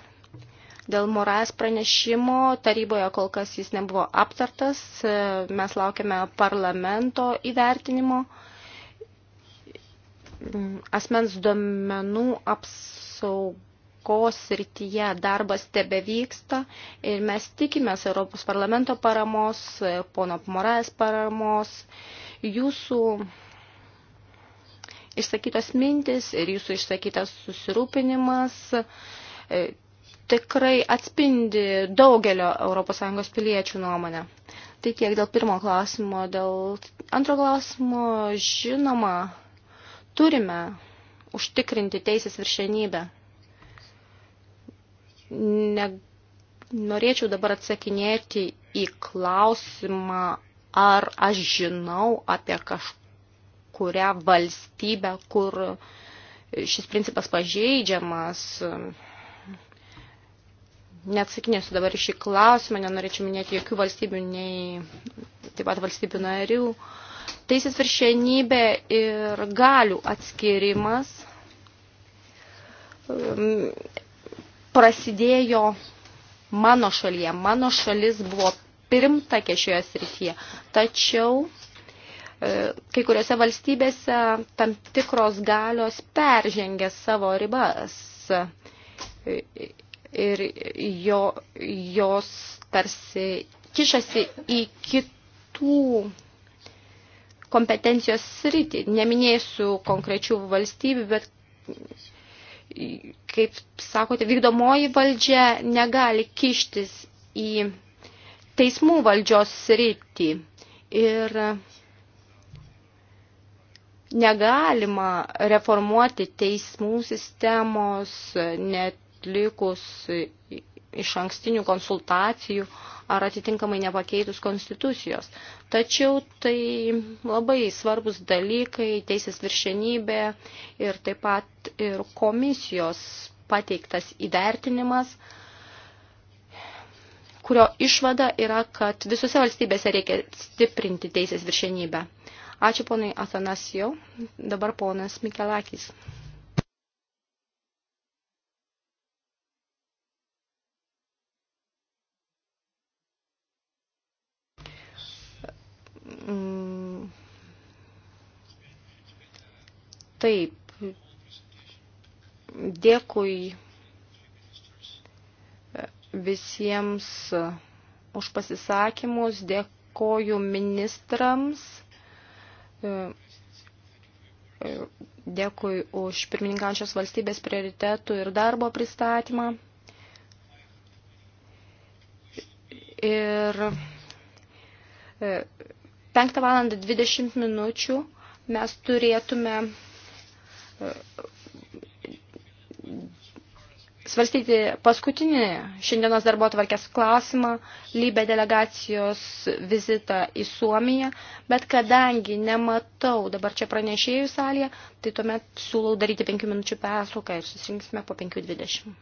Dėl Morais pranešimo taryboje kol kas jis nebuvo aptartas, mes laukiame parlamento įvertinimo. Asmens duomenų apsaugos aplinkos srityje darbas tebe vyksta ir mes tikimės Europos parlamento paramos, pono Morais paramos, jūsų išsakytos mintis ir jūsų išsakytas susirūpinimas tikrai atspindi daugelio ES piliečių nuomonę. Tai tiek dėl pirmo klausimo. Dėl antro klausimo, žinoma, turime užtikrinti teisės viršenybę. Ne, norėčiau dabar atsakinėti į klausimą, ar aš žinau apie kažkurią valstybę, kur šis principas pažeidžiamas neatsakinėsiu dabar į šį klausimą, nenorėčiau minėti jokių valstybių, nei taip pat valstybių narių. Teisės viršienybė ir galių atskirimas um, prasidėjo mano šalyje. Mano šalis buvo pirmtakė šioje srityje. Tačiau e, kai kuriuose valstybėse tam tikros galios peržengia savo ribas e, ir jo, jos tarsi kišasi į kitų kompetencijos sritį. Neminėsiu konkrečių valstybių, bet kaip sakote, vykdomoji valdžia negali kištis į teismų valdžios sritį ir negalima reformuoti teismų sistemos, net neatlikus iš ankstinių konsultacijų ar atitinkamai nepakeitus konstitucijos. Tačiau tai labai svarbus dalykai, teisės viršenybė ir taip pat ir komisijos pateiktas įvertinimas, kurio išvada yra, kad visose valstybėse reikia stiprinti teisės viršenybę. Ačiū ponai Atanasijau, dabar ponas Mikelakis.
Mm, taip,
dėkui visiems už pasisakymus, dėkoju ministrams, dėkui už pirmininkančios valstybės prioritetų ir darbo pristatymą. Ir 5 val. 20 minučių mes turėtume e, svarstyti paskutinį šiandienos darbo tvarkės klausimą, lybė delegacijos vizitą į Suomiją, bet kadangi nematau dabar čia pranešėjų salėje, tai tuomet siūlau daryti 5 minučių pertrauką ir susirinksime po 5.20.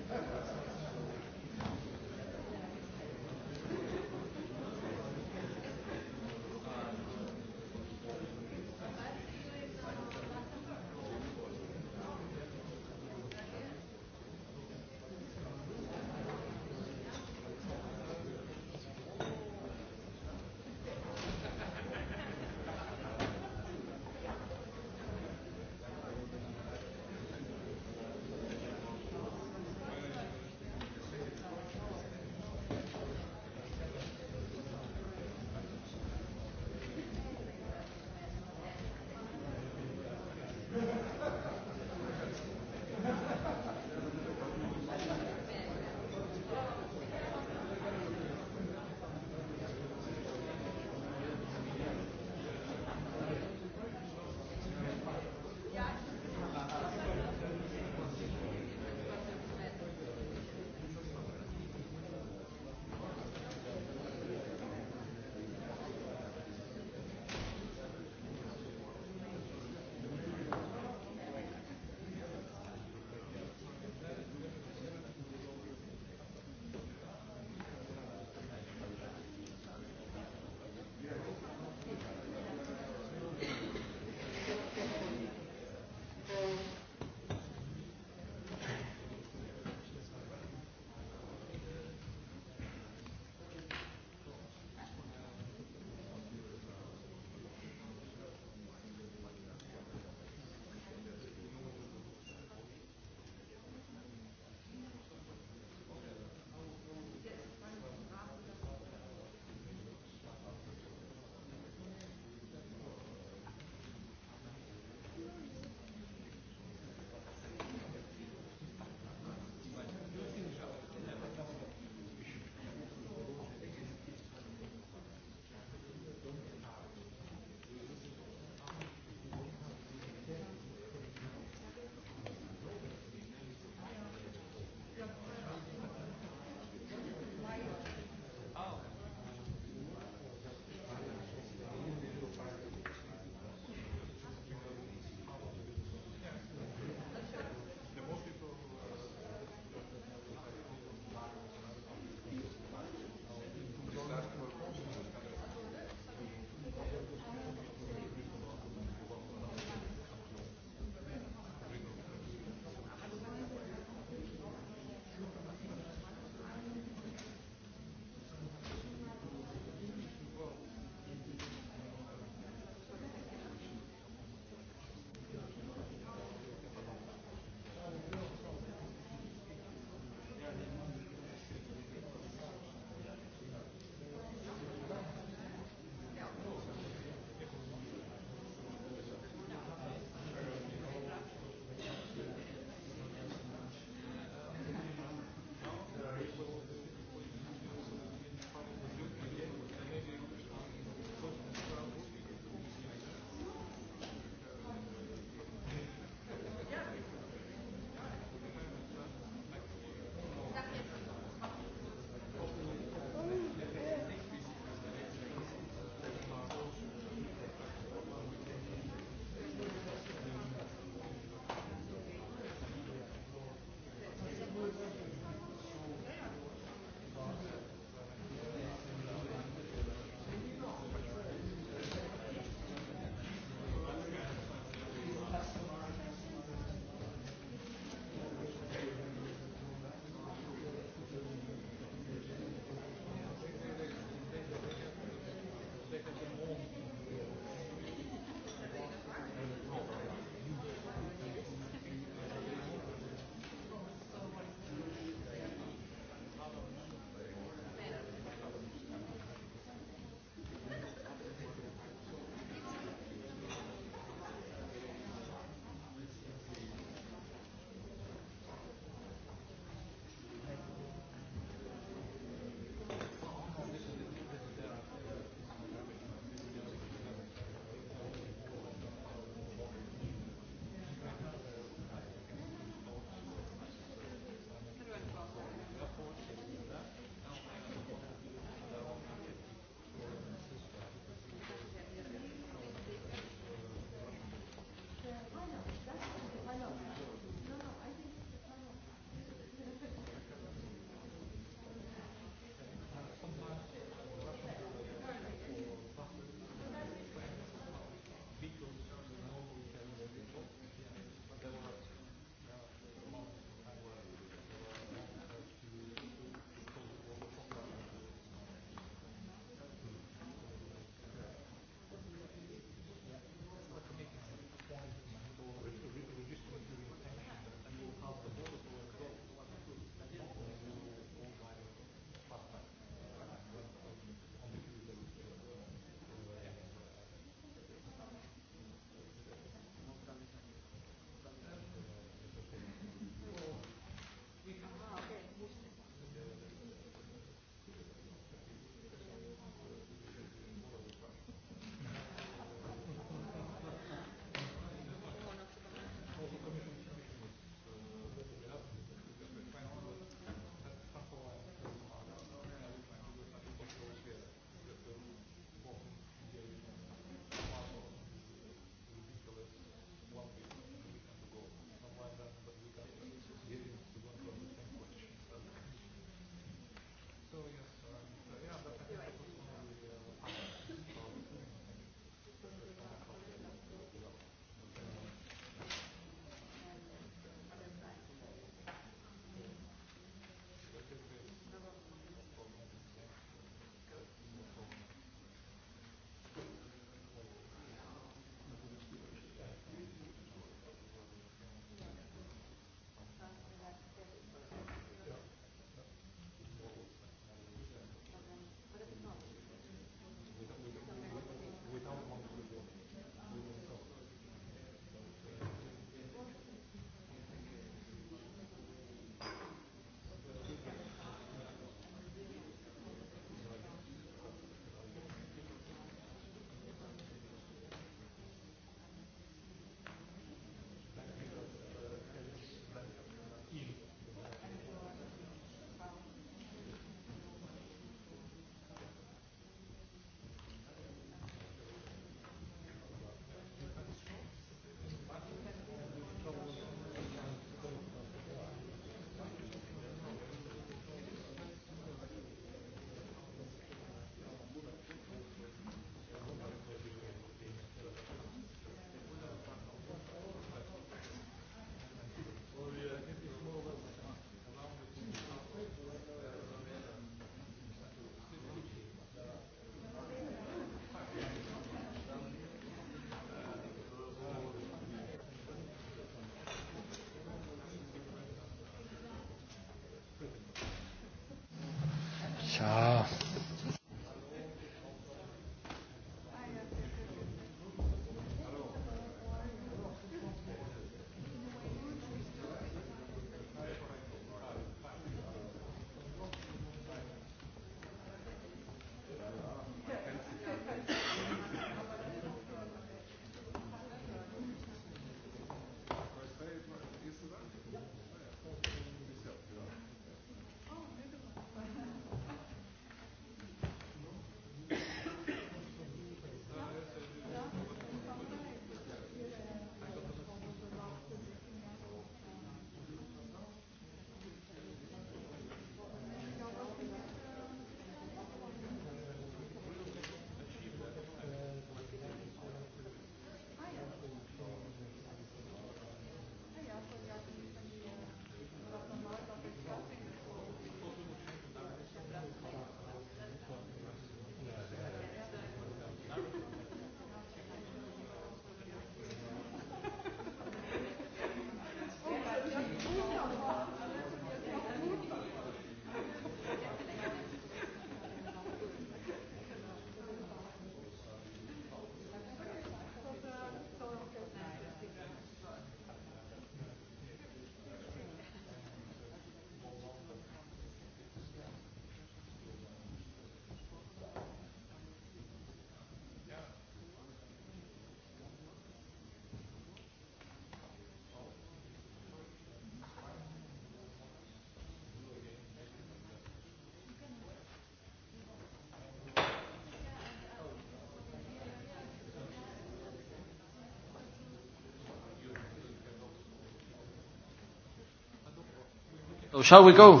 So shall we go?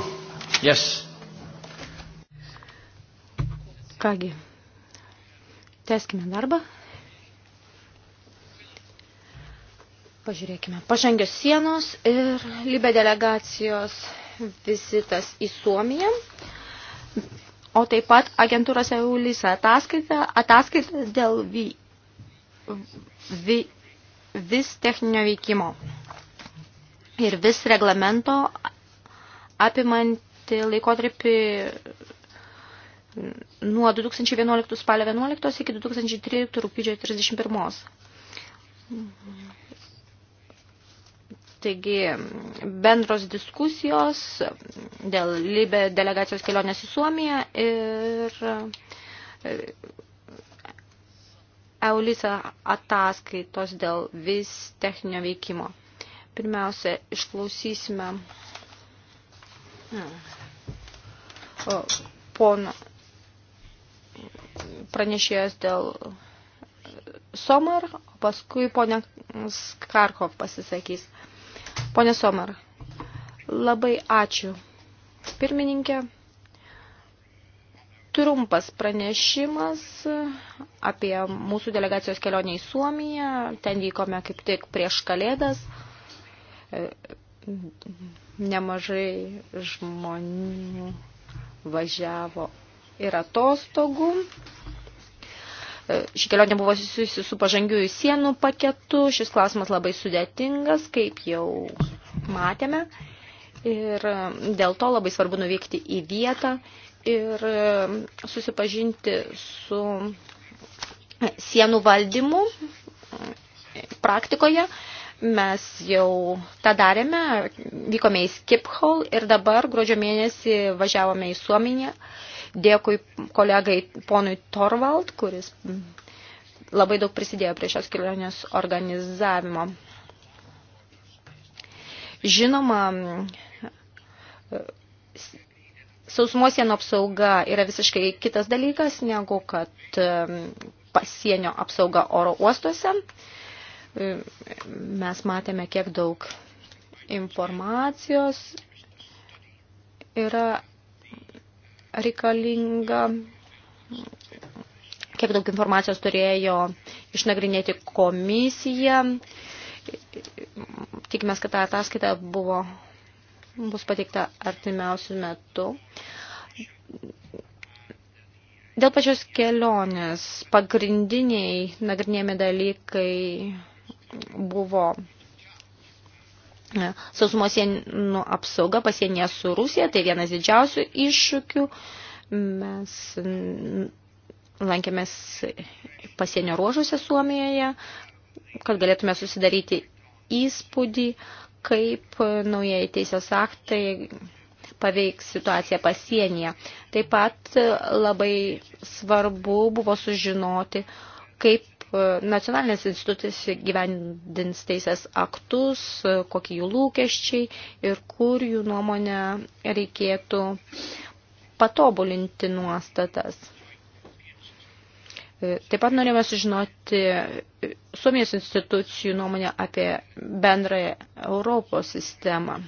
Yes.
Kągi, teskime darbą. Pažiūrėkime. Pažangios sienos ir Libė delegacijos vizitas į Suomiją. O taip pat agentūros EULISA ataskaita, ataskaita dėl vi, vi, vis techninio veikimo ir vis reglamento apimantį laikotarpį nuo 2011 spalio 11 iki 2013 rūpydžio 31. Taigi bendros diskusijos dėl Libė delegacijos kelionės į Suomiją ir e, Eulisa ataskaitos dėl vis techninio veikimo. Pirmiausia, išklausysime Pono pranešėjas dėl Somar, paskui ponia Skarkov pasisakys. Pone Somar, labai ačiū. Pirmininkė, trumpas pranešimas apie mūsų delegacijos kelionę į Suomiją. Ten vykome kaip tik prieš kalėdas nemažai žmonių važiavo ir atostogų. E, ši kelionė buvo susijusi su pažangiųjų sienų paketu. Šis klausimas labai sudėtingas, kaip jau matėme. Ir e, dėl to labai svarbu nuvykti į vietą ir e, susipažinti su sienų valdymu praktikoje. Mes jau tą darėme, vykome į Skiphol ir dabar gruodžio mėnesį važiavome į Suomiją. Dėkui kolegai ponui Torvald, kuris labai daug prisidėjo prie šios kelionės organizavimo. Žinoma, sausumos sienų apsauga yra visiškai kitas dalykas negu kad pasienio apsauga oro uostuose. Mes matėme, kiek daug informacijos yra reikalinga, kiek daug informacijos turėjo išnagrinėti komisija. Tikimės, kad ta ataskaita buvo, bus pateikta artimiausių metų. Dėl pačios kelionės pagrindiniai nagrinėjami dalykai buvo e, sausumos sienų apsauga pasienyje su Rusija, tai vienas didžiausių iššūkių. Mes lankėmės pasienio ruožuose Suomijoje, kad galėtume susidaryti įspūdį, kaip naujai teisės aktai paveiks situaciją pasienyje. Taip pat labai svarbu buvo sužinoti, kaip E, nacionalinės institucijas gyvendins teisės aktus, e, kokie jų lūkesčiai ir kur jų nuomonę reikėtų patobulinti nuostatas. E, taip pat norėjome sužinoti Suomijos institucijų nuomonę apie bendrąją Europos sistemą.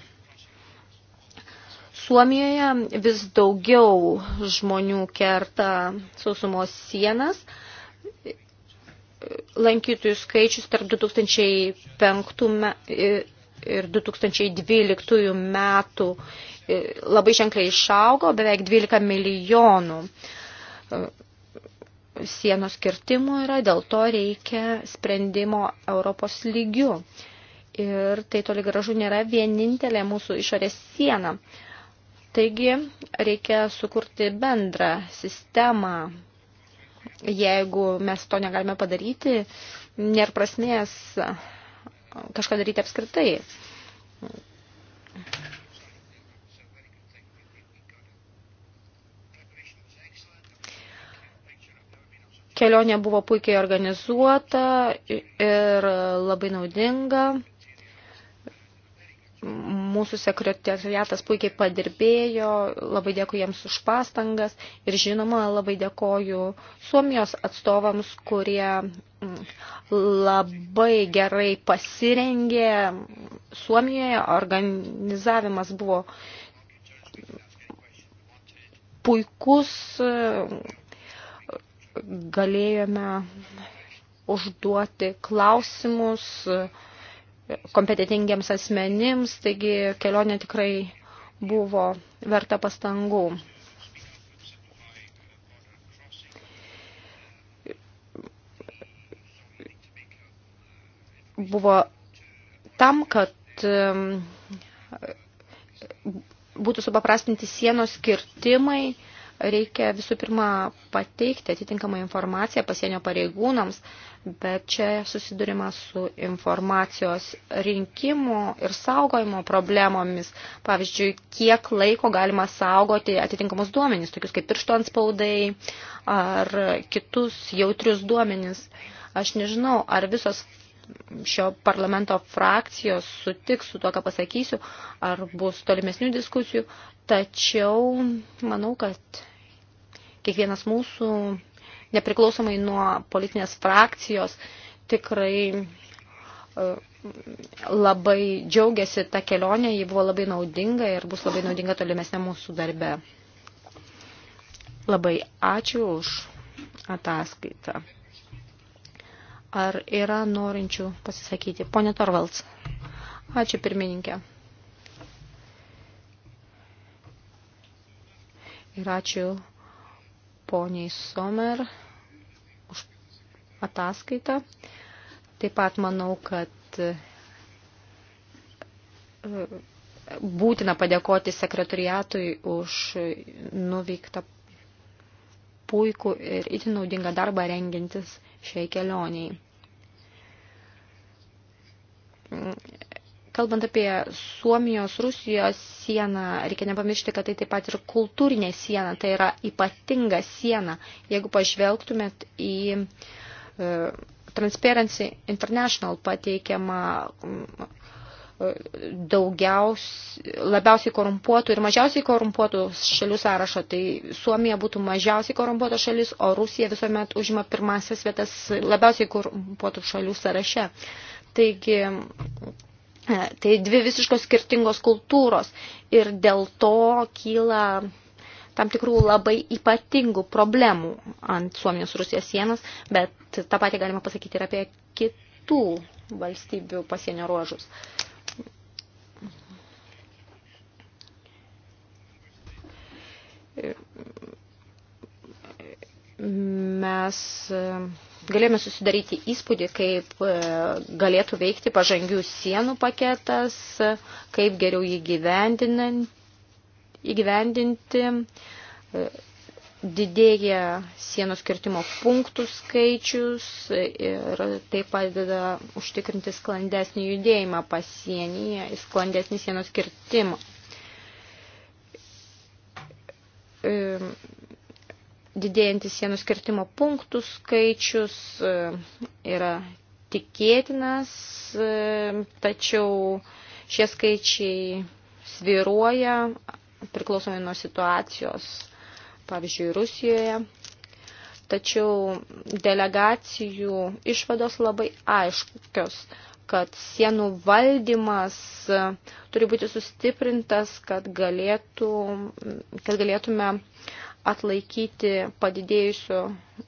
Suomijoje vis daugiau žmonių kerta sausumos sienas lankytojų skaičius tarp 2005 ir 2012 metų labai ženkliai išaugo, beveik 12 milijonų e, sienos kirtimų yra, dėl to reikia sprendimo Europos lygių. Ir tai toli gražu nėra vienintelė mūsų išorės siena. Taigi reikia sukurti bendrą sistemą Jeigu mes to negalime padaryti, nėra prasmės kažką daryti apskritai. Kelionė buvo puikiai organizuota ir labai naudinga mūsų sekretariatas puikiai padirbėjo, labai dėkui jiems už pastangas ir žinoma labai dėkoju Suomijos atstovams, kurie mm, labai gerai pasirengė Suomijoje, organizavimas buvo puikus, galėjome užduoti klausimus, kompetitingiems asmenims, taigi kelionė tikrai buvo verta pastangų. Buvo tam, kad būtų supaprastinti sienos kirtimai, Reikia visų pirma pateikti atitinkamą informaciją pasienio pareigūnams, bet čia susidurima su informacijos rinkimo ir saugojimo problemomis. Pavyzdžiui, kiek laiko galima saugoti atitinkamus duomenys, tokius kaip piršto antspaudai ar kitus jautrius duomenys. Aš nežinau, ar visos šio parlamento frakcijos sutiks su to, ką pasakysiu, ar bus tolimesnių diskusijų, tačiau manau, kad kiekvienas mūsų, nepriklausomai nuo politinės frakcijos, tikrai e, labai džiaugiasi tą kelionę, ji buvo labai naudinga ir bus labai naudinga tolimesnė mūsų darbe. Labai ačiū už ataskaitą. Ar yra norinčių pasisakyti? Pone Torvalds. Ačiū pirmininkė. Ir ačiū poniai Somer už ataskaitą. Taip pat manau, kad e, būtina padėkoti sekretoriatui už nuveiktą puikų ir itin naudingą darbą rengintis šiai kelioniai. Kalbant apie Suomijos-Rusijos sieną, reikia nepamiršti, kad tai taip pat ir kultūrinė siena, tai yra ypatinga siena. Jeigu pažvelgtumėt į e, Transparency International pateikiamą daugiausiai, labiausiai korumpuotų ir mažiausiai korumpuotų šalių sąrašo, tai Suomija būtų mažiausiai korumpuota šalis, o Rusija visuomet užima pirmasis vietas labiausiai korumpuotų šalių sąraše. Taigi, e, tai dvi visiškos skirtingos kultūros ir dėl to kyla tam tikrų labai ypatingų problemų ant Suomijos Rusijos sienos, bet tą patį galima pasakyti ir apie kitų valstybių pasienio ruožus. Uh, mes e, galėjome susidaryti įspūdį, kaip e, galėtų veikti pažangių sienų paketas, kaip geriau įgyvendinti, e, didėja sienos kirtimo punktų skaičius ir tai padeda užtikrinti sklandesnį judėjimą pasienyje, sklandesnį sienos kirtimą. E, didėjantis sienų skirtimo punktų skaičius e, yra tikėtinas, e, tačiau šie skaičiai sviruoja priklausomai nuo situacijos, pavyzdžiui, Rusijoje. Tačiau delegacijų išvados labai aiškios kad sienų valdymas e, turi būti sustiprintas, kad, galėtų, kad galėtume atlaikyti padidėjusio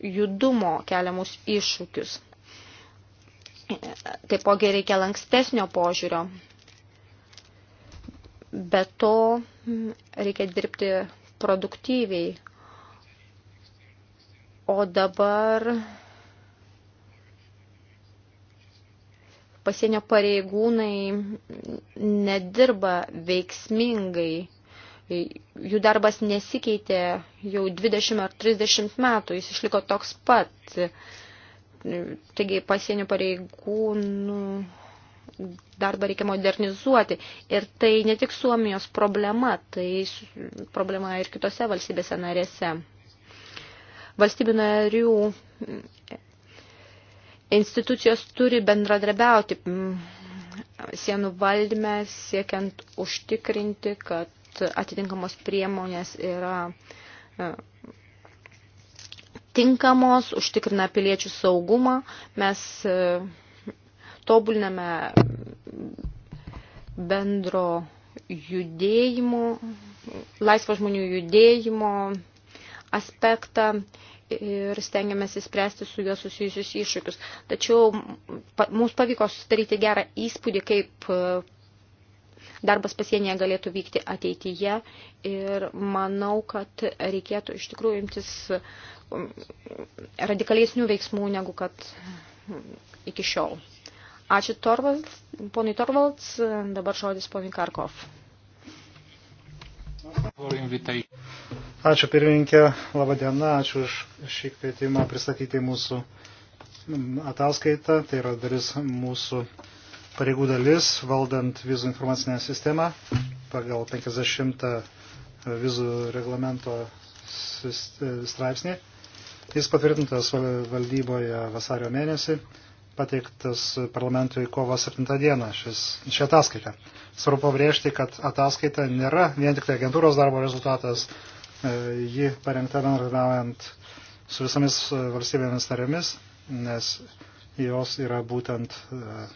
judumo keliamus iššūkius. Taipogi reikia lankstesnio požiūrio. Be to reikia dirbti produktyviai. O dabar pasienio pareigūnai nedirba veiksmingai. Jų darbas nesikeitė jau 20 ar 30 metų, jis išliko toks pat. Taigi pasienio pareigūnų darbą reikia modernizuoti. Ir tai ne tik Suomijos problema, tai problema ir kitose valstybėse narėse valstybių narių Institucijos turi bendradarbiauti mm, sienų valdyme, siekiant užtikrinti, kad atitinkamos priemonės yra e, tinkamos, užtikrina piliečių saugumą. Mes e, tobuliname bendro judėjimo, laisvo žmonių judėjimo aspektą ir stengiamės įspręsti su juo susijusius iššūkius. Tačiau pa, mums pavyko susidaryti gerą įspūdį, kaip e, darbas pasienyje galėtų vykti ateityje ir manau, kad reikėtų iš tikrųjų imtis e, radikalesnių veiksmų negu kad e, iki šiol. Ačiū Torvalds, ponui Torvalds, dabar žodis ponui Karkov.
For invitation. Ačiū pirmininkė, laba diena, ačiū už šį kvietimą pristatyti mūsų ataskaitą. Tai yra dalis mūsų pareigų dalis valdant vizų informacinę sistemą pagal 50 vizų reglamento straipsnį. Jis patvirtintas valdyboje vasario mėnesį, pateiktas parlamentui kovo 7 dieną šis, ši ataskaita. Svarbu pabrėžti, kad ataskaita nėra vien tik tai agentūros darbo rezultatas, Ji parengta bendradaujant su visomis e, valstybėmis narėmis, nes jos yra būtent, e,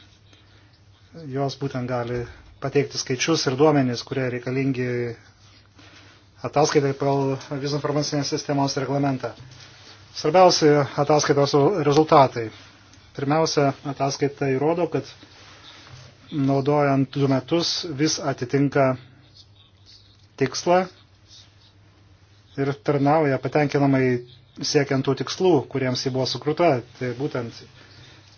jos būtent gali pateikti skaičius ir duomenys, kurie reikalingi ataskaitai pagal vizų informacinės sistemos reglamentą. Svarbiausi ataskaitos rezultatai. Pirmiausia, ataskaita įrodo, kad naudojant du metus vis atitinka tikslą, ir tarnauja patenkinamai siekiant tų tikslų, kuriems jį buvo sukurta. Tai būtent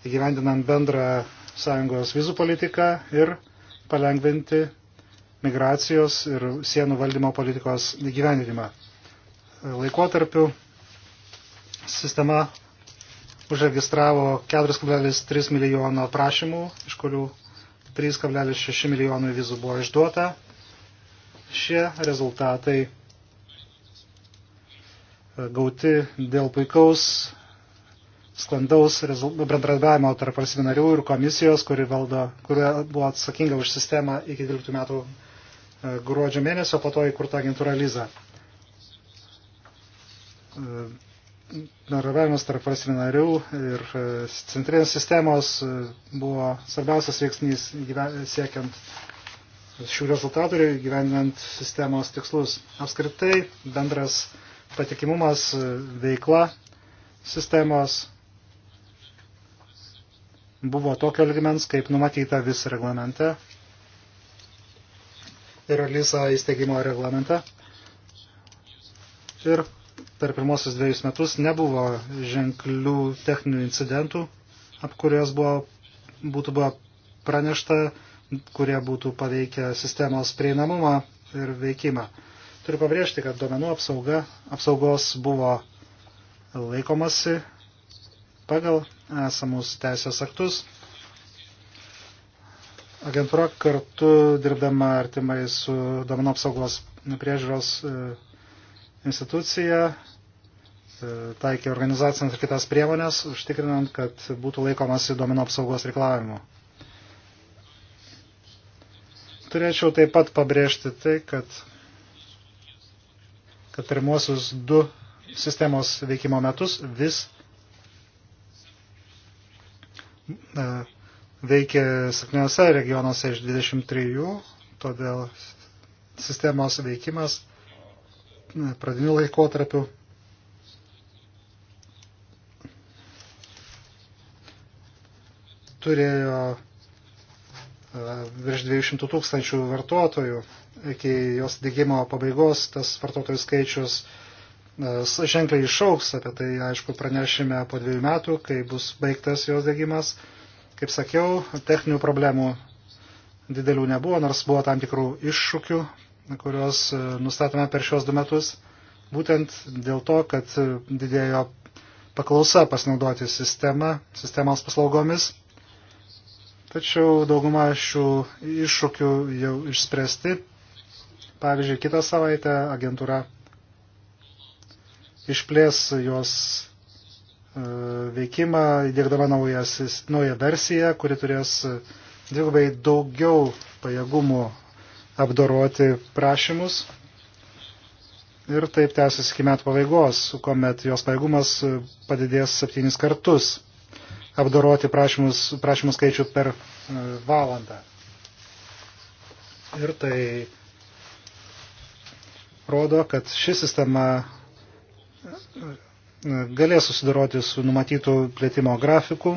įgyvendinant bendrą sąjungos vizų politiką ir palengventi migracijos ir sienų valdymo politikos įgyvendinimą. Laikotarpiu sistema užregistravo 4,3 milijono prašymų, iš kurių 3,6 milijonų vizų buvo išduota. Šie rezultatai gauti dėl puikaus sklandaus bendradarbiavimo tarp valstybinarių ir komisijos, kuri, valdo, kuri buvo atsakinga už sistemą iki 12 metų e, gruodžio mėnesio, po to įkurta agentūra Liza. E, bendradarbiavimas tarp valstybinarių ir e, centrinės sistemos buvo svarbiausias veiksnys siekiant šių rezultatų ir gyvendinant sistemos tikslus. Apskritai bendras patikimumas veikla sistemos buvo tokio ligmens, kaip numatyta vis reglamente ir Lisa įsteigimo reglamente. Ir per pirmosius dviejus metus nebuvo ženklių techninių incidentų, ap kurios buvo, būtų buvo pranešta, kurie būtų paveikę sistemos prieinamumą ir veikimą. Turiu pabrėžti, kad duomenų apsauga, apsaugos buvo laikomasi pagal esamus teisės aktus. Agentūra kartu dirbdama artimai su duomenų apsaugos priežiūros e, institucija e, taikė organizacinės ir kitas priemonės, užtikrinant, kad būtų laikomasi duomenų apsaugos reikalavimų. Turėčiau taip pat pabrėžti tai, kad kad pirmuosius du sistemos veikimo metus vis e, veikė 7 regionuose iš 23, todėl sistemos veikimas e, pradinių laikotarpių turėjo e, virš 200 tūkstančių vartotojų iki jos dėgymo pabaigos tas vartotojų skaičius e, ženkliai išauks, apie tai aišku pranešime po dviejų metų, kai bus baigtas jos dėgymas. Kaip sakiau, techninių problemų didelių nebuvo, nors buvo tam tikrų iššūkių, kuriuos e, nustatome per šios du metus, būtent dėl to, kad e, didėjo paklausa pasinaudoti sistemą, sistemos paslaugomis. Tačiau dauguma šių iššūkių jau išspręsti, Pavyzdžiui, kitą savaitę agentūra išplės jos e, veikimą, įdėkdama naują, naują versiją, kuri turės e, dvigubai daugiau pajėgumų apdoroti prašymus. Ir taip tęsis iki metų pabaigos, kuomet jos pajėgumas e, padidės septynis kartus apdoroti prašymus, prašymų skaičių per valandą. Ir tai rodo, kad ši sistema e, galės susidaroti su numatytų plėtimo grafiku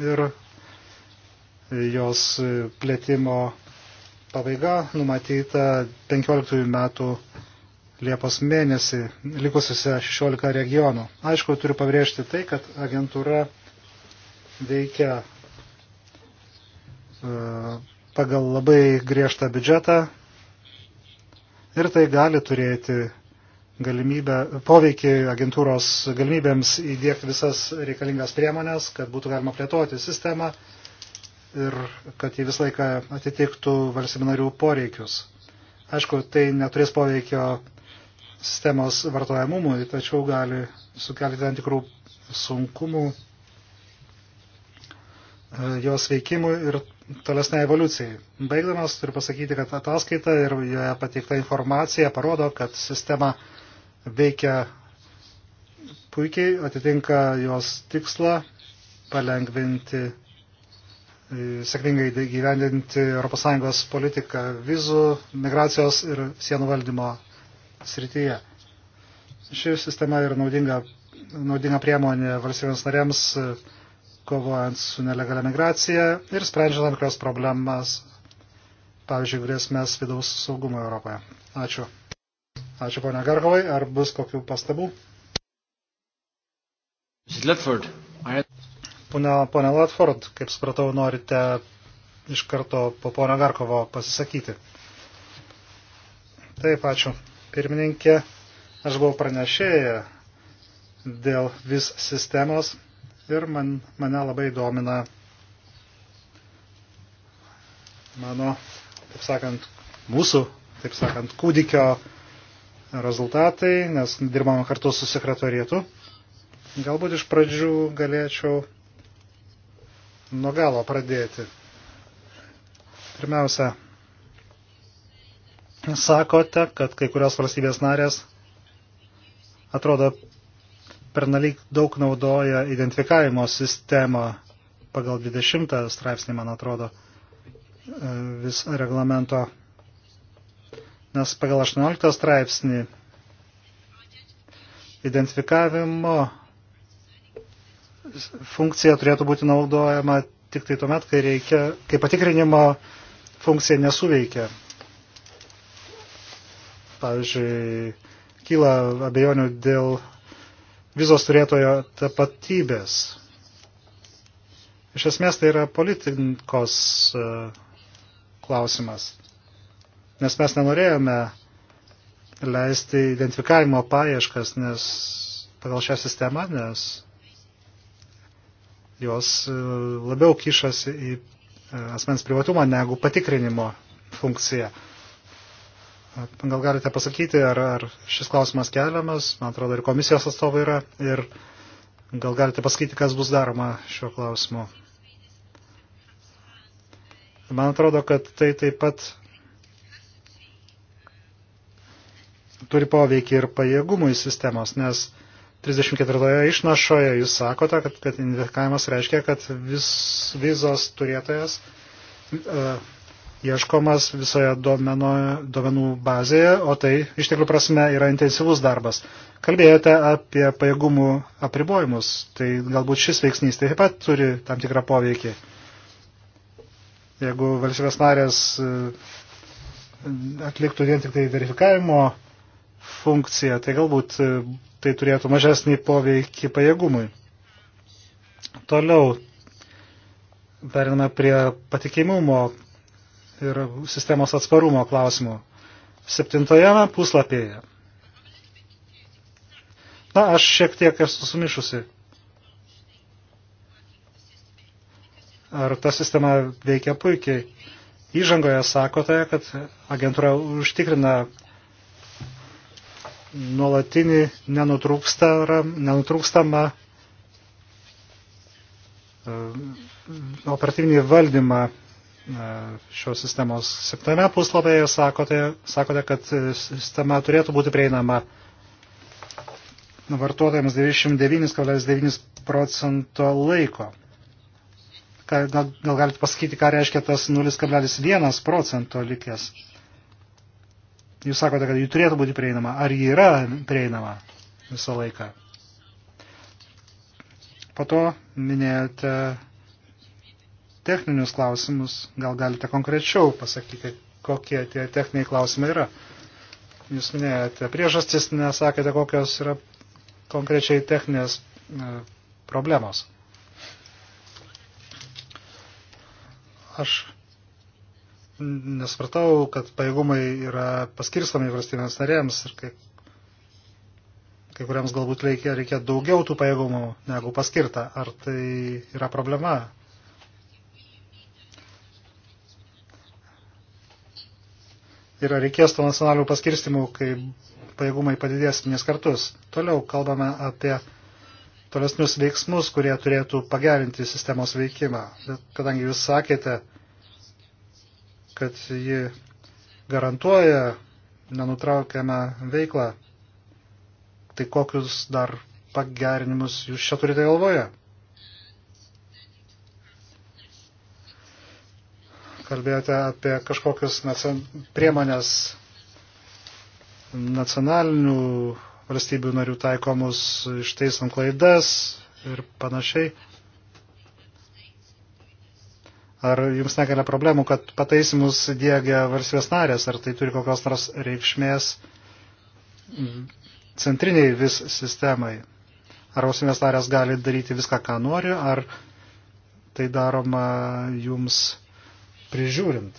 ir jos plėtimo pabaiga numatyta 15 metų Liepos mėnesį likusiuose 16 regionų. Aišku, turiu pabrėžti tai, kad agentūra veikia e, pagal labai griežtą biudžetą, ir tai gali turėti galimybę, poveikį agentūros galimybėms įdėkti visas reikalingas priemonės, kad būtų galima plėtoti sistemą ir kad jį visą laiką atitiktų valstybinarių poreikius. Aišku, tai neturės poveikio sistemos vartojamumui, tačiau gali sukelti tam tikrų sunkumų e, jos veikimui ir tolesnei evoliucijai. Baigdamas turiu pasakyti, kad ataskaita ir joje pateikta informacija parodo, kad sistema veikia puikiai, atitinka jos tikslą palengvinti, e, sėkmingai gyvendinti ES politiką vizų, migracijos ir sienų valdymo srityje. Ši sistema yra naudinga, naudinga priemonė valstybėms narėms kovojant su nelegalia migracija ir sprendžiant tam tikras problemas, pavyzdžiui, grėsmės vidaus saugumo Europoje. Ačiū. Ačiū, ponia Garkovai. Ar bus kokių pastabų? Pone, pone Latford, kaip supratau, norite iš karto po pono Garkovo pasisakyti. Taip, ačiū. Pirmininkė, aš buvau pranešėję dėl vis sistemos Ir man, mane labai domina mano, taip sakant, mūsų, taip sakant, kūdikio rezultatai, nes dirbame kartu su sekretorietu. Galbūt iš pradžių galėčiau nuo galo pradėti. Pirmiausia, sakote, kad kai kurios valstybės narės atrodo pernelyg daug naudoja identifikavimo sistemą pagal 20 straipsnį, man atrodo, e, vis reglamento. Nes pagal 18 straipsnį identifikavimo funkcija turėtų būti naudojama tik tai tuomet, kai, reikia, kai patikrinimo funkcija nesuveikia. Pavyzdžiui, kyla abejonių dėl vizos turėtojo tapatybės. Iš esmės tai yra politikos e, klausimas, nes mes nenorėjome leisti identifikavimo paieškas, nes pagal šią sistemą, nes jos e, labiau kišasi į e, asmens privatumą negu patikrinimo funkciją. Gal galite pasakyti, ar, ar šis klausimas keliamas, man atrodo, ir komisijos atstovai yra, ir gal galite pasakyti, kas bus daroma šiuo klausimu. Man atrodo, kad tai taip pat turi poveikį ir pajėgumui sistemos, nes 34 išnašoje jūs sakote, kad, kad indikavimas reiškia, kad vis, vizos turėtojas. Uh, ieškomas visoje domeno, domenų bazėje, o tai iš tikrųjų prasme yra intensyvus darbas. Kalbėjote apie pajėgumų apribojimus, tai galbūt šis veiksnys taip pat turi tam tikrą poveikį. Jeigu valstybės narės e, atliktų vien tik tai verifikavimo funkciją, tai galbūt e, tai turėtų mažesnį poveikį pajėgumui. Toliau periname prie patikimumo ir sistemos atsparumo klausimų. Septintojame puslapyje. Na, aš šiek tiek esu sumišusi. Ar ta sistema veikia puikiai? Įžangoje sakote, kad agentūra užtikrina nuolatinį nenutrūkstamą e, operatyvinį valdymą šios sistemos septame puslapyje sakote, sakote, kad e, sistema turėtų būti prieinama vartotojams 99,9 procento laiko. Gal, gal galite pasakyti, ką reiškia tas 0,1 procento likęs? Jūs sakote, kad jų turėtų būti prieinama. Ar ji yra prieinama visą laiką? Po to minėjote techninius klausimus, gal galite konkrečiau pasakyti, kokie tie techniniai klausimai yra. Jūs minėjote priežastis, nesakėte, kokios yra konkrečiai techninės e, problemos. Aš nesvartau, kad pajėgumai yra paskirstami valstybėms narėms ir kai, kai kuriams galbūt reikia, reikia daugiau tų pajėgumų negu paskirta. Ar tai yra problema? ir reikės to nacionalių paskirstimų, kai pajėgumai padidės nes kartus. Toliau kalbame apie tolesnius veiksmus, kurie turėtų pagerinti sistemos veikimą. Kadangi jūs sakėte, kad ji garantuoja nenutraukiamą veiklą, tai kokius dar pagerinimus jūs čia turite galvoje? kalbėjote apie kažkokius nacion... priemonės nacionalinių valstybių narių taikomus išteisant klaidas ir panašiai. Ar jums nekelia problemų, kad pataisimus diegia valstybės narės, ar tai turi kokios nors reikšmės centriniai vis sistemai? Ar valstybės narės gali daryti viską, ką nori, ar tai daroma jums prižiūrint.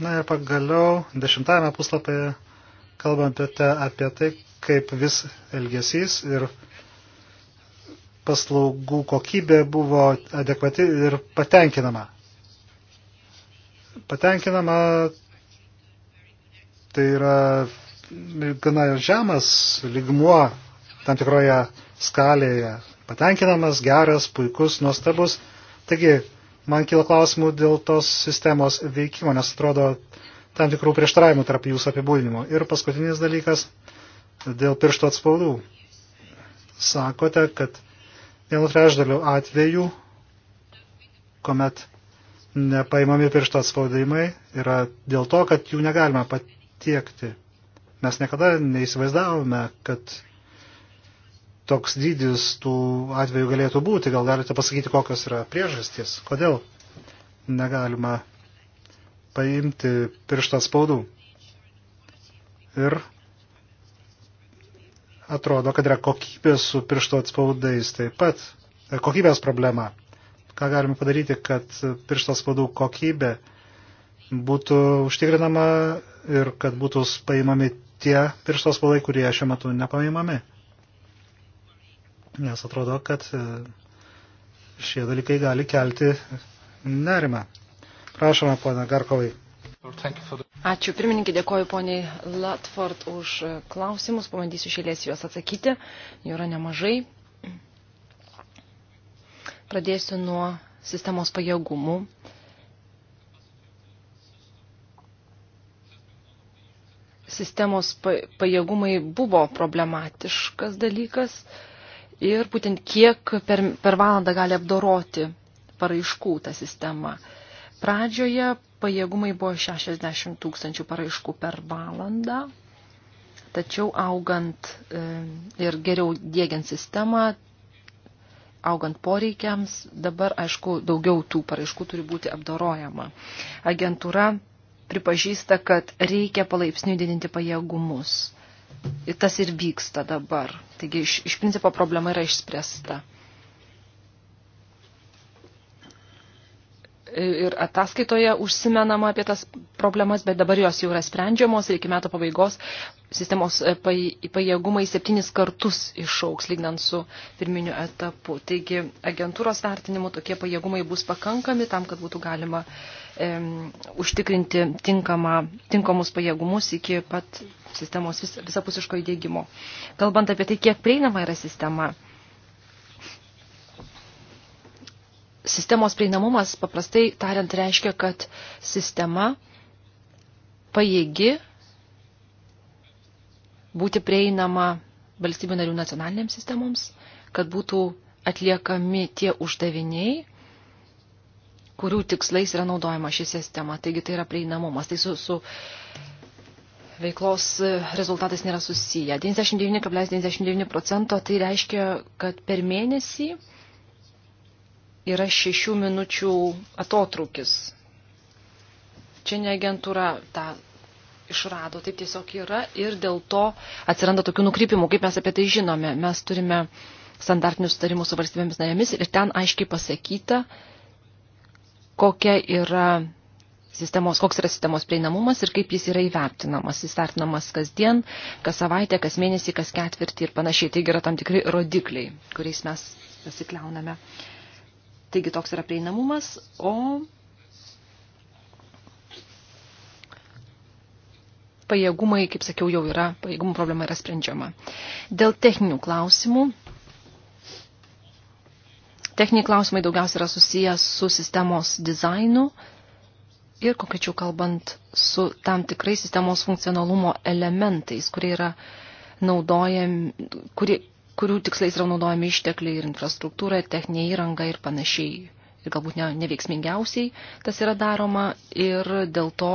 Na ir pagaliau dešimtame puslapyje kalbame apie, apie tai, kaip vis elgesys ir paslaugų kokybė buvo adekvati ir patenkinama. Patenkinama tai yra gana žemas ligmuo tam tikroje skalėje. Patenkinamas, geras, puikus, nuostabus. Taigi, man kila klausimų dėl tos sistemos veikimo, nes atrodo tam tikrų prieštaravimų tarp jūsų apibūdinimo. Ir paskutinis dalykas dėl piršto atspaudų. Sakote, kad vienu trešdaliu atveju, kuomet nepaimami piršto atspaudimai, yra dėl to, kad jų negalima patiekti. Mes niekada neįsivaizdavome, kad toks dydis tų atvejų galėtų būti. Gal galite pasakyti, kokios yra priežastys, kodėl negalima paimti pirštą spaudų. Ir atrodo, kad yra kokybė su piršto atspaudais taip pat. E, kokybės problema. Ką galime padaryti, kad piršto atspaudų kokybė būtų užtikrinama ir kad būtų paimami tie piršto spaudai, kurie šiuo metu nepaimami nes atrodo, kad e, šie dalykai gali kelti nerimą. Prašome, pana Garkovai.
Ačiū. Pirmininkė, dėkoju poniai Latford už e, klausimus. Pabandysiu išėlės juos atsakyti. Jų yra nemažai. Pradėsiu nuo sistemos pajėgumų. Sistemos pajėgumai buvo problematiškas dalykas ir būtent kiek per, per valandą gali apdoroti paraiškų tą sistemą. Pradžioje pajėgumai buvo 60 tūkstančių paraiškų per valandą, tačiau augant e, ir geriau dėgiant sistemą, augant poreikiams, dabar, aišku, daugiau tų paraiškų turi būti apdorojama. Agentūra pripažįsta, kad reikia palaipsniui didinti pajėgumus tas ir vyksta dabar. Taigi iš, iš principo problema yra išspręsta. ir ataskaitoje užsimenama apie tas problemas, bet dabar jos jau yra sprendžiamos ir iki metų pabaigos sistemos e, pajėgumai septynis kartus išauks, lygnant su pirminiu etapu. Taigi agentūros vertinimu tokie pajėgumai bus pakankami tam, kad būtų galima e, užtikrinti tinkamą, tinkamus pajėgumus iki pat sistemos vis, visapusiško įdėgymo. Kalbant apie tai, kiek prieinama yra sistema sistemos prieinamumas paprastai tariant reiškia, kad sistema pajėgi būti prieinama valstybių narių nacionalinėms sistemoms, kad būtų atliekami tie uždaviniai, kurių tikslais yra naudojama ši sistema. Taigi tai yra prieinamumas. Tai su, su veiklos rezultatais nėra susiję. 99,99 ,99 procento tai reiškia, kad per mėnesį yra šešių minučių atotrūkis. Čia ne agentūra tą išrado, taip tiesiog yra ir dėl to atsiranda tokių nukrypimų, kaip mes apie tai žinome. Mes turime standartinius sutarimus su valstybėmis narėmis ir ten aiškiai pasakyta, kokia yra sistemos, koks yra sistemos prieinamumas ir kaip jis yra įvertinamas. Jis vertinamas kasdien, kas savaitę, kas mėnesį, kas ketvirtį ir panašiai. Taigi yra tam tikri rodikliai, kuriais mes pasikliauname. Uh, Taigi toks yra prieinamumas, o pajėgumai, kaip sakiau, jau yra, pajėgumų problema yra sprendžiama. Dėl techninių klausimų. Techniniai klausimai daugiausia yra susijęs su sistemos dizainu ir konkrečiau kalbant su tam tikrai sistemos funkcionalumo elementais, kurie yra naudojami, kurie, kurių tikslais yra naudojami ištekliai ir infrastruktūra, techninė įranga ir panašiai. Ir galbūt ne, neveiksmingiausiai tas yra daroma ir dėl to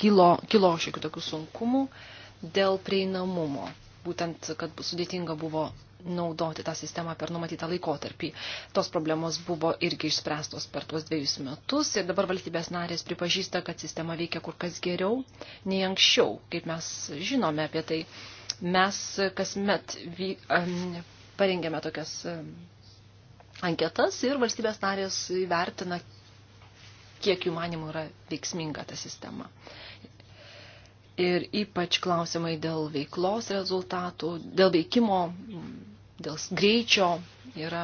kilo, kilo šiokių tokių sunkumų dėl prieinamumo. Būtent, kad sudėtinga buvo naudoti tą sistemą per numatytą laikotarpį. Tos problemos buvo irgi išspręstos per tuos dviejus metus ir dabar valstybės narės pripažįsta, kad sistema veikia kur kas geriau nei anksčiau, kaip mes žinome apie tai. Mes kasmet vy, um, parengėme tokias um, anketas ir valstybės narės įvertina, kiek jų manimų yra veiksminga ta sistema. Ir ypač klausimai dėl veiklos rezultatų, dėl veikimo, dėl greičio yra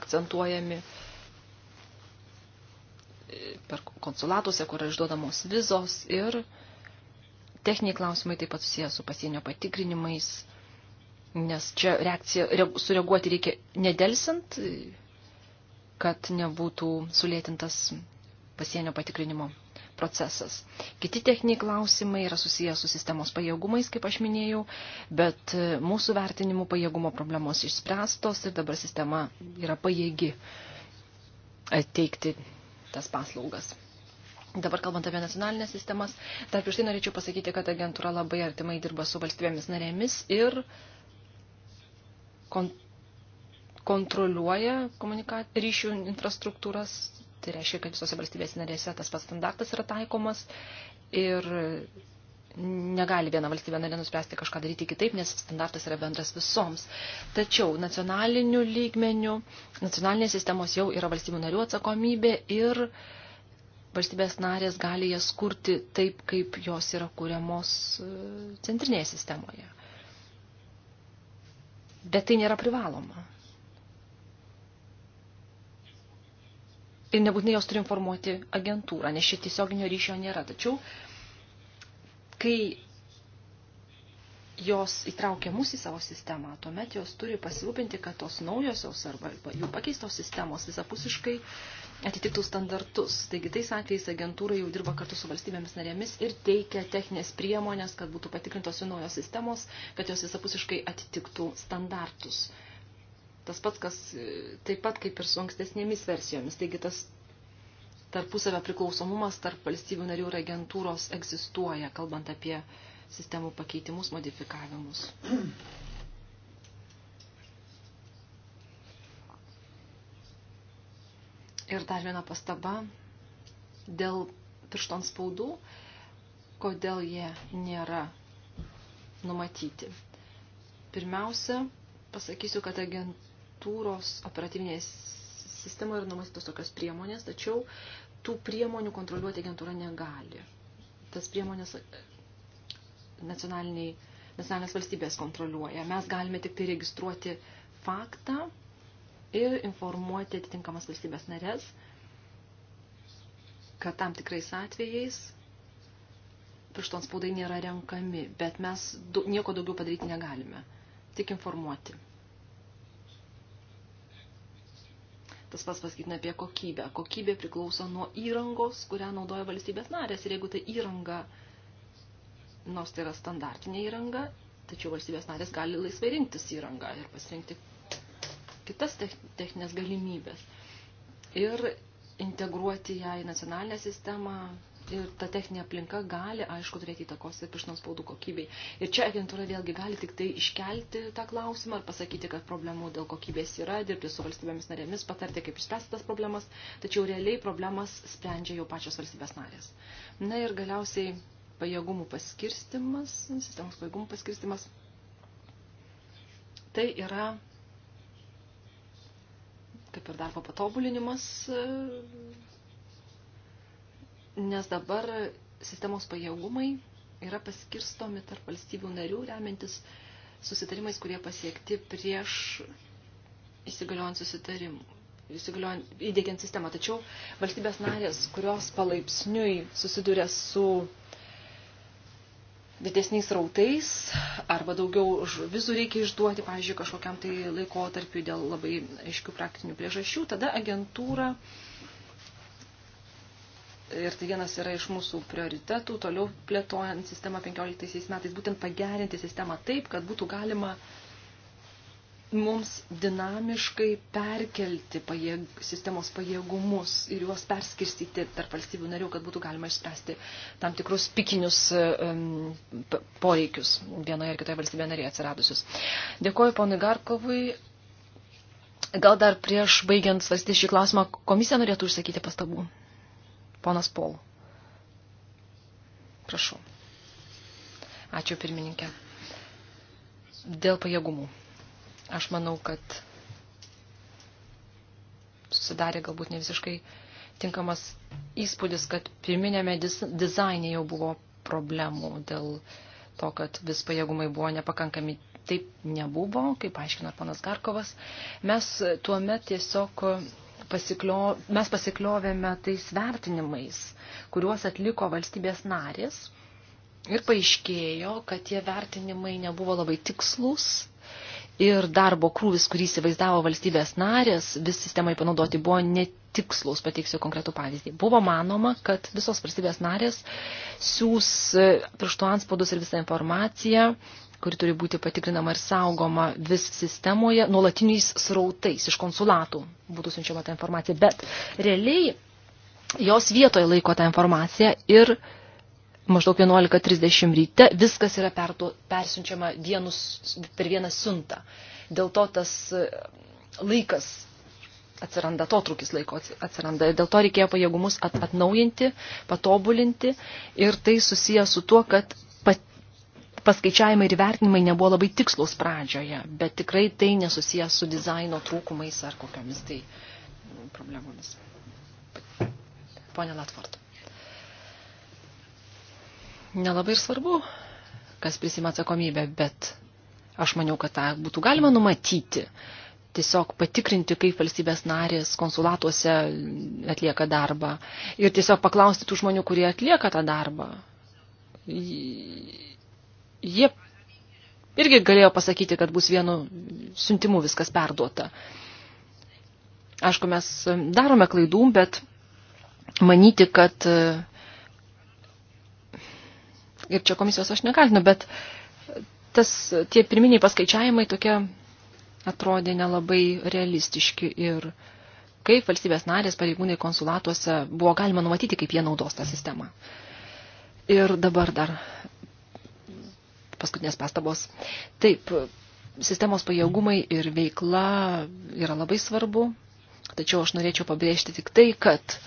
akcentuojami per konsulatuose, kur yra išduodamos vizos ir uh, Techniniai klausimai taip pat susijęs su pasienio patikrinimais, nes čia reakcija, sureaguoti reikia nedelsint, kad nebūtų sulėtintas pasienio patikrinimo procesas. Kiti techniniai klausimai yra susijęs su sistemos pajėgumais, kaip aš minėjau, bet e, mūsų vertinimų pajėgumo problemos išspręstos ir dabar sistema yra pajėgi e, teikti tas paslaugas. Dabar kalbant apie nacionalinės sistemas, dar prieš tai norėčiau pasakyti, kad agentūra labai artimai dirba su valstybėmis narėmis ir kon kontroliuoja ryšių infrastruktūras. Tai reiškia, kad visose valstybės narėse tas pats standartas yra taikomas ir negali viena valstybė narė nuspręsti kažką daryti kitaip, nes standartas yra bendras visoms. Tačiau nacionaliniu lygmeniu, nacionalinės sistemos jau yra valstybių narių atsakomybė ir uh, valstybės narės gali jas kurti taip, kaip jos yra kuriamos e, centrinėje sistemoje. Bet tai nėra privaloma. Ir nebūtinai jos turi informuoti agentūrą, nes šit tiesioginio ryšio nėra. Tačiau, kai jos įtraukia mus į savo sistemą, tuomet jos turi pasirūpinti, kad tos naujosios arba jų pakeistos sistemos visapusiškai uh, atitiktų standartus. Taigi tais atvejais agentūra jau dirba kartu su valstybėmis narėmis ir teikia techninės priemonės, kad būtų patikrintos jų naujos sistemos, kad jos visapusiškai atitiktų standartus. Tas pats, kas e, taip pat kaip ir su ankstesnėmis versijomis. Taigi tas tarpusavio priklausomumas tarp valstybių narių ir agentūros egzistuoja, kalbant apie sistemų pakeitimus, modifikavimus. Ir dar viena pastaba dėl piršton spaudų, kodėl jie nėra numatyti. Pirmiausia, pasakysiu, kad agentūros operatyvinės sistemoje yra numatytos tokios priemonės, tačiau tų priemonių kontroliuoti agentūra negali. Tas priemonės e, nacionaliniai, nacionalinės valstybės kontroliuoja. Mes galime tik tai registruoti faktą ir informuoti atitinkamas valstybės narės, kad tam tikrais atvejais pirštų spaudai nėra renkami, bet mes nieko daugiau padaryti negalime, tik informuoti. Tas pas pasakytina apie kokybę. Kokybė priklauso nuo įrangos, kurią naudoja valstybės narės. Ir jeigu tai įranga, nors tai yra standartinė įranga, tačiau valstybės narės gali laisvai rinktis įrangą ir pasirinkti, kitas techninės galimybės ir integruoti ją į nacionalinę sistemą. Ir ta techninė aplinka gali, aišku, turėti įtakos ir pirštinų spaudų kokybei. Ir čia agentūra vėlgi gali tik tai iškelti tą klausimą ir pasakyti, kad problemų dėl kokybės yra, dirbti su valstybėmis narėmis, patarti, kaip išspręsti tas problemas, tačiau realiai problemas sprendžia jau pačios valstybės narės. Na ir galiausiai pajėgumų paskirstimas, sistemos pajėgumų paskirstimas, tai yra kaip ir darbo patobulinimas, e, nes dabar sistemos pajėgumai yra paskirstomi tarp valstybių narių, remiantis susitarimais, kurie pasiekti prieš įsigaliojant susitarimų, įdėkiant sistemą. Tačiau valstybės narės, kurios palaipsniui susiduria su didesniais rautais arba daugiau vizų reikia išduoti, pavyzdžiui, kažkokiam tai laikotarpiu dėl labai aiškių praktinių priežasčių, tada agentūra, ir tai vienas yra iš mūsų prioritetų, toliau plėtojant sistemą 15 metais, būtent pagerinti sistemą taip, kad būtų galima uh, mums dinamiškai perkelti pajėg, sistemos pajėgumus ir juos perskirstyti tarp valstybių narių, kad būtų galima išspręsti tam tikrus pikinius um, poreikius vienoje ar kitoje valstybėje narėje atsiradusius. Dėkuoju ponui Garkovui. Gal dar prieš baigiant svarstyti šį klausimą, komisija norėtų užsakyti pastabų. Ponas Pol. Prašau. Ačiū pirmininkė. Dėl pajėgumų. Aš manau, kad susidarė galbūt ne visiškai tinkamas įspūdis, kad pirminėme dizaine jau buvo problemų dėl to, kad vis pajėgumai buvo nepakankami. Taip nebuvo, kaip aiškino panas Garkovas. Mes tuo met tiesiog pasiklio, mes pasikliovėme tais vertinimais, kuriuos atliko valstybės narės. Ir paaiškėjo, kad tie vertinimai nebuvo labai tikslus ir darbo krūvis, kurį įsivaizdavo valstybės narės, vis sistemai panaudoti buvo netikslus, pateiksiu konkretų pavyzdį. Buvo manoma, kad visos valstybės narės siūs e, pirštų anspaudus ir visą informaciją, kuri turi būti patikrinama ir saugoma vis sistemoje, nuolatiniais srautais iš konsulatų būtų siunčiama ta informacija. Bet realiai jos vietoje laiko tą informaciją ir maždaug 11.30 ryte viskas yra pertu, persiunčiama vienus, per vieną siuntą. Dėl to tas e, laikas atsiranda, to trūkis laiko atsiranda. Dėl to reikėjo pajėgumus at, atnaujinti, patobulinti ir tai susiję su tuo, kad pat, paskaičiavimai ir vertinimai nebuvo labai tikslus pradžioje, bet tikrai tai nesusiję su dizaino trūkumais ar kokiamis tai problemomis. Pone Latvart nelabai ir svarbu, kas prisima atsakomybę, bet aš maniau, kad tą būtų galima numatyti. Tiesiog patikrinti, kaip valstybės narės konsulatuose atlieka darbą. Ir tiesiog paklausti tų žmonių, kurie atlieka tą darbą. Jie irgi galėjo pasakyti, kad bus vienu siuntimu viskas perduota. Aišku, mes darome klaidų, bet manyti, kad uh, ir čia komisijos aš nekaltinu, bet tas, tie pirminiai paskaičiavimai tokie atrodė nelabai realistiški ir kaip valstybės narės pareigūnai konsulatuose buvo galima numatyti, kaip jie naudos tą sistemą. Ir dabar dar paskutinės pastabos. Taip, sistemos pajėgumai ir veikla yra labai svarbu, tačiau aš norėčiau pabrėžti tik tai, kad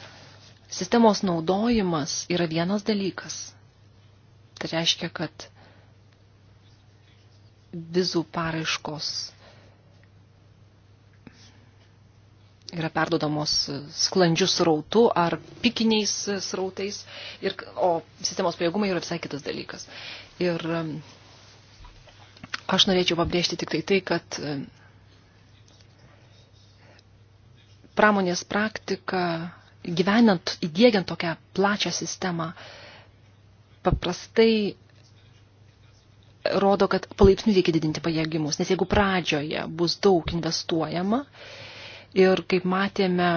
sistemos naudojimas yra vienas dalykas. Tai reiškia, kad vizų paraiškos yra perdodamos sklandžių srautų ar pikiniais srautais, ir, o sistemos pajėgumai yra visai kitas dalykas. Ir um, aš norėčiau pabrėžti tik tai tai, kad um, pramonės praktika, gyvenant, įdėgiant tokią plačią sistemą, paprastai rodo, kad palaipsniui reikia didinti pajėgimus, nes jeigu pradžioje bus daug investuojama ir kaip matėme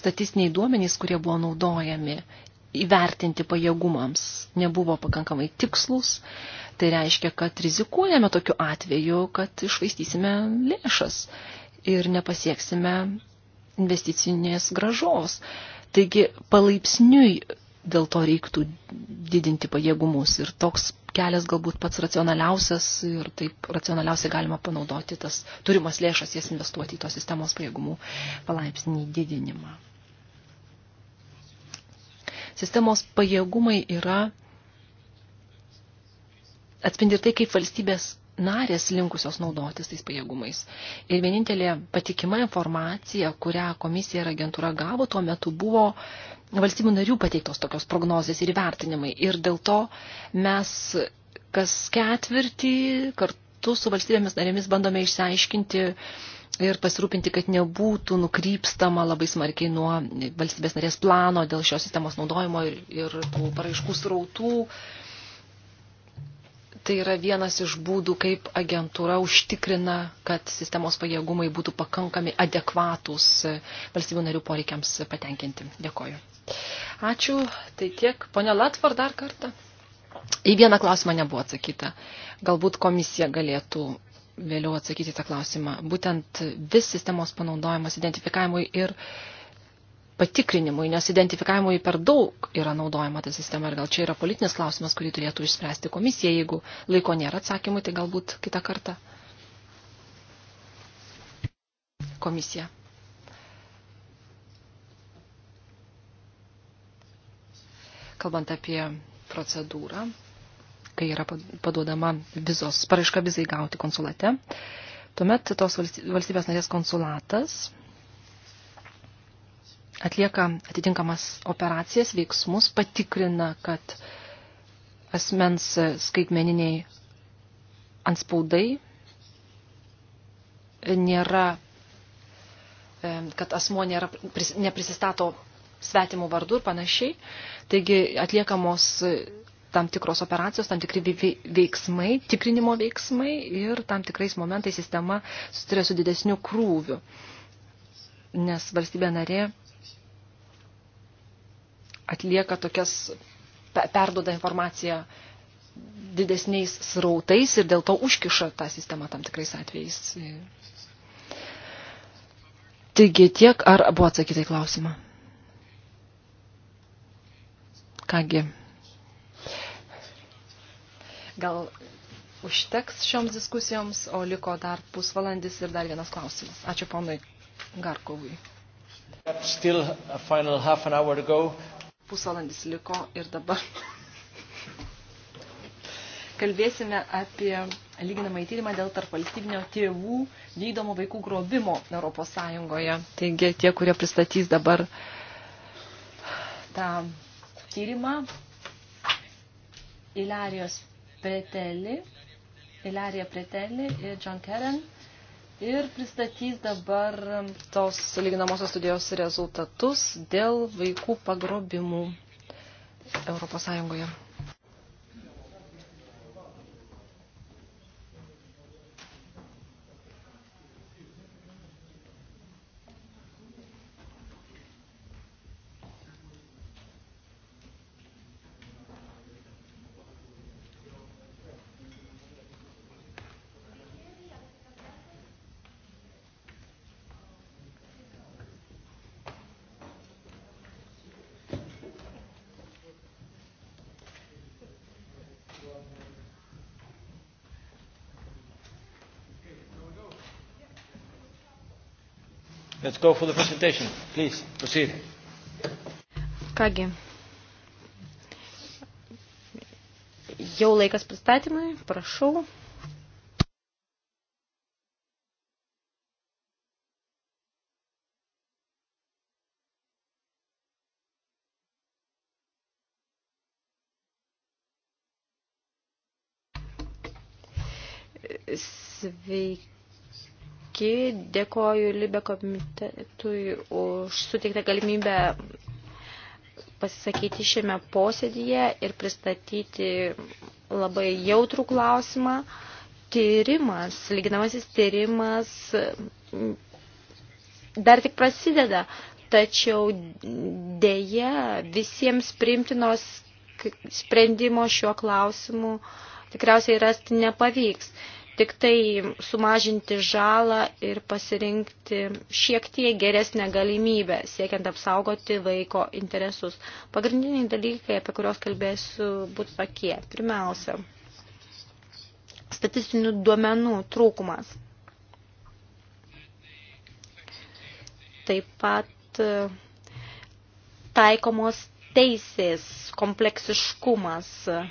statistiniai duomenys, kurie buvo naudojami įvertinti pajėgumams, nebuvo pakankamai tikslus, tai reiškia, kad rizikuojame tokiu atveju, kad išvaistysime lėšas ir nepasieksime investicinės gražos. Taigi palaipsniui dėl to reiktų didinti pajėgumus. Ir toks kelias galbūt pats racionaliausias ir taip racionaliausiai galima panaudoti tas turimas lėšas, jas investuoti į tos sistemos pajėgumų palaipsnį didinimą. Sistemos pajėgumai yra atspindi ir tai, kaip valstybės narės linkusios naudotis tais pajėgumais. Ir vienintelė patikima informacija, kurią komisija ir agentūra gavo tuo metu, buvo valstybių narių pateiktos tokios prognozės ir vertinimai. Ir dėl to mes kas ketvirtį kartu su valstybėmis narėmis bandome išsiaiškinti ir pasirūpinti, kad nebūtų nukrypstama labai smarkiai nuo valstybės narės plano dėl šios sistemos naudojimo ir, ir tų paraiškų srautų. Uh, tai yra vienas iš būdų, kaip agentūra užtikrina, kad sistemos pajėgumai būtų pakankami adekvatus valstybių narių poreikiams patenkinti. Dėkoju. Ačiū. Tai tiek. Pone Latvar dar kartą. Į vieną klausimą nebuvo atsakyta. Galbūt komisija galėtų vėliau atsakyti tą klausimą. Būtent vis sistemos panaudojimas identifikavimui ir uh, patikrinimui, nes identifikavimui per daug yra naudojama ta sistema ir gal čia yra politinis klausimas, kurį turėtų išspręsti komisija, jeigu laiko nėra atsakymų, tai galbūt kitą kartą. Komisija. Kalbant apie procedūrą, kai yra paduodama vizos, paraiška vizai gauti konsulate, tuomet tos valstybės narės konsulatas atlieka atitinkamas operacijas, veiksmus, patikrina, kad asmens skaitmeniniai anspaudai nėra, e, kad asmo nėra, neprisistato svetimų vardų ir panašiai. Taigi atliekamos tam tikros operacijos, tam tikri veiksmai, tikrinimo veiksmai ir tam tikrais momentais sistema susiduria su didesniu krūviu, nes valstybė narė atlieka tokias, perduoda informaciją didesniais srautais ir dėl to užkiša tą sistemą tam tikrais atvejais. Taigi tiek, ar buvo atsakyta į klausimą? Kągi, gal užteks šioms diskusijoms, o liko dar pusvalandis ir dar vienas klausimas. Ačiū ponui Garkovui.
Still a final half an hour to go
pusvalandis liko ir dabar kalbėsime apie lyginamąjį tyrimą dėl tarpvalstybinio tėvų vykdomo vaikų grobimo Europos Sąjungoje. Taigi tie, kurie pristatys dabar tą tyrimą, Ilarijos Preteli, Ilarija Preteli ir John Keren ir pristatys dabar tos lyginamosios studijos rezultatus dėl vaikų pagrobimų Europos Sąjungoje.
Let's go for the presentation. Please, proceed.
Kągi. Jau laikas pristatymui. Prašau. Dėkoju Libe komitetui už suteiktą galimybę pasisakyti šiame posėdyje ir pristatyti labai jautrų klausimą. Tyrimas, lyginamasis tyrimas dar tik prasideda, tačiau dėja visiems primtinos sprendimo šiuo klausimu tikriausiai rasti nepavyks tik tai sumažinti žalą ir pasirinkti šiek tiek geresnę galimybę, siekiant apsaugoti vaiko interesus. Pagrindiniai dalykai, apie kuriuos kalbėsiu, būtų tokie. Pirmiausia, statistinių duomenų trūkumas. Taip pat e, taikomos teisės kompleksiškumas e,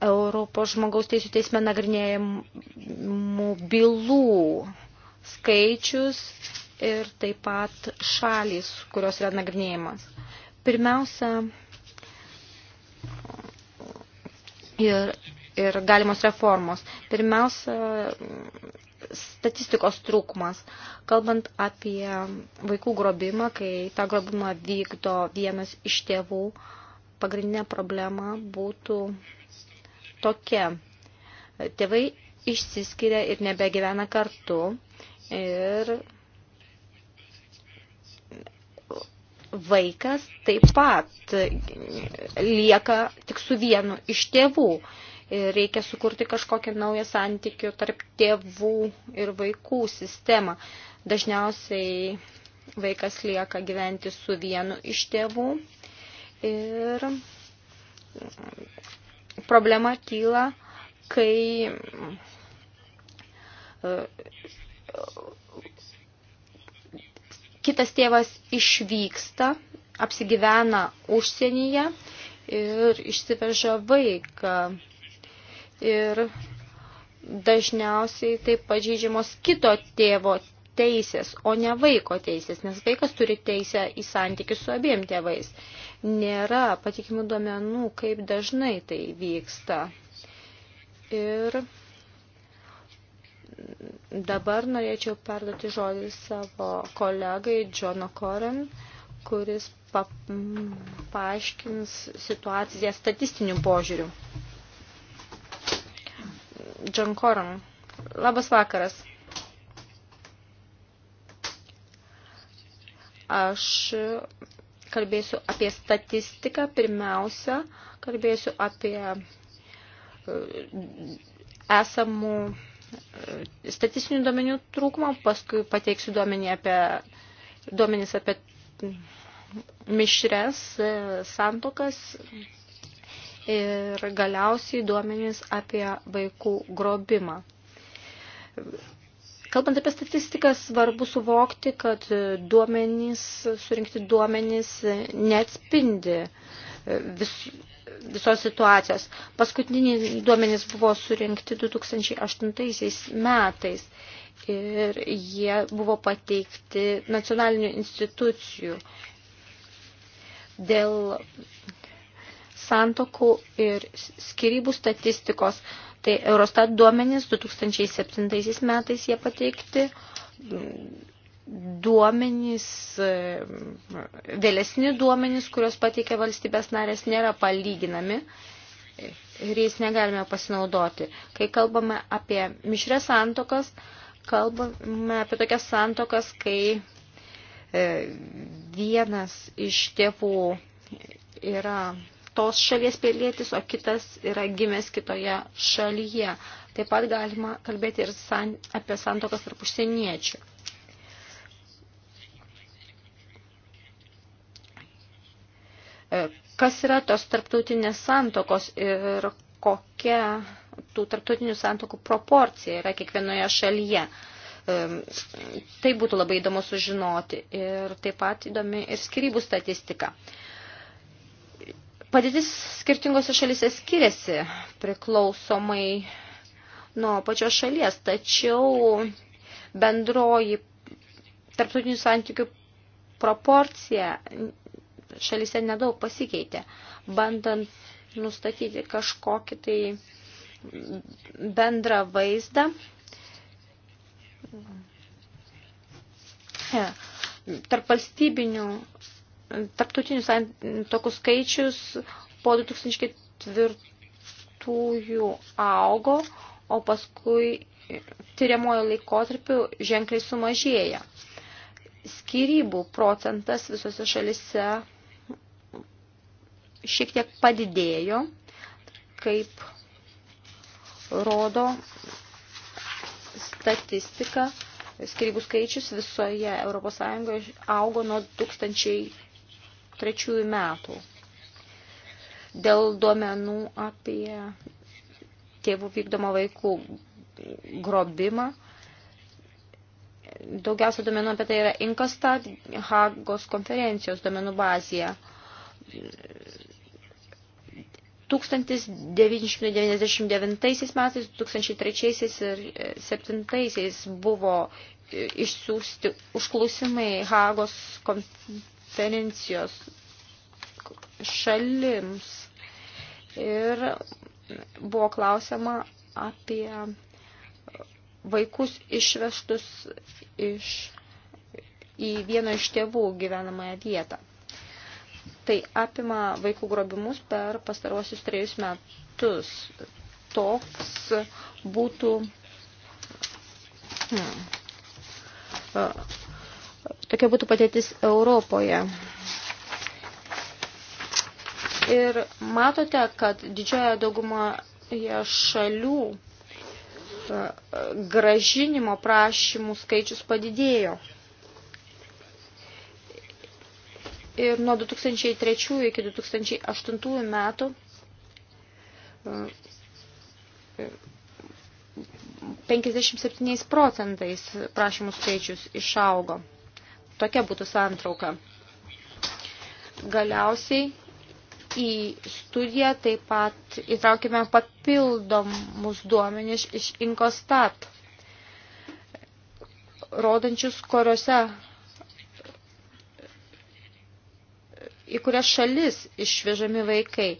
Europos žmogaus teisų teisme nagrinėjimų bylų skaičius ir taip pat šalys, kurios yra nagrinėjimas. Pirmiausia, ir, ir galimos reformos. Pirmiausia, statistikos trūkumas. Kalbant apie vaikų grobimą, kai tą grobimą vykdo vienas iš tėvų, pagrindinė problema būtų tokia. Tėvai išsiskiria ir nebegyvena kartu ir vaikas taip pat lieka tik su vienu iš tėvų. Ir reikia sukurti kažkokią naują santykių tarp tėvų ir vaikų sistemą. Dažniausiai vaikas lieka gyventi su vienu iš tėvų ir problema kyla, kai e, kitas tėvas išvyksta, apsigyvena užsienyje ir išsiveža vaiką. Ir dažniausiai taip pažydžiamos kito tėvo teisės, o ne vaiko teisės, nes vaikas turi teisę į santykius su abiem tėvais nėra patikimų duomenų, kaip dažnai tai vyksta. Ir dabar norėčiau perduoti žodį savo kolegai Džono Koren, kuris pa, paaiškins situaciją statistinių požiūrių. John Koran, labas vakaras. Aš kalbėsiu apie statistiką, pirmiausia, kalbėsiu apie e, esamų e, statistinių duomenių trūkumą, paskui pateiksiu duomenį apie, duomenys apie mišres e, santokas ir galiausiai duomenys apie vaikų grobimą. Kalbant apie statistiką, svarbu suvokti, kad duomenys, surinkti duomenys neatspindi e, vis, visos situacijos. Paskutiniai duomenys buvo surinkti 2008 metais ir jie buvo pateikti nacionalinių institucijų dėl santokų ir skirybų statistikos Tai Eurostat duomenys 2007 metais jie pateikti, duomenys, e, vėlesni duomenys, kurios pateikia valstybės narės, nėra palyginami ir jais negalime pasinaudoti. Kai kalbame apie mišrės santokas, kalbame apie tokias santokas, kai e, vienas iš tėvų yra tos šalies pilietis, o kitas yra gimęs kitoje šalyje. Taip pat galima kalbėti ir san, apie santokas tarp užsieniečių. E, kas yra tos tarptautinės santokos ir kokia tų tarptautinių santokų proporcija yra kiekvienoje šalyje? E, tai būtų labai įdomu sužinoti ir taip pat įdomi ir skirybų statistika. Padėtis skirtingose šalise skiriasi priklausomai nuo pačios šalies, tačiau bendroji tarptautinių santykių proporcija šalise nedaug pasikeitė, bandant nustatyti kažkokį tai bendrą vaizdą. Tarp valstybinių tarptautinių santokų skaičius po 2004 augo, o paskui tyriamojo laikotarpiu ženkliai sumažėja. Skirybų procentas visose šalise šiek tiek padidėjo, kaip rodo statistika, skirybų skaičius visoje ES augo nuo 2000 trečiųjų metų dėl duomenų apie tėvų vykdomą vaikų grobimą. Daugiausia duomenų apie tai yra Inkastat, Hagos konferencijos duomenų bazėje. 1999 metais, 2003 ir 2007 buvo išsiųsti užklausimai Hagos konferencijos konferencijos šalims. Ir buvo klausima apie vaikus išvestus iš, į vieną iš tėvų gyvenamąją vietą. Tai apima vaikų grobimus per pastaruosius trejus metus. Toks būtų
hmm,
tokia būtų patėtis Europoje. Ir matote, kad didžioje daugumoje šalių e, gražinimo prašymų skaičius padidėjo. Ir nuo 2003 iki 2008 metų 57 e, e, procentais prašymų skaičius išaugo. Tokia būtų santrauka. Galiausiai į studiją taip pat įtraukime papildomus duomenis iš Inkostat, rodančius, kuriuose į kurias šalis išvežami vaikai.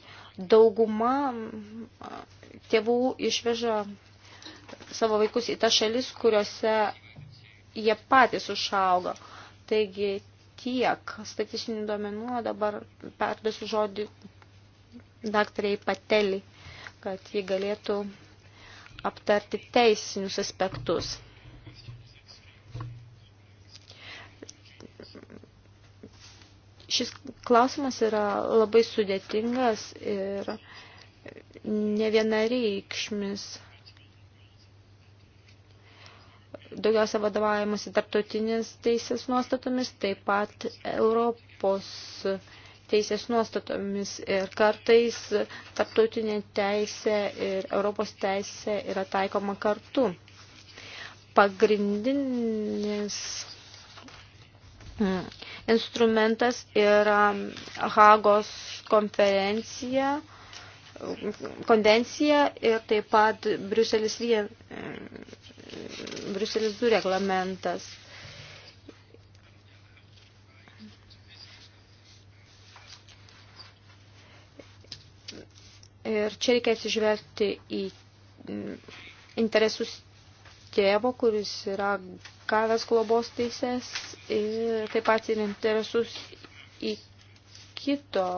Dauguma tėvų išveža savo vaikus į tas šalis, kuriuose jie patys užaugo. Taigi tiek statistinių duomenų, o dabar perduosiu žodį daktarai Patelį, kad ji galėtų aptarti teisinius aspektus. Šis klausimas yra labai sudėtingas ir nevienareikšmis daugiausia vadovavimusi tarptautinės teisės nuostatomis, taip pat Europos teisės nuostatomis ir kartais tarptautinė teisė ir Europos teisė yra taikoma kartu. Pagrindinis mm, instrumentas yra Hagos konferencija, konvencija ir taip pat Briuselis 1 Briuselis 2 reglamentas. Ir čia reikia atsižvelgti į mm, interesus tėvo, kuris yra gavęs globos teises ir taip pat ir interesus į kito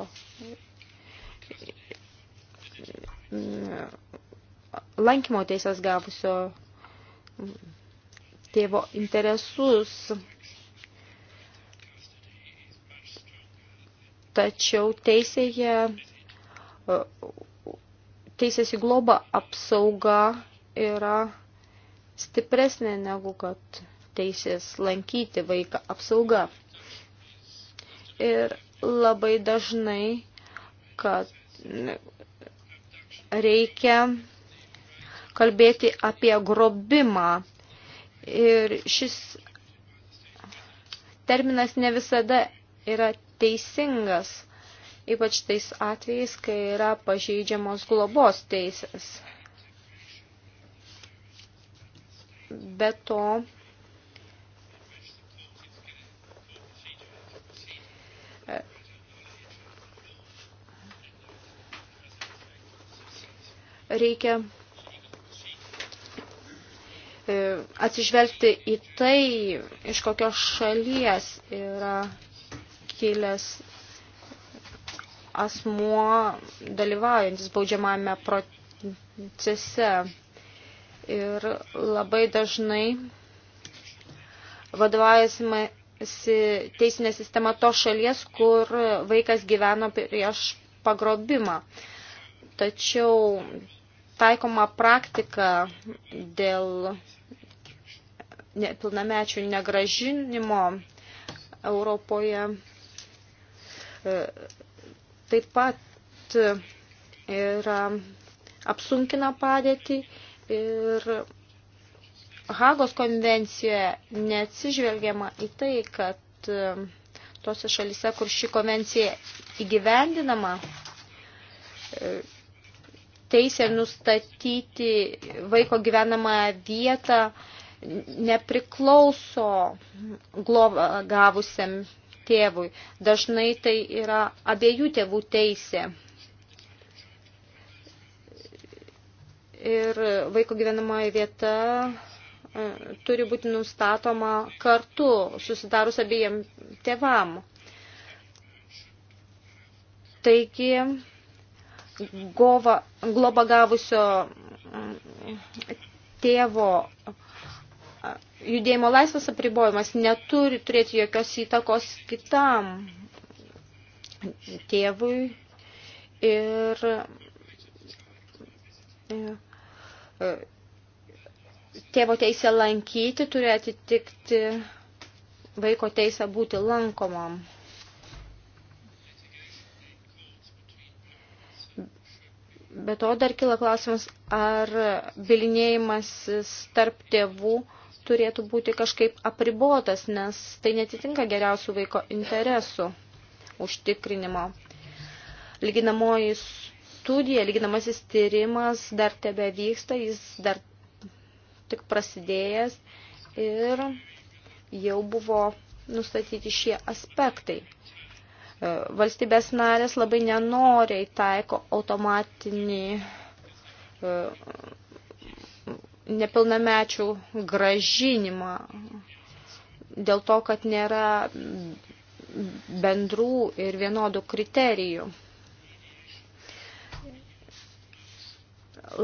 mm, lankymo teisės gavusio tėvo interesus. Tačiau teisėje, e, teisės į globą apsauga yra stipresnė negu kad teisės lankyti vaiką apsauga. Ir labai dažnai, kad reikia kalbėti apie grobimą. Ir šis terminas ne visada yra teisingas, ypač tais atvejais, kai yra pažeidžiamos globos teisės. Be to, reikia E, atsižvelgti į tai, iš kokios šalies yra kilęs asmuo dalyvaujantis baudžiamame procese. Ir labai dažnai vadovaujasi teisinė sistema to šalies, kur vaikas gyveno prieš pagrobimą. Tačiau taikoma praktika dėl pilnamečių negražinimo Europoje e, taip pat yra apsunkina padėtį ir Hagos konvencijoje neatsižvelgiama į tai, kad e, tose šalise, kur ši konvencija įgyvendinama, e, teisė nustatyti vaiko gyvenamąją vietą nepriklauso globą gavusiam tėvui. Dažnai tai yra abiejų tėvų teisė. Ir vaiko gyvenamoji vieta e, turi būti nustatoma kartu, susidarus abiem tėvam. Taigi, gova, globą gavusio mm, tėvo judėjimo laisvas apribojimas neturi turėti jokios įtakos kitam tėvui ir e, tėvo teisė lankyti turi atitikti vaiko teisę būti lankomam. Be to dar kila klausimas, ar bilinėjimasis tarp tėvų turėtų būti kažkaip apribotas, nes tai netitinka geriausių vaiko interesų užtikrinimo. Lyginamoji studija, lyginamasis tyrimas dar tebe vyksta, jis dar tik prasidėjęs ir jau buvo nustatyti šie aspektai. E, valstybės narės labai nenoriai taiko automatinį e, nepilnamečių gražinimą dėl to, kad nėra bendrų ir vienodų kriterijų.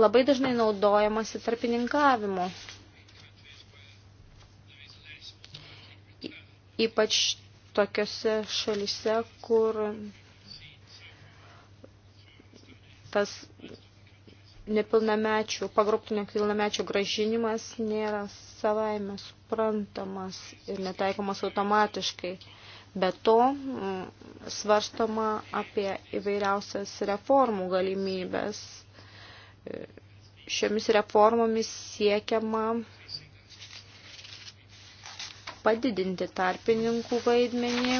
Labai dažnai naudojamasi tarpininkavimu. Ypač tokiose šalise, kur tas nepilnamečių, pagrobtų nepilnamečių gražinimas nėra savaime suprantamas ir netaikomas automatiškai. Be to mm, svarstoma apie įvairiausias reformų galimybės. Šiomis reformomis siekiama padidinti tarpininkų vaidmenį.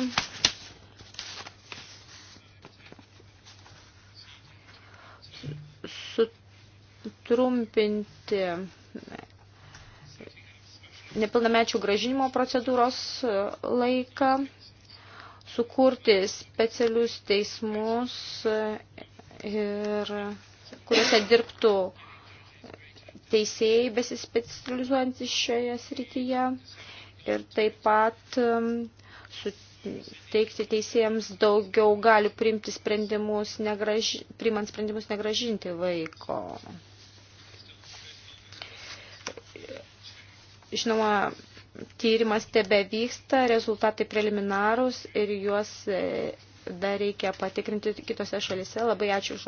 Sutrumpinti nepilnamečių gražinimo procedūros laiką, sukurti specialius teismus ir kuriuose dirbtų teisėjai besispecializuojantys šioje srityje ir taip pat um, suteikti teisėjams daugiau galių priimti sprendimus, negraži, priimant sprendimus negražinti vaiko. Žinoma, tyrimas tebe vyksta, rezultatai preliminarūs ir juos e, dar reikia patikrinti kitose šalise. Labai ačiū už,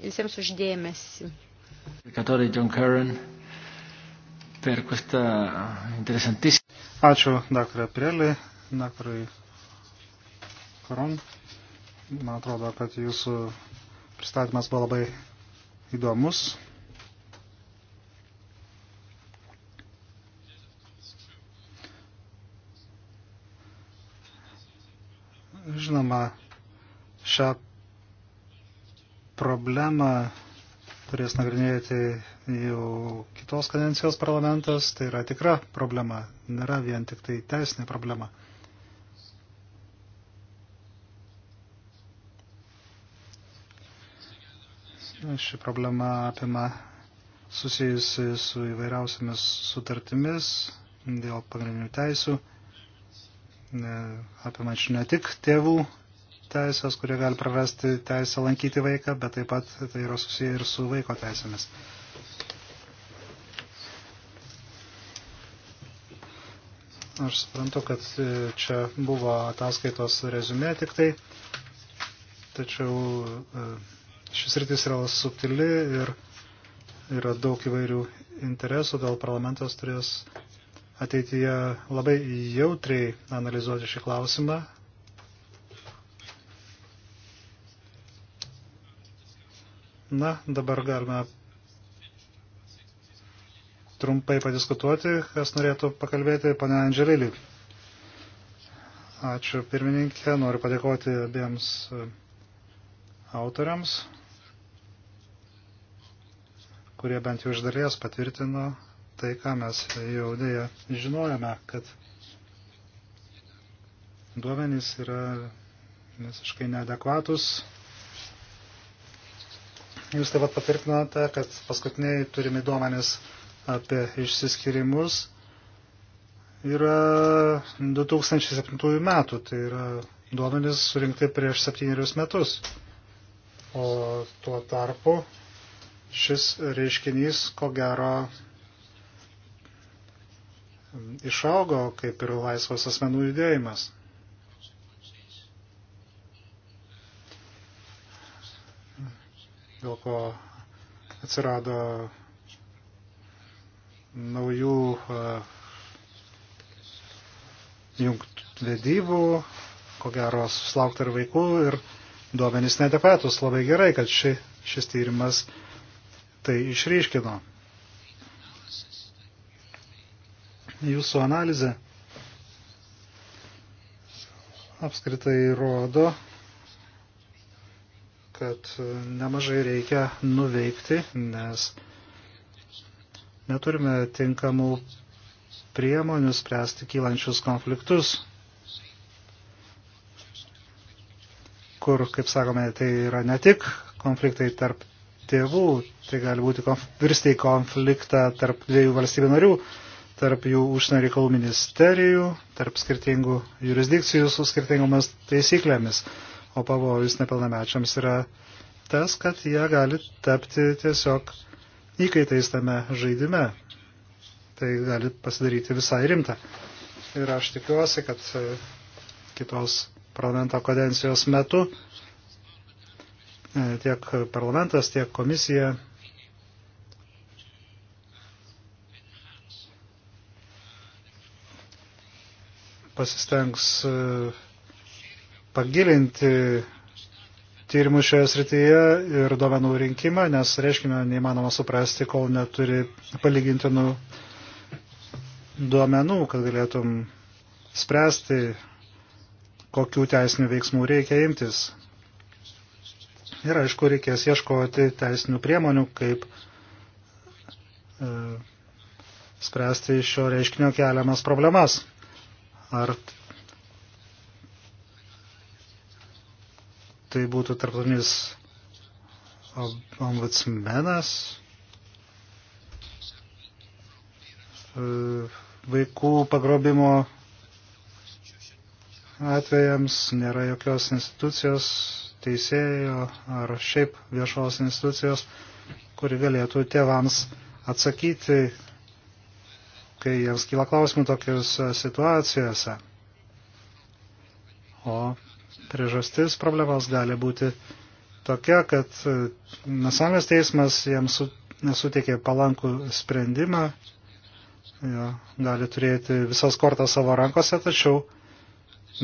visiems uždėmesi.
John Curran per questa interessantissima Ačiū, daktarė Prėlį, daktarai Karon. Man atrodo, kad jūsų pristatymas buvo labai įdomus. Žinoma, šią problemą turės nagrinėti jau kitos kadencijos parlamentas, tai yra tikra problema, nėra vien tik tai teisinė problema. Ši problema apima susijusi su įvairiausiamis sutartimis dėl pagrindinių teisių, e, apimančių ne tik tėvų teisės, kurie gali prarasti teisę lankyti vaiką, bet taip pat tai yra susiję ir su vaiko teisėmis. Aš suprantu, kad e, čia buvo ataskaitos rezume tik tai, tačiau e, šis rytis yra subtili ir yra daug įvairių interesų, todėl parlamentas turės ateityje labai jautriai analizuoti šį klausimą. Na, dabar galime trumpai padiskutuoti, kas norėtų pakalbėti, pane Andželėlį. Ačiū pirmininkė, noriu padėkoti abiems e, autoriams, kurie bent jau iš dalies patvirtino tai, ką mes jau dėja žinojame, kad duomenys yra visiškai neadekvatus. Jūs taip pat patvirtinote, kad paskutiniai turimi duomenys apie išsiskirimus yra 2007 metų, tai yra duomenys surinkti prieš septynerius metus. O tuo tarpu šis reiškinys, ko gero, išaugo, kaip ir laisvas asmenų judėjimas. Dėl ko atsirado naujų jungt vedybų, ko gero susilaukti ir vaikų ir duomenys neadekvatus. Labai gerai, kad ši, šis tyrimas tai išryškino. Jūsų analizė apskritai rodo, kad nemažai reikia nuveikti, nes neturime tinkamų priemonių spręsti kylančius konfliktus, kur, kaip sakome, tai yra ne tik konfliktai tarp tėvų, tai gali būti konf virsti į konfliktą tarp dviejų valstybių narių, tarp jų užsienio reikalų ministerijų, tarp skirtingų jurisdikcijų su skirtingomis taisyklėmis, o pavojus nepilnamečiams yra tas, kad jie gali tapti tiesiog įkaitais tame žaidime. Tai gali pasidaryti visai rimta. Ir aš tikiuosi, kad e, kitos parlamento kadencijos metu e, tiek parlamentas, tiek komisija pasistengs e, pagilinti tyrimus šioje srityje ir duomenų rinkimą, nes, reiškime, neįmanoma suprasti, kol neturi palygintinų duomenų, kad galėtum spręsti, kokių teisinių veiksmų reikia imtis. Ir aišku, reikės ieškoti teisinių priemonių, kaip e, spręsti šio reiškinio keliamas problemas. Ar tai būtų tarptautinis ombudsmenas e, vaikų pagrobimo atvejams nėra jokios institucijos, teisėjo ar šiaip viešos institucijos, kuri galėtų tėvams atsakyti, kai jiems kyla klausimų tokiuose situacijose. O Priežastis problemas gali būti tokia, kad e, nacionalinis teismas jiems nesuteikė palankų sprendimą, jo, gali turėti visas kortas savo rankose, tačiau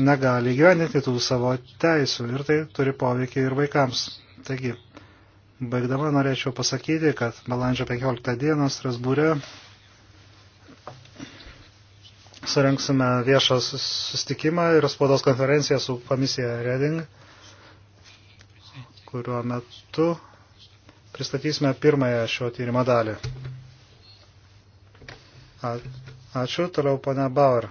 negali gyveninti tų savo teisų ir tai turi poveikį ir vaikams. Taigi, baigdama norėčiau pasakyti, kad balandžio 15 dieną Strasbūrė surenksime viešą sustikimą ir spaudos konferenciją su komisija Reding, kuriuo metu pristatysime pirmąją šio tyrimo dalį. Ačiū, toliau pana Bauer.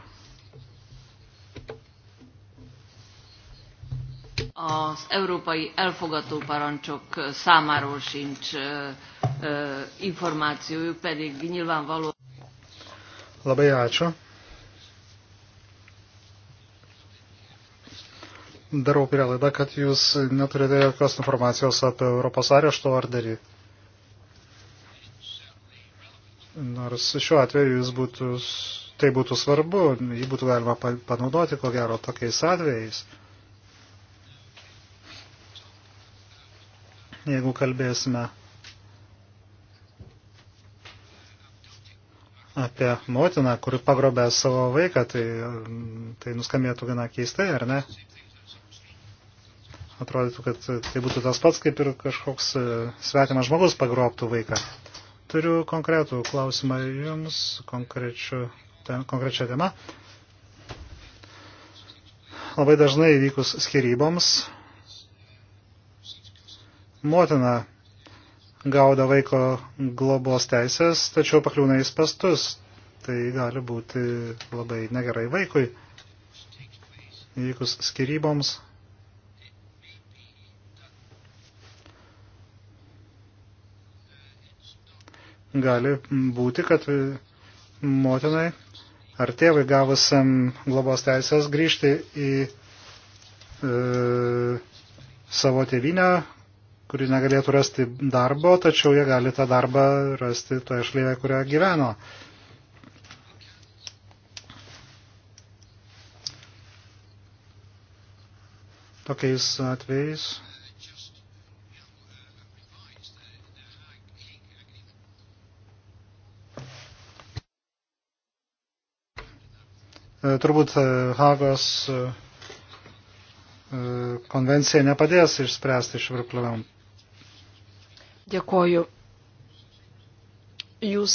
az európai elfogatóparancsok számáról sincs ö, ö, információjuk, pedig nyilvánvaló.
Labai ačiū. darau prielaidą, kad jūs neturite jokios informacijos apie Europos arešto orderį. Nors šiuo atveju jis būtų, tai būtų svarbu, jį būtų galima panaudoti, ko gero, tokiais atvejais. Jeigu kalbėsime apie motiną, kuri pagrobė savo vaiką, tai, tai nuskamėtų gana keistai, ar ne? atrodytų, kad tai būtų tas pats, kaip ir kažkoks e, svetimas žmogus pagrobtų vaiką. Turiu konkretų klausimą jums, konkrečią temą. Labai dažnai vykus skiryboms motina gauda vaiko globos teisės, tačiau pakliūna į spastus. Tai gali būti labai negerai vaikui, vykus skiryboms gali būti, kad motinai ar tėvai gavusiam globos teisės grįžti į e, savo tėvynę, kuri negalėtų rasti darbo, tačiau jie gali tą darbą rasti toje šalyje, kurioje gyveno. Tokiais atvejais E, turbūt e, Hagos e, konvencija nepadės išspręsti švirpliavom.
Dėkoju. Jūs,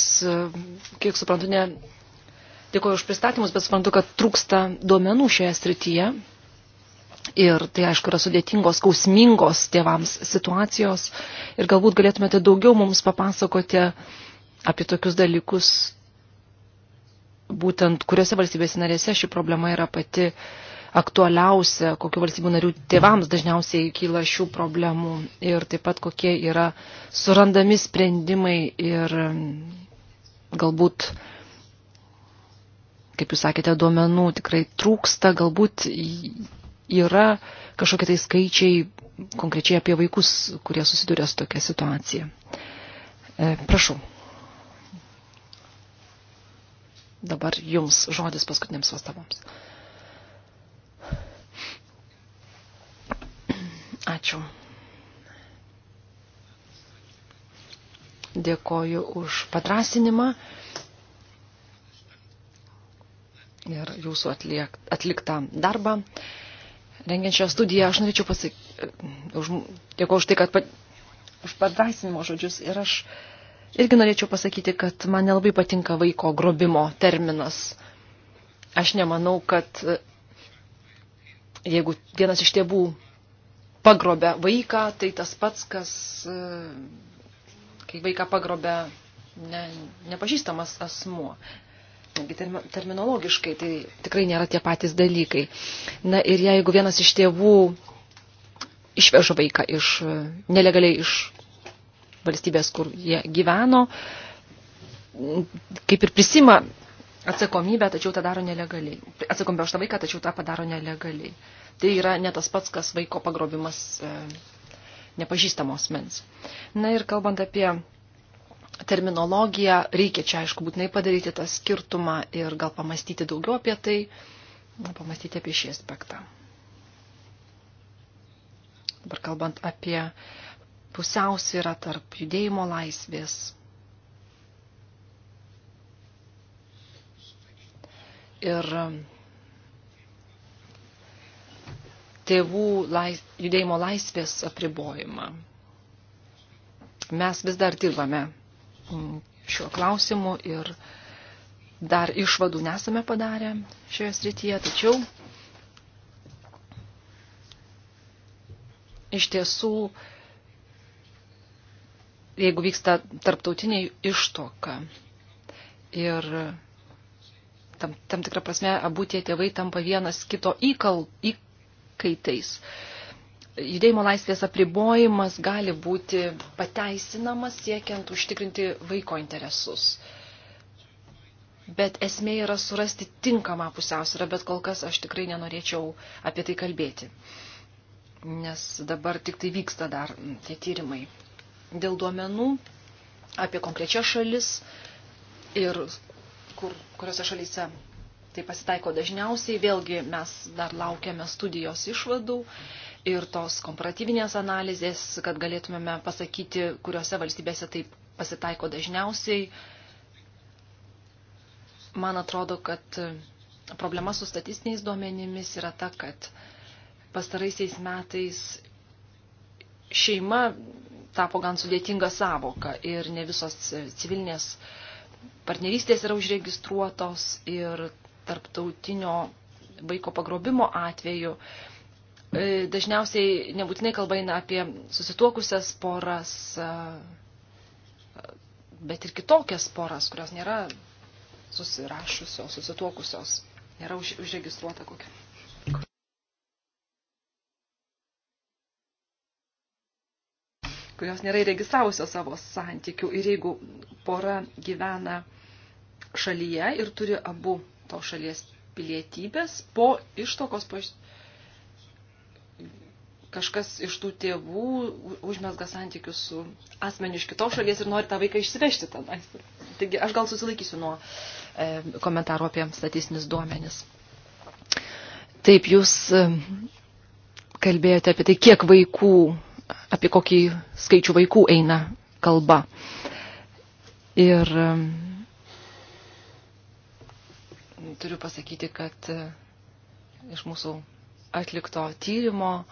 kiek suprantu, ne. Dėkoju už pristatymus, bet suprantu, kad trūksta duomenų šioje srityje. Ir tai, aišku, yra sudėtingos, skausmingos tėvams situacijos. Ir galbūt galėtumėte daugiau mums papasakoti apie tokius dalykus, būtent kuriuose valstybės narėse ši problema yra pati aktualiausia, kokiu valstybių narių tėvams dažniausiai kyla šių problemų ir taip pat kokie yra surandami sprendimai ir mm, galbūt, kaip jūs sakėte, duomenų tikrai trūksta, galbūt yra kažkokie tai skaičiai konkrečiai apie vaikus, kurie susiduria su tokia situacija. E, prašau. Dabar jums žodis paskutiniams pastaboms. Ačiū. Dėkoju už padrasinimą ir jūsų atliek, atliktą darbą. Rengiant šią studiją, aš norėčiau pasakyti, dėkoju už tai, kad pat, už padrasinimo žodžius ir aš uh, Irgi norėčiau pasakyti, kad man nelabai patinka vaiko grobimo terminas. Aš nemanau, kad e, jeigu vienas iš tėvų pagrobia vaiką, tai tas pats, kas, e, kai vaiką pagrobia ne, nepažįstamas asmuo. Netgi terminologiškai tai tikrai nėra tie patys dalykai. Na ir jeigu vienas iš tėvų išveža vaiką iš e, nelegaliai iš valstybės, kur jie gyveno, kaip ir prisima atsakomybę, tačiau tą daro nelegaliai. Atsakomybę už tą vaiką, tačiau tą padaro nelegaliai. Tai yra ne tas pats, kas vaiko pagrobimas e, nepažįstamos mens. Na ir kalbant apie terminologiją, reikia čia aišku būtinai padaryti tą skirtumą ir gal pamastyti daugiau apie tai, pamastyti apie šį aspektą. Dabar kalbant apie pusiausvyrą tarp judėjimo laisvės ir tėvų lais, judėjimo laisvės apribojimą. Mes vis dar dirbame mm, šiuo klausimu ir dar išvadų nesame padarę šioje srityje, tačiau iš tiesų jeigu vyksta tarptautiniai ištoka. Ir tam, tam tikrą prasme abu tie tėvai tampa vienas kito įkal, įkaitais. Judėjimo laisvės apribojimas gali būti pateisinamas siekiant užtikrinti vaiko interesus. Bet esmė yra surasti tinkamą pusiausvyrą, bet kol kas aš tikrai nenorėčiau apie tai kalbėti. Nes dabar tik tai vyksta dar tie tyrimai dėl duomenų apie konkrečias šalis ir kur, kuriuose šalyse tai pasitaiko dažniausiai. Vėlgi mes dar laukiame studijos išvadų ir tos komparatyvinės analizės, kad galėtumėme pasakyti, kuriuose valstybėse tai pasitaiko dažniausiai. Man atrodo, kad problema su statistiniais duomenimis yra ta, kad pastaraisiais metais šeima tapo gan sudėtinga savoka ir ne visos civilinės partnerystės yra užregistruotos ir tarptautinio vaiko pagrobimo atveju. E, dažniausiai nebūtinai kalba eina apie susituokusias poras, e, bet ir kitokias poras, kurios nėra susirašusios, susituokusios, nėra užregistruota kokia. kurios nėra įregistravusios savo santykių. Ir jeigu pora gyvena šalyje ir turi abu to šalies pilietybės, po ištokos po kažkas iš tų tėvų užmesga santykius su asmeniu iš kitos šalies ir nori tą vaiką išsivežti tada. Taigi aš gal susilaikysiu nuo e, komentaro apie statistinis duomenis. Taip, jūs e, kalbėjote apie tai, kiek vaikų apie kokį skaičių vaikų eina kalba. Ir um, turiu pasakyti, kad uh, iš mūsų atlikto tyrimo uh,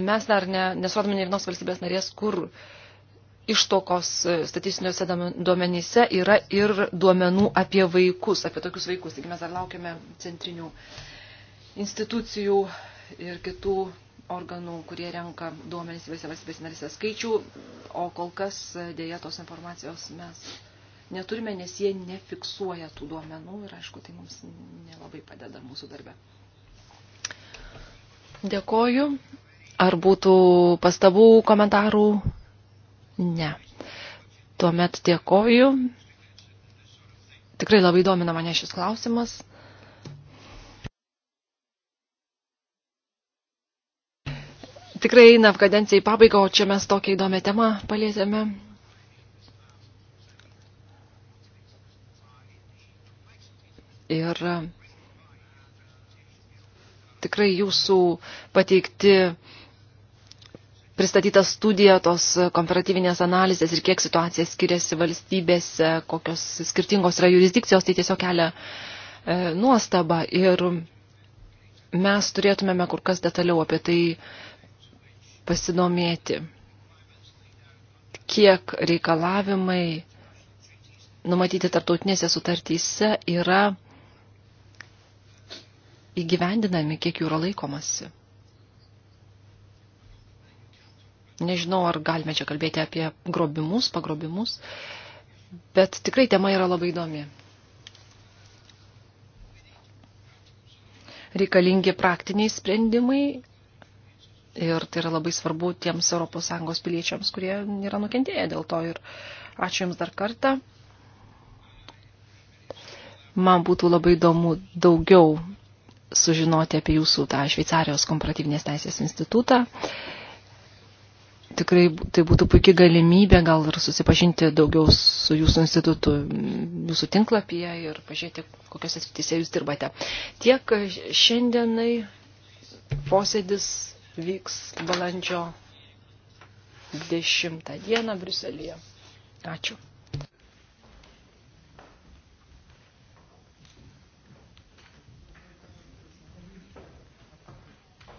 mes dar ne, nesuodame ne vienos valstybės narės, kur ištokos uh, statistiniuose duomenyse yra ir duomenų apie vaikus, apie tokius vaikus. Taigi mes dar laukiame centrinių institucijų ir kitų organų, kurie renka duomenys visose valstybės narėse skaičių, o kol kas e, dėja tos informacijos mes neturime, nes jie nefiksuoja tų duomenų ir aišku, tai mums nelabai padeda mūsų darbe. Dėkoju. Ar būtų pastabų, komentarų? Ne. Tuomet dėkoju. Tikrai labai domina mane šis klausimas. tikrai eina kadencija į pabaigą, o čia mes tokią įdomią temą palėtėme. Ir e, tikrai jūsų pateikti pristatyta studija tos komparatyvinės analizės ir kiek situacija skiriasi valstybėse, kokios skirtingos yra jurisdikcijos, tai tiesiog kelia e, nuostabą. Ir mes turėtumėme kur kas detaliau apie tai pasidomėti, kiek reikalavimai numatyti tarptautinėse sutartyse yra įgyvendinami, kiek jų yra laikomasi. Nežinau, ar galime čia kalbėti apie grobimus, pagrobimus, bet tikrai tema yra labai įdomi. Reikalingi praktiniai sprendimai, Ir tai yra labai svarbu tiems ES piliečiams, kurie yra nukentėję dėl to. Ir ačiū Jums dar kartą. Man būtų labai įdomu daugiau sužinoti apie Jūsų tą Šveicarijos komparatyvinės teisės institutą. Tikrai tai būtų puikia galimybė gal ir susipažinti daugiau su Jūsų institutu, Jūsų tinklapyje ir pažiūrėti, kokios atskirtise Jūs dirbate. Tiek šiandienai posėdis vyks balandžio 10 dieną Briuselėje. Ačiū.